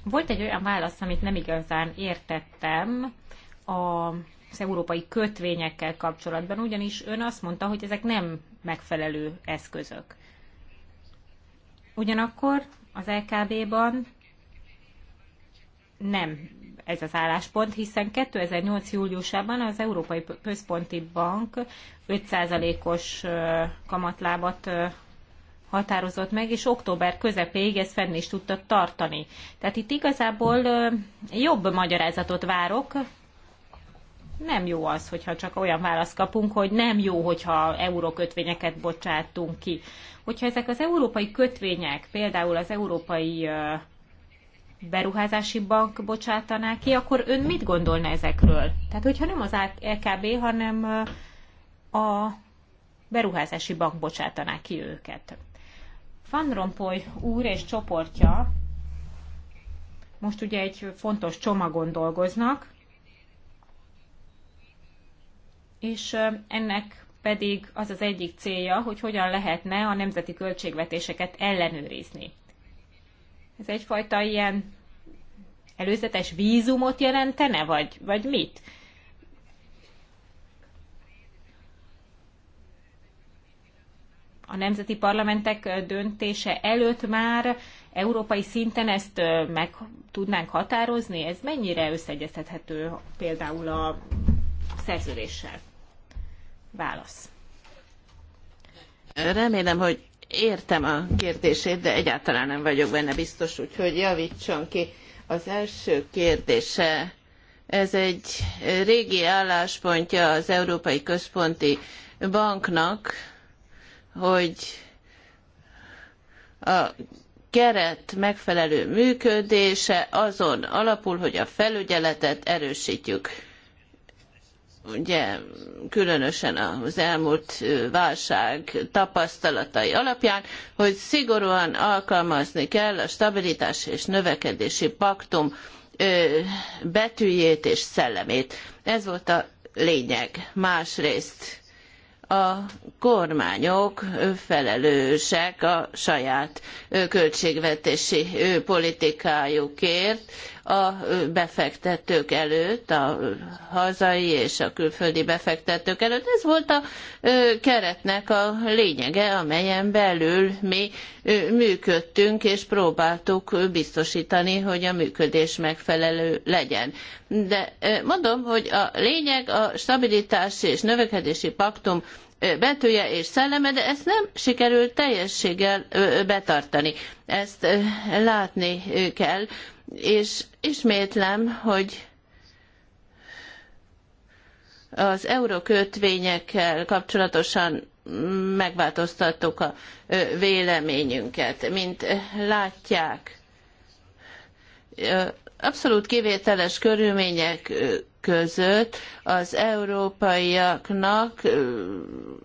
Speaker 2: Volt egy olyan válasz, amit nem igazán értettem az európai kötvényekkel kapcsolatban, ugyanis ön azt mondta, hogy ezek nem megfelelő eszközök. Ugyanakkor az LKB-ban nem ez az álláspont, hiszen 2008. júliusában az Európai Központi Bank 5%-os kamatlábat határozott meg, és október közepéig ezt fenn is tudta tartani. Tehát itt igazából jobb magyarázatot várok, nem jó az, hogyha csak olyan választ kapunk, hogy nem jó, hogyha eurókötvényeket bocsátunk ki. Hogyha ezek az európai kötvények, például az európai beruházási bank bocsátaná ki, akkor ön mit gondolna ezekről? Tehát, hogyha nem az LKB, hanem a beruházási bank bocsátaná ki őket. Van Rompoy úr és csoportja most ugye egy fontos csomagon dolgoznak, és ennek pedig az az egyik célja, hogy hogyan lehetne a nemzeti költségvetéseket ellenőrizni. Ez egyfajta ilyen előzetes vízumot jelentene, vagy, vagy mit? A nemzeti parlamentek döntése előtt már európai szinten ezt meg tudnánk határozni? Ez mennyire összeegyeztethető például a szerződéssel? Válasz.
Speaker 3: Remélem, hogy értem a kérdését, de egyáltalán nem vagyok benne biztos, úgyhogy javítson ki. Az első kérdése, ez egy régi álláspontja az Európai Központi Banknak, hogy a keret megfelelő működése azon alapul, hogy a felügyeletet erősítjük ugye különösen az elmúlt válság tapasztalatai alapján, hogy szigorúan alkalmazni kell a stabilitás és növekedési paktum betűjét és szellemét. Ez volt a lényeg. Másrészt a kormányok felelősek a saját költségvetési politikájukért, a befektetők előtt, a hazai és a külföldi befektetők előtt. Ez volt a keretnek a lényege, amelyen belül mi működtünk, és próbáltuk biztosítani, hogy a működés megfelelő legyen. De mondom, hogy a lényeg a stabilitási és növekedési paktum betűje és szelleme, de ezt nem sikerült teljességgel betartani. Ezt látni kell, és ismétlem, hogy az eurókötvényekkel kapcsolatosan megváltoztattuk a véleményünket. Mint látják, abszolút kivételes körülmények között az európaiaknak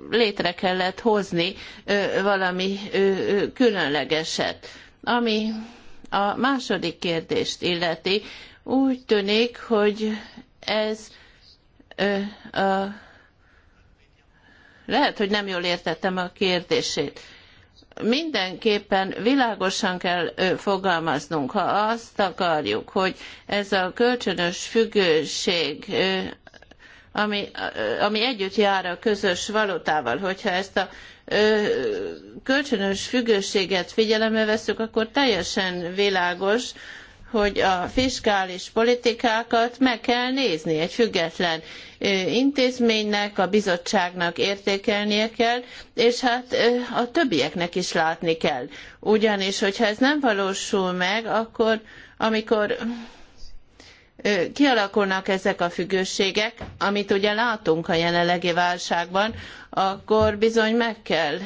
Speaker 3: létre kellett hozni valami különlegeset, ami a második kérdést illeti, úgy tűnik, hogy ez ö, a, lehet, hogy nem jól értettem a kérdését. Mindenképpen világosan kell ö, fogalmaznunk, ha azt akarjuk, hogy ez a kölcsönös függőség ö, ami, ami együtt jár a közös valutával, hogyha ezt a kölcsönös függőséget figyelembe vesszük, akkor teljesen világos, hogy a fiskális politikákat meg kell nézni egy független intézménynek, a bizottságnak értékelnie kell, és hát a többieknek is látni kell. Ugyanis, hogyha ez nem valósul meg, akkor amikor kialakulnak ezek a függőségek, amit ugye látunk a jelenlegi válságban, akkor bizony meg kell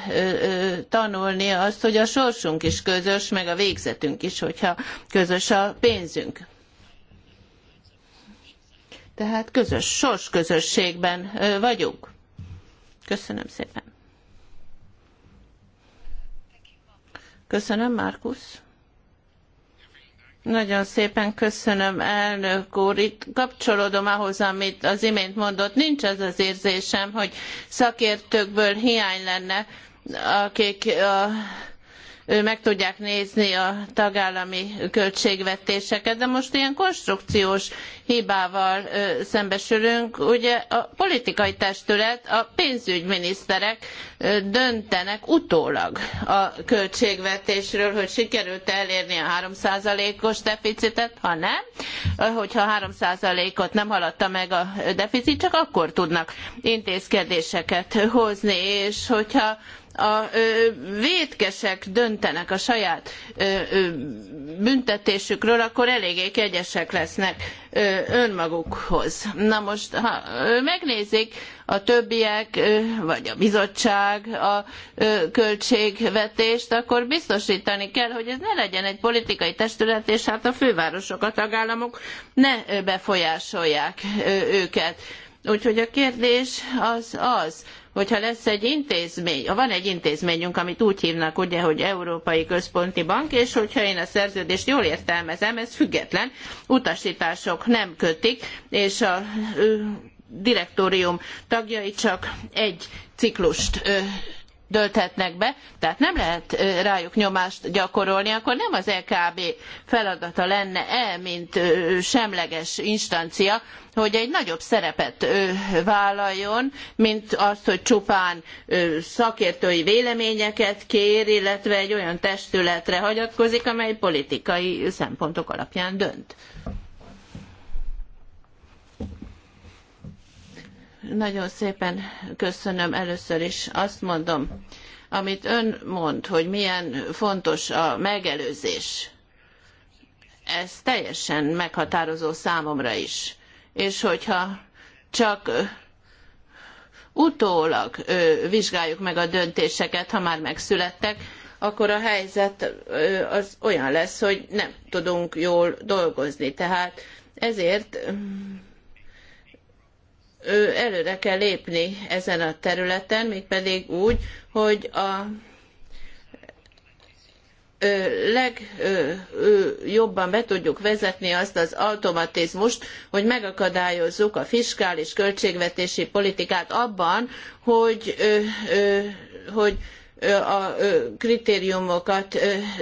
Speaker 3: tanulni azt, hogy a sorsunk is közös, meg a végzetünk is, hogyha közös a pénzünk. Tehát közös, sors közösségben vagyunk. Köszönöm szépen. Köszönöm, Markus. Nagyon szépen köszönöm, elnök úr. Itt kapcsolódom ahhoz, amit az imént mondott. Nincs az az érzésem, hogy szakértőkből hiány lenne, akik a meg tudják nézni a tagállami költségvetéseket, de most ilyen konstrukciós hibával szembesülünk. Ugye a politikai testület, a pénzügyminiszterek döntenek utólag a költségvetésről, hogy sikerült -e elérni a 3%-os deficitet, ha nem, hogyha 3%-ot nem haladta meg a deficit, csak akkor tudnak intézkedéseket hozni, és hogyha a vétkesek döntenek a saját büntetésükről, akkor eléggé kegyesek lesznek önmagukhoz. Na most, ha megnézik a többiek, vagy a bizottság a költségvetést, akkor biztosítani kell, hogy ez ne legyen egy politikai testület, és hát a fővárosok, a tagállamok ne befolyásolják őket. Úgyhogy a kérdés az az, hogyha lesz egy intézmény, van egy intézményünk, amit úgy hívnak ugye, hogy Európai Központi Bank, és hogyha én a szerződést jól értelmezem, ez független, utasítások nem kötik, és a direktórium tagjai csak egy ciklust dölthetnek be, tehát nem lehet rájuk nyomást gyakorolni, akkor nem az EKB feladata lenne e, mint semleges instancia, hogy egy nagyobb szerepet vállaljon, mint azt, hogy csupán szakértői véleményeket kér, illetve egy olyan testületre hagyatkozik, amely politikai szempontok alapján dönt. Nagyon szépen köszönöm először is. Azt mondom, amit ön mond, hogy milyen fontos a megelőzés, ez teljesen meghatározó számomra is. És hogyha csak utólag vizsgáljuk meg a döntéseket, ha már megszülettek, akkor a helyzet az olyan lesz, hogy nem tudunk jól dolgozni. Tehát ezért előre kell lépni ezen a területen, mégpedig úgy, hogy a legjobban be tudjuk vezetni azt az automatizmust, hogy megakadályozzuk a fiskális költségvetési politikát abban, hogy, hogy a kritériumokat,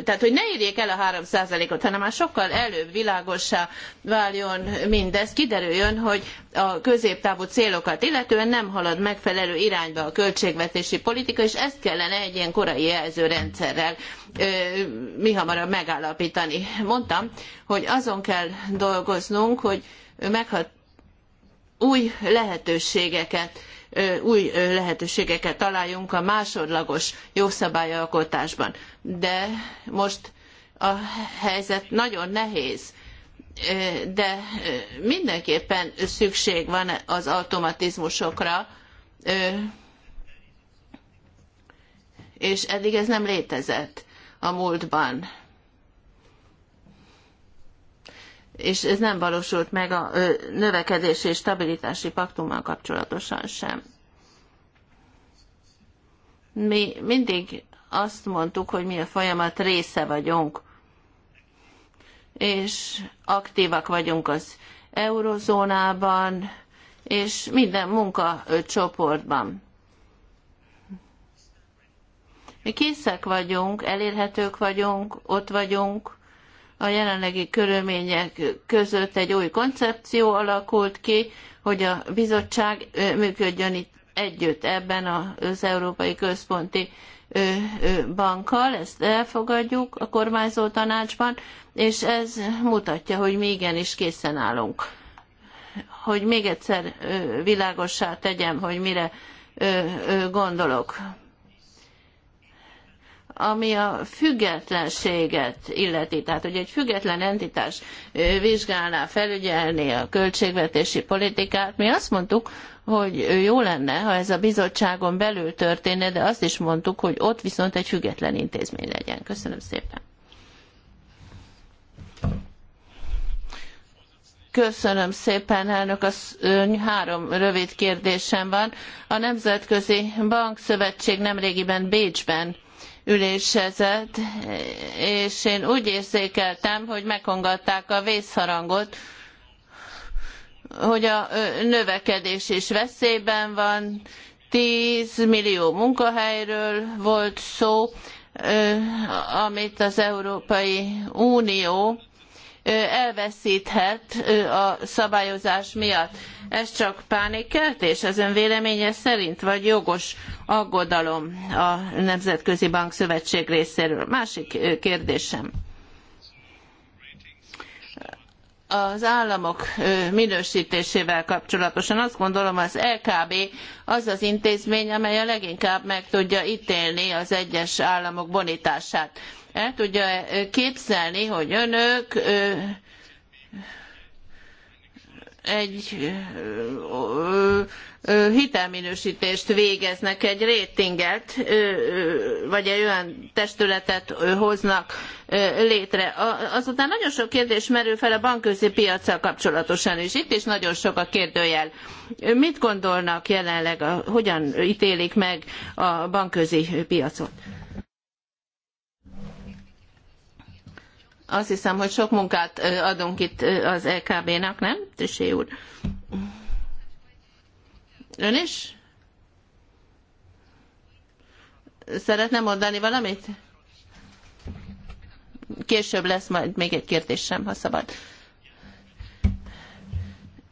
Speaker 3: tehát hogy ne érjék el a 3%-ot, hanem már sokkal előbb világossá váljon mindez, kiderüljön, hogy a középtávú célokat illetően nem halad megfelelő irányba a költségvetési politika, és ezt kellene egy ilyen korai jelzőrendszerrel mihamarabb megállapítani. Mondtam, hogy azon kell dolgoznunk, hogy meghat új lehetőségeket új lehetőségeket találjunk a másodlagos jogszabályalkotásban. De most a helyzet nagyon nehéz de mindenképpen szükség van az automatizmusokra, és eddig ez nem létezett a múltban. és ez nem valósult meg a növekedési és stabilitási paktummal kapcsolatosan sem. Mi mindig azt mondtuk, hogy mi a folyamat része vagyunk, és aktívak vagyunk az eurozónában, és minden munka csoportban. Mi készek vagyunk, elérhetők vagyunk, ott vagyunk, a jelenlegi körülmények között egy új koncepció alakult ki, hogy a bizottság működjön itt együtt ebben az Európai Központi Bankkal, ezt elfogadjuk a kormányzó tanácsban, és ez mutatja, hogy mi igenis készen állunk. Hogy még egyszer világossá tegyem, hogy mire gondolok ami a függetlenséget illeti, tehát hogy egy független entitás vizsgálná, felügyelné a költségvetési politikát, mi azt mondtuk, hogy jó lenne, ha ez a bizottságon belül történne, de azt is mondtuk, hogy ott viszont egy független intézmény legyen. Köszönöm szépen. Köszönöm szépen, elnök asszony. Három rövid kérdésem van. A Nemzetközi Bankszövetség nemrégiben Bécsben ülésezett, és én úgy érzékeltem, hogy megkongatták a vészharangot, hogy a növekedés is veszélyben van, 10 millió munkahelyről volt szó, amit az Európai Unió elveszíthet a szabályozás miatt. Ez csak pánikkeltés az ön véleménye szerint, vagy jogos aggodalom a Nemzetközi Bank Szövetség részéről? Másik kérdésem az államok minősítésével kapcsolatosan azt gondolom az LKB az az intézmény, amely a leginkább meg tudja ítélni az egyes államok bonitását el tudja eh, képzelni, hogy önök egy hitelminősítést végeznek, egy rétinget, vagy egy olyan testületet hoznak létre. Azután nagyon sok kérdés merül fel a bankközi piacsal kapcsolatosan, és itt is nagyon sok a kérdőjel. Mit gondolnak jelenleg, hogyan ítélik meg a bankközi piacot? Azt hiszem, hogy sok munkát adunk itt az LKB-nak, e nem? Trisé úr. Ön is? Szeretne mondani valamit? Később lesz majd még egy kérdésem, ha szabad.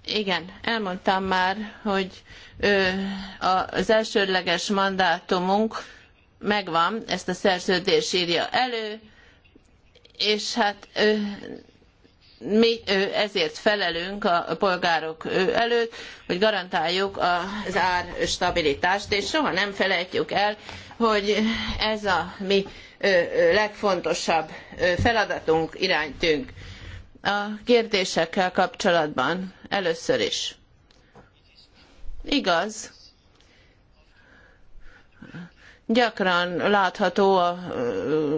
Speaker 3: Igen, elmondtam már, hogy az elsődleges mandátumunk megvan, ezt a szerződés írja elő, és hát mi ezért felelünk a polgárok előtt, hogy garantáljuk az ár stabilitást, és soha nem felejtjük el, hogy ez a mi legfontosabb feladatunk, iránytünk. A kérdésekkel kapcsolatban először is. Igaz, gyakran látható a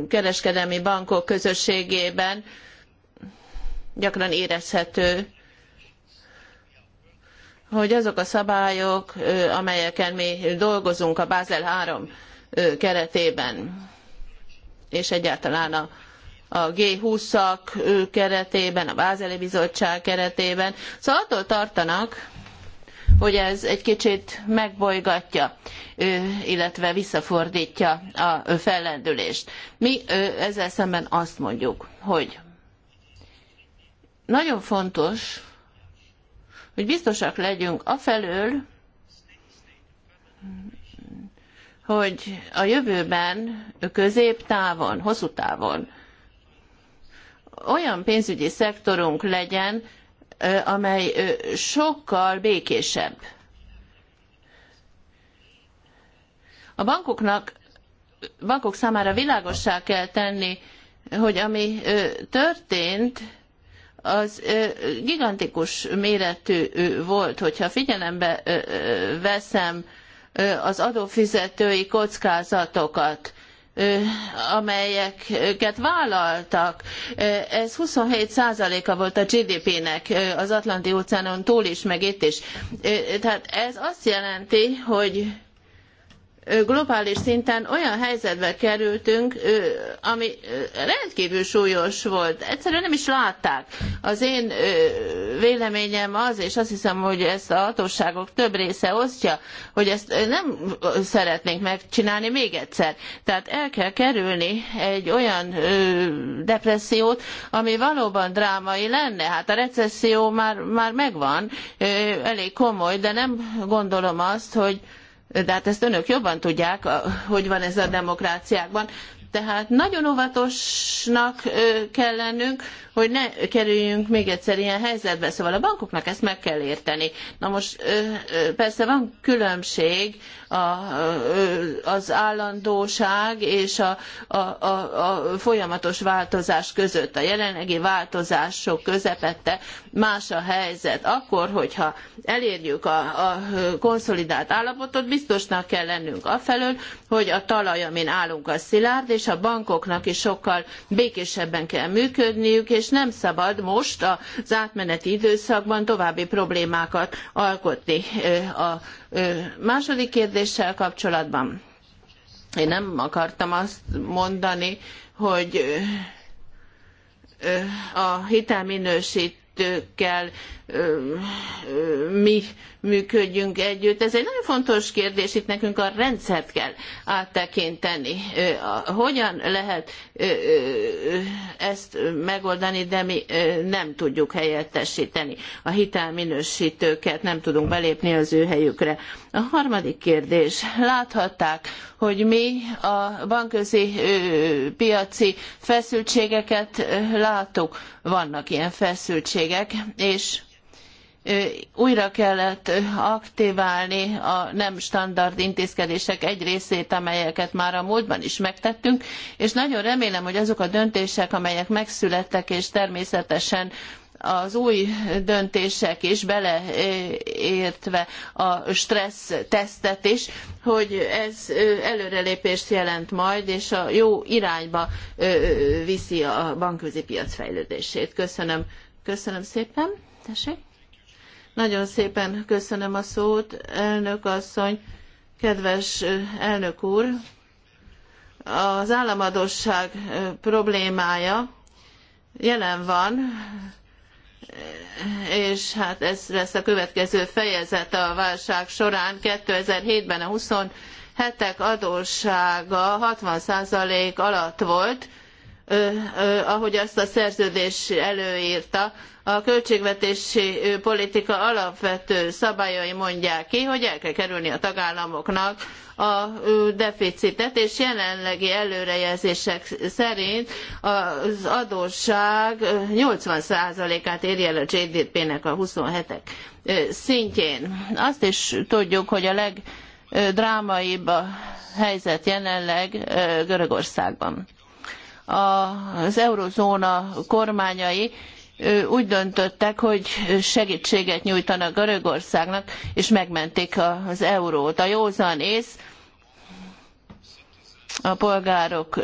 Speaker 3: kereskedelmi bankok közösségében, gyakran érezhető, hogy azok a szabályok, amelyeken mi dolgozunk a Bázel 3 keretében, és egyáltalán a, a G20-ak keretében, a Bázeli Bizottság keretében, szóval attól tartanak, hogy ez egy kicsit megbolygatja, illetve visszafordítja a fellendülést. Mi ezzel szemben azt mondjuk, hogy nagyon fontos, hogy biztosak legyünk afelől, hogy a jövőben, középtávon, hosszú távon olyan pénzügyi szektorunk legyen, amely sokkal békésebb. A bankoknak, bankok számára világossá kell tenni, hogy ami történt, az gigantikus méretű volt, hogyha figyelembe veszem az adófizetői kockázatokat, amelyeket vállaltak. Ez 27%-a volt a GDP-nek az Atlanti óceánon túl is, meg itt is. Tehát ez azt jelenti, hogy globális szinten olyan helyzetbe kerültünk, ami rendkívül súlyos volt. Egyszerűen nem is látták. Az én véleményem az, és azt hiszem, hogy ezt a hatóságok több része osztja, hogy ezt nem szeretnénk megcsinálni még egyszer. Tehát el kell kerülni egy olyan depressziót, ami valóban drámai lenne. Hát a recesszió már, már megvan, elég komoly, de nem gondolom azt, hogy de hát ezt önök jobban tudják, hogy van ez a demokráciákban. Tehát nagyon óvatosnak kell lennünk, hogy ne kerüljünk még egyszer ilyen helyzetbe. Szóval a bankoknak ezt meg kell érteni. Na most persze van különbség az állandóság és a, a, a, a folyamatos változás között. A jelenlegi változások közepette más a helyzet. Akkor, hogyha elérjük a, a konszolidált állapotot, biztosnak kell lennünk afelől, hogy a talaj, amin állunk, az szilárd, és a bankoknak is sokkal békésebben kell működniük, és nem szabad most az átmeneti időszakban további problémákat alkotni. A második kérdéssel kapcsolatban én nem akartam azt mondani, hogy a hitelminősít szakértőkkel mi működjünk együtt. Ez egy nagyon fontos kérdés, itt nekünk a rendszert kell áttekinteni. Hogyan lehet ezt megoldani, de mi nem tudjuk helyettesíteni. A hitelminősítőket nem tudunk belépni az ő helyükre. A harmadik kérdés. Láthatták, hogy mi a bankközi piaci feszültségeket látok, Vannak ilyen feszültségek, és újra kellett aktiválni a nem standard intézkedések egy részét, amelyeket már a múltban is megtettünk, és nagyon remélem, hogy azok a döntések, amelyek megszülettek, és természetesen az új döntések is beleértve a stressz tesztet is, hogy ez előrelépést jelent majd, és a jó irányba viszi a bankközi piac fejlődését. Köszönöm, köszönöm szépen. Tessék. Nagyon szépen köszönöm a szót, elnök asszony, kedves elnök úr. Az államadosság problémája jelen van, és hát ez lesz a következő fejezet a válság során. 2007-ben a 27-ek adóssága 60% alatt volt, ahogy azt a szerződés előírta, a költségvetési politika alapvető szabályai mondják ki, hogy el kell kerülni a tagállamoknak a deficitet, és jelenlegi előrejelzések szerint az adósság 80%-át érje el a GDP-nek a 27-ek szintjén. Azt is tudjuk, hogy a legdrámaibb a helyzet jelenleg Görögországban az eurozóna kormányai úgy döntöttek, hogy segítséget nyújtanak Görögországnak, és megmentik az eurót. A józan ész a polgárok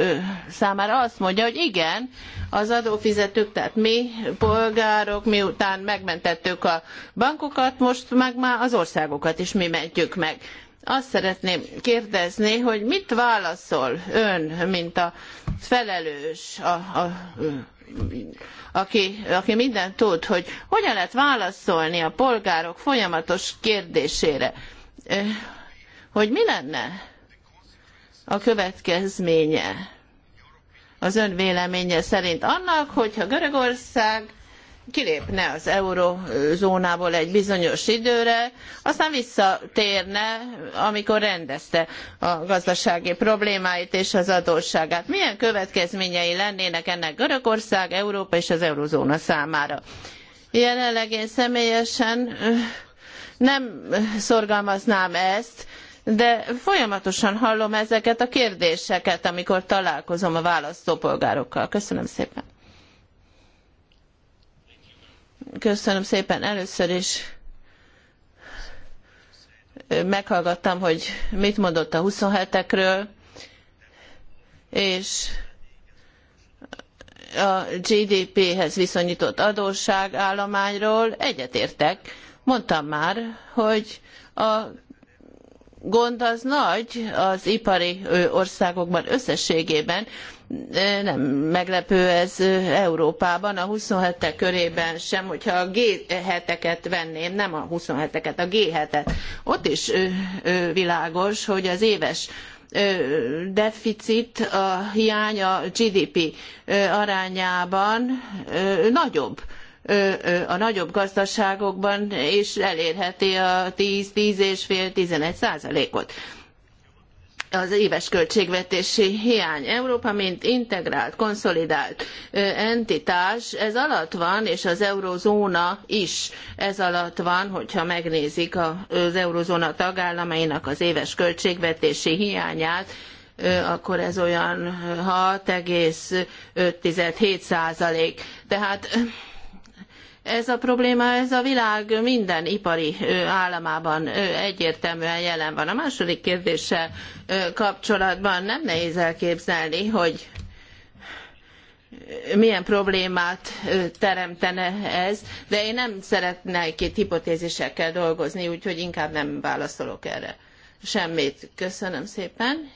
Speaker 3: számára azt mondja, hogy igen, az adófizetők, tehát mi polgárok, miután megmentettük a bankokat, most meg már az országokat is mi mentjük meg. Azt szeretném kérdezni, hogy mit válaszol ön, mint a felelős, a, a, aki, aki mindent tud, hogy hogyan lehet válaszolni a polgárok folyamatos kérdésére, hogy mi lenne a következménye az ön véleménye szerint annak, hogyha Görögország kilépne az eurózónából egy bizonyos időre, aztán visszatérne, amikor rendezte a gazdasági problémáit és az adósságát. Milyen következményei lennének ennek Görögország, Európa és az eurózóna számára? Jelenleg én személyesen nem szorgalmaznám ezt, de folyamatosan hallom ezeket a kérdéseket, amikor találkozom a választópolgárokkal. Köszönöm szépen. Köszönöm szépen először is. Meghallgattam, hogy mit mondott a 27-ekről, és a GDP-hez viszonyított adósság állományról egyetértek. Mondtam már, hogy a gond az nagy az ipari országokban összességében, nem meglepő ez Európában, a 27-ek körében sem, hogyha a G7-eket venném, nem a 27-eket, a G7-et. Ott is világos, hogy az éves deficit, a hiány a GDP arányában nagyobb a nagyobb gazdaságokban, és elérheti a 10-10 és fél 11 százalékot az éves költségvetési hiány. Európa, mint integrált, konszolidált entitás, ez alatt van, és az eurozóna is ez alatt van, hogyha megnézik az eurozóna tagállamainak az éves költségvetési hiányát, akkor ez olyan 6,5-7 százalék. Tehát ez a probléma, ez a világ minden ipari államában egyértelműen jelen van. A második kérdéssel kapcsolatban nem nehéz elképzelni, hogy milyen problémát teremtene ez, de én nem szeretnék itt hipotézisekkel dolgozni, úgyhogy inkább nem válaszolok erre semmit. Köszönöm szépen.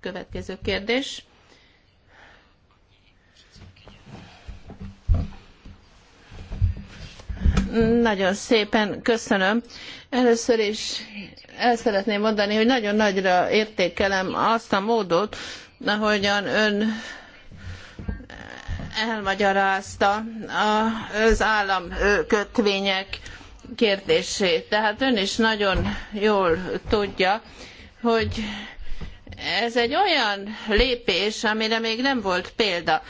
Speaker 3: Következő kérdés. Nagyon szépen köszönöm. Először is el szeretném mondani, hogy nagyon nagyra értékelem azt a módot, ahogyan ön elmagyarázta az államkötvények kérdését. Tehát ön is nagyon jól tudja, hogy ez egy olyan lépés, amire még nem volt példa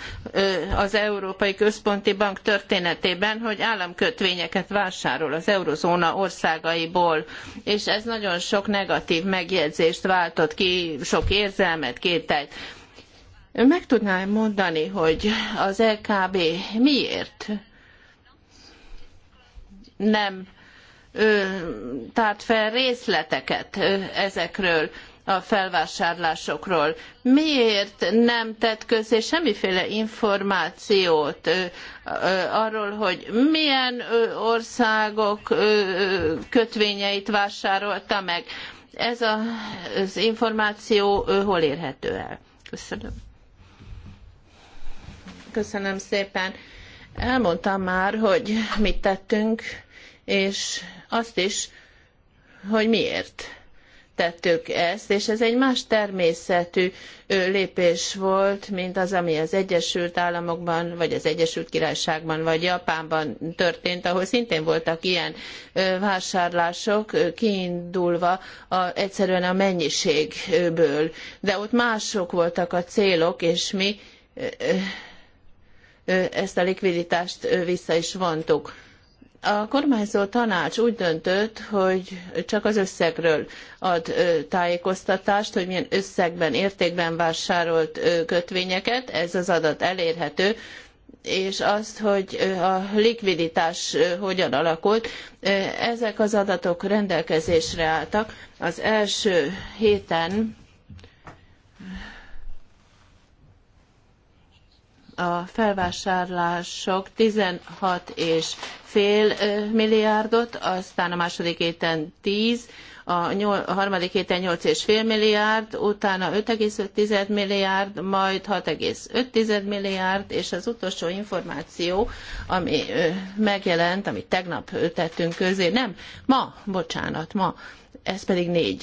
Speaker 3: az Európai Központi Bank történetében, hogy államkötvényeket vásárol az eurozóna országaiból, és ez nagyon sok negatív megjegyzést váltott ki, sok érzelmet, kételyt. Meg tudná mondani, hogy az LKB miért nem tárt fel részleteket ezekről, a felvásárlásokról. Miért nem tett közzé semmiféle információt arról, hogy milyen országok kötvényeit vásárolta meg? Ez a, az információ hol érhető el? Köszönöm. Köszönöm szépen. Elmondtam már, hogy mit tettünk, és azt is, hogy miért tettük ezt, és ez egy más természetű lépés volt, mint az, ami az Egyesült Államokban, vagy az Egyesült Királyságban, vagy Japánban történt, ahol szintén voltak ilyen vásárlások, kiindulva a, egyszerűen a mennyiségből. De ott mások voltak a célok, és mi ezt a likviditást vissza is vontuk a kormányzó tanács úgy döntött, hogy csak az összegről ad tájékoztatást, hogy milyen összegben, értékben vásárolt kötvényeket, ez az adat elérhető, és azt, hogy a likviditás hogyan alakult. Ezek az adatok rendelkezésre álltak. Az első héten a felvásárlások 16 és fél milliárdot, aztán a második héten 10, a, nyol, a harmadik héten 8,5 milliárd, utána 5,5 milliárd, majd 6,5 milliárd, és az utolsó információ, ami megjelent, amit tegnap tettünk közé, nem, ma, bocsánat, ma ez pedig 4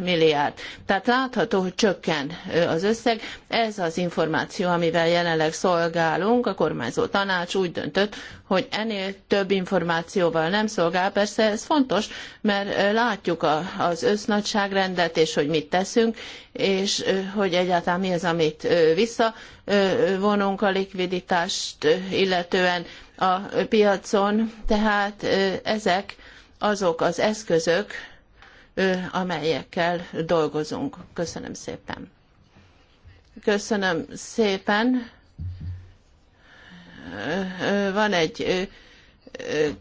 Speaker 3: milliárd. Tehát látható, hogy csökken az összeg. Ez az információ, amivel jelenleg szolgálunk. A kormányzó tanács úgy döntött, hogy ennél több információval nem szolgál. Persze ez fontos, mert látjuk az össznagyságrendet, és hogy mit teszünk, és hogy egyáltalán mi az, amit visszavonunk a likviditást illetően a piacon. Tehát ezek azok az eszközök, amelyekkel dolgozunk. Köszönöm szépen. Köszönöm szépen. Van egy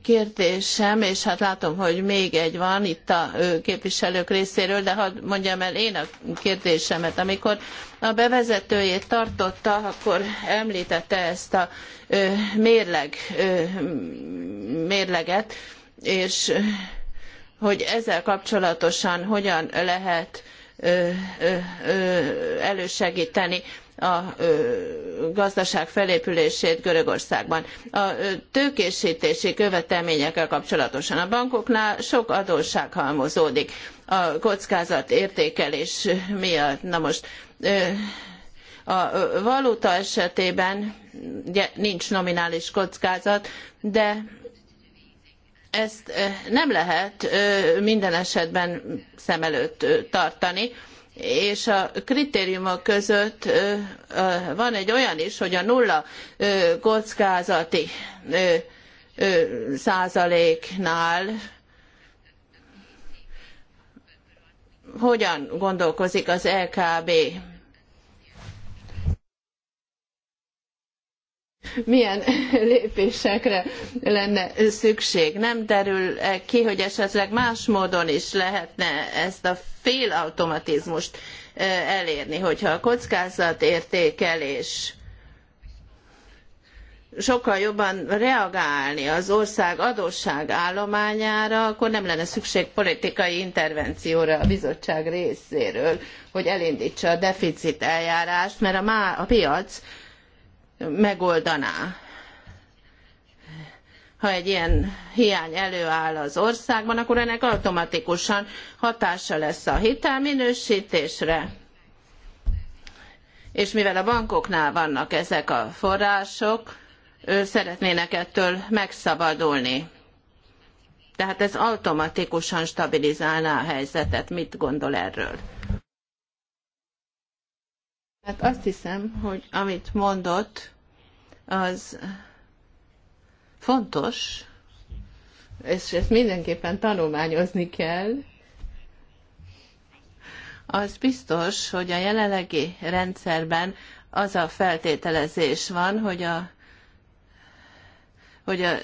Speaker 3: kérdésem, és hát látom, hogy még egy van itt a képviselők részéről, de hadd mondjam el én a kérdésemet. Amikor a bevezetőjét tartotta, akkor említette ezt a mérleg, mérleget, és hogy ezzel kapcsolatosan hogyan lehet elősegíteni a gazdaság felépülését Görögországban. A tőkésítési követelményekkel kapcsolatosan a bankoknál sok adósság halmozódik a kockázat értékelés miatt. Na most a valuta esetében ugye, nincs nominális kockázat, de ezt nem lehet minden esetben szem előtt tartani, és a kritériumok között van egy olyan is, hogy a nulla kockázati százaléknál hogyan gondolkozik az LKB milyen lépésekre lenne szükség. Nem derül -e ki, hogy esetleg más módon is lehetne ezt a félautomatizmust eh, elérni, hogyha a kockázatértékelés sokkal jobban reagálni az ország adósság állományára, akkor nem lenne szükség politikai intervencióra a bizottság részéről, hogy elindítsa a deficit eljárást, mert a, má, a piac megoldaná ha egy ilyen hiány előáll az országban, akkor ennek automatikusan hatása lesz a hitelminősítésre. És mivel a bankoknál vannak ezek a források, ő szeretnének ettől megszabadulni. Tehát ez automatikusan stabilizálná a helyzetet. Mit gondol erről? Hát azt hiszem, hogy amit mondott, az fontos, és ezt mindenképpen tanulmányozni kell. Az biztos, hogy a jelenlegi rendszerben az a feltételezés van, hogy a hogy a,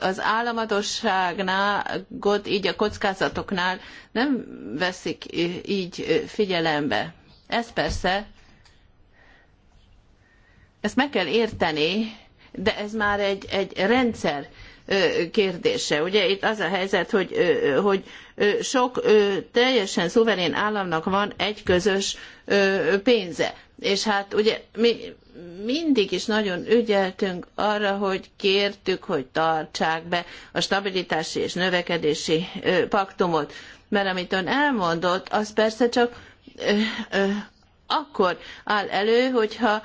Speaker 3: az államadosságot, így a kockázatoknál nem veszik így figyelembe. Ez persze ezt meg kell érteni, de ez már egy, egy rendszer kérdése. Ugye itt az a helyzet, hogy, hogy sok teljesen szuverén államnak van egy közös pénze. És hát ugye mi mindig is nagyon ügyeltünk arra, hogy kértük, hogy tartsák be a stabilitási és növekedési paktumot. Mert amit ön elmondott, az persze csak akkor áll elő, hogyha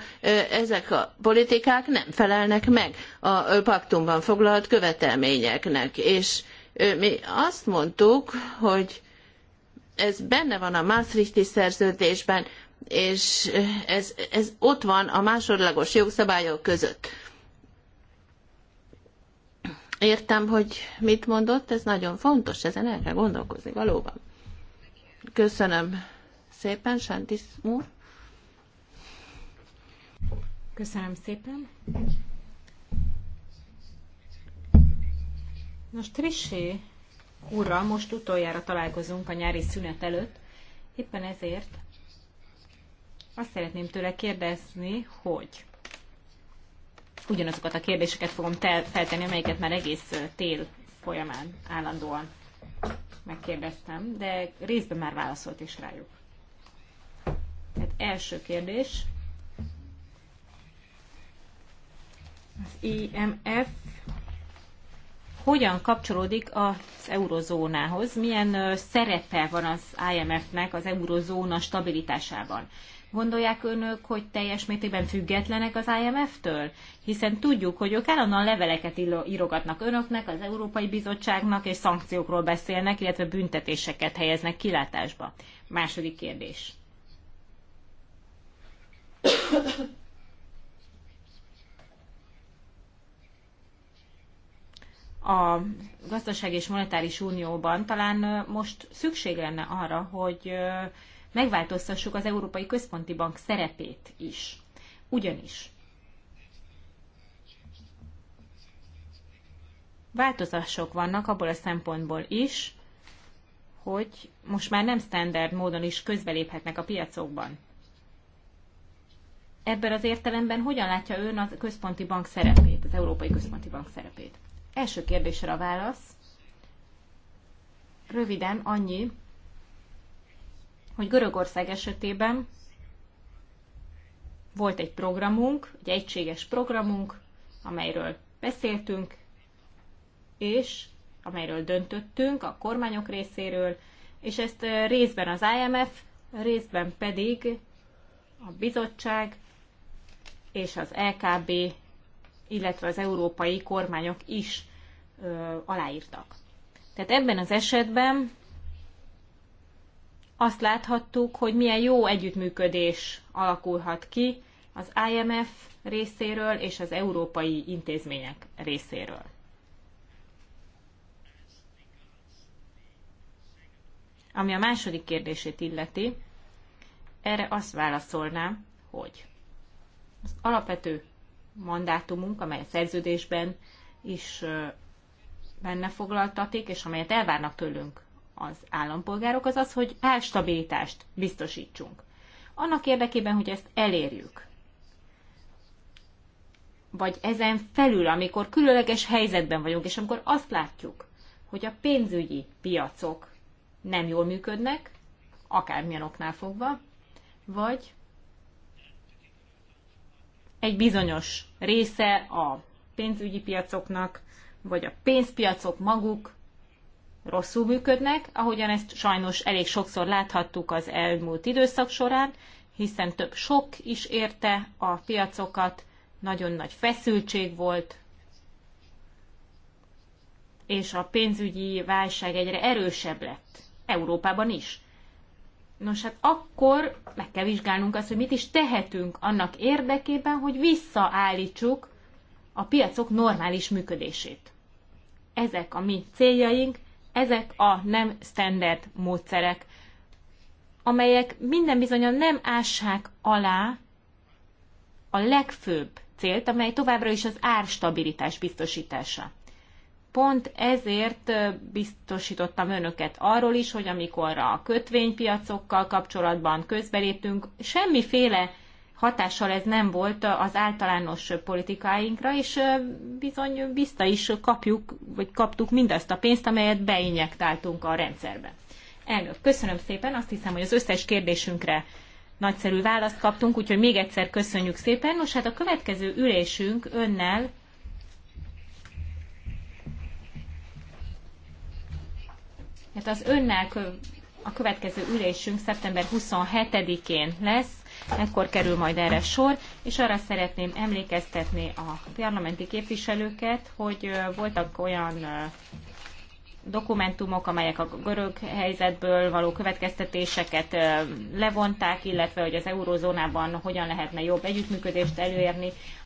Speaker 3: ezek a politikák nem felelnek meg a paktumban foglalt követelményeknek. És mi azt mondtuk, hogy ez benne van a Maastrichti szerződésben, és ez, ez ott van a másodlagos jogszabályok között. Értem, hogy mit mondott, ez nagyon fontos, ezen el kell gondolkozni valóban. Köszönöm szépen, Santis úr.
Speaker 2: Köszönöm szépen. Nos, Trissé úrral most utoljára találkozunk a nyári szünet előtt, éppen ezért azt szeretném tőle kérdezni, hogy ugyanazokat a kérdéseket fogom feltenni, amelyeket már egész tél folyamán állandóan megkérdeztem, de részben már válaszolt is rájuk. Tehát első kérdés, az IMF e hogyan kapcsolódik az eurozónához, milyen szerepe van az IMF-nek az eurozóna stabilitásában. Gondolják önök, hogy teljes mértékben függetlenek az IMF-től? Hiszen tudjuk, hogy ők állandóan leveleket írogatnak önöknek, az Európai Bizottságnak, és szankciókról beszélnek, illetve büntetéseket helyeznek kilátásba. Második kérdés. a gazdaság és monetáris unióban talán most szükség lenne arra, hogy megváltoztassuk az Európai Központi Bank szerepét is. Ugyanis változások vannak abból a szempontból is, hogy most már nem standard módon is közbeléphetnek a piacokban. Ebben az értelemben hogyan látja ön a központi bank szerepét, az Európai Központi Bank szerepét? Első kérdésre a válasz. Röviden annyi, hogy Görögország esetében volt egy programunk, egy egységes programunk, amelyről beszéltünk, és amelyről döntöttünk a kormányok részéről, és ezt részben az IMF, részben pedig a bizottság és az LKB e illetve az európai kormányok is ö, aláírtak. Tehát ebben az esetben azt láthattuk, hogy milyen jó együttműködés alakulhat ki az IMF részéről és az európai intézmények részéről. Ami a második kérdését illeti, erre azt válaszolnám, hogy az alapvető mandátumunk, amely a szerződésben is benne foglaltatik, és amelyet elvárnak tőlünk az állampolgárok, az az, hogy elstabilitást biztosítsunk. Annak érdekében, hogy ezt elérjük, vagy ezen felül, amikor különleges helyzetben vagyunk, és amikor azt látjuk, hogy a pénzügyi piacok nem jól működnek, akármilyen oknál fogva, vagy egy bizonyos része a pénzügyi piacoknak, vagy a pénzpiacok maguk rosszul működnek, ahogyan ezt sajnos elég sokszor láthattuk az elmúlt időszak során, hiszen több sok is érte a piacokat, nagyon nagy feszültség volt, és a pénzügyi válság egyre erősebb lett. Európában is. Nos, hát akkor meg kell vizsgálnunk azt, hogy mit is tehetünk annak érdekében, hogy visszaállítsuk a piacok normális működését. Ezek a mi céljaink, ezek a nem standard módszerek, amelyek minden bizony nem ássák alá a legfőbb célt, amely továbbra is az árstabilitás biztosítása. Pont ezért biztosítottam önöket arról is, hogy amikor a kötvénypiacokkal kapcsolatban közbeléptünk, semmiféle hatással ez nem volt az általános politikáinkra, és bizony vissza is kapjuk, vagy kaptuk mindazt a pénzt, amelyet beinjektáltunk a rendszerbe. Elnök, köszönöm szépen, azt hiszem, hogy az összes kérdésünkre nagyszerű választ kaptunk, úgyhogy még egyszer köszönjük szépen. Nos, hát a következő ülésünk önnel Hát az önnel kö a következő ülésünk szeptember 27-én lesz, ekkor kerül majd erre sor, és arra szeretném emlékeztetni a parlamenti képviselőket, hogy voltak olyan dokumentumok, amelyek a görög helyzetből való következtetéseket levonták, illetve hogy az eurózónában hogyan lehetne jobb együttműködést előérni.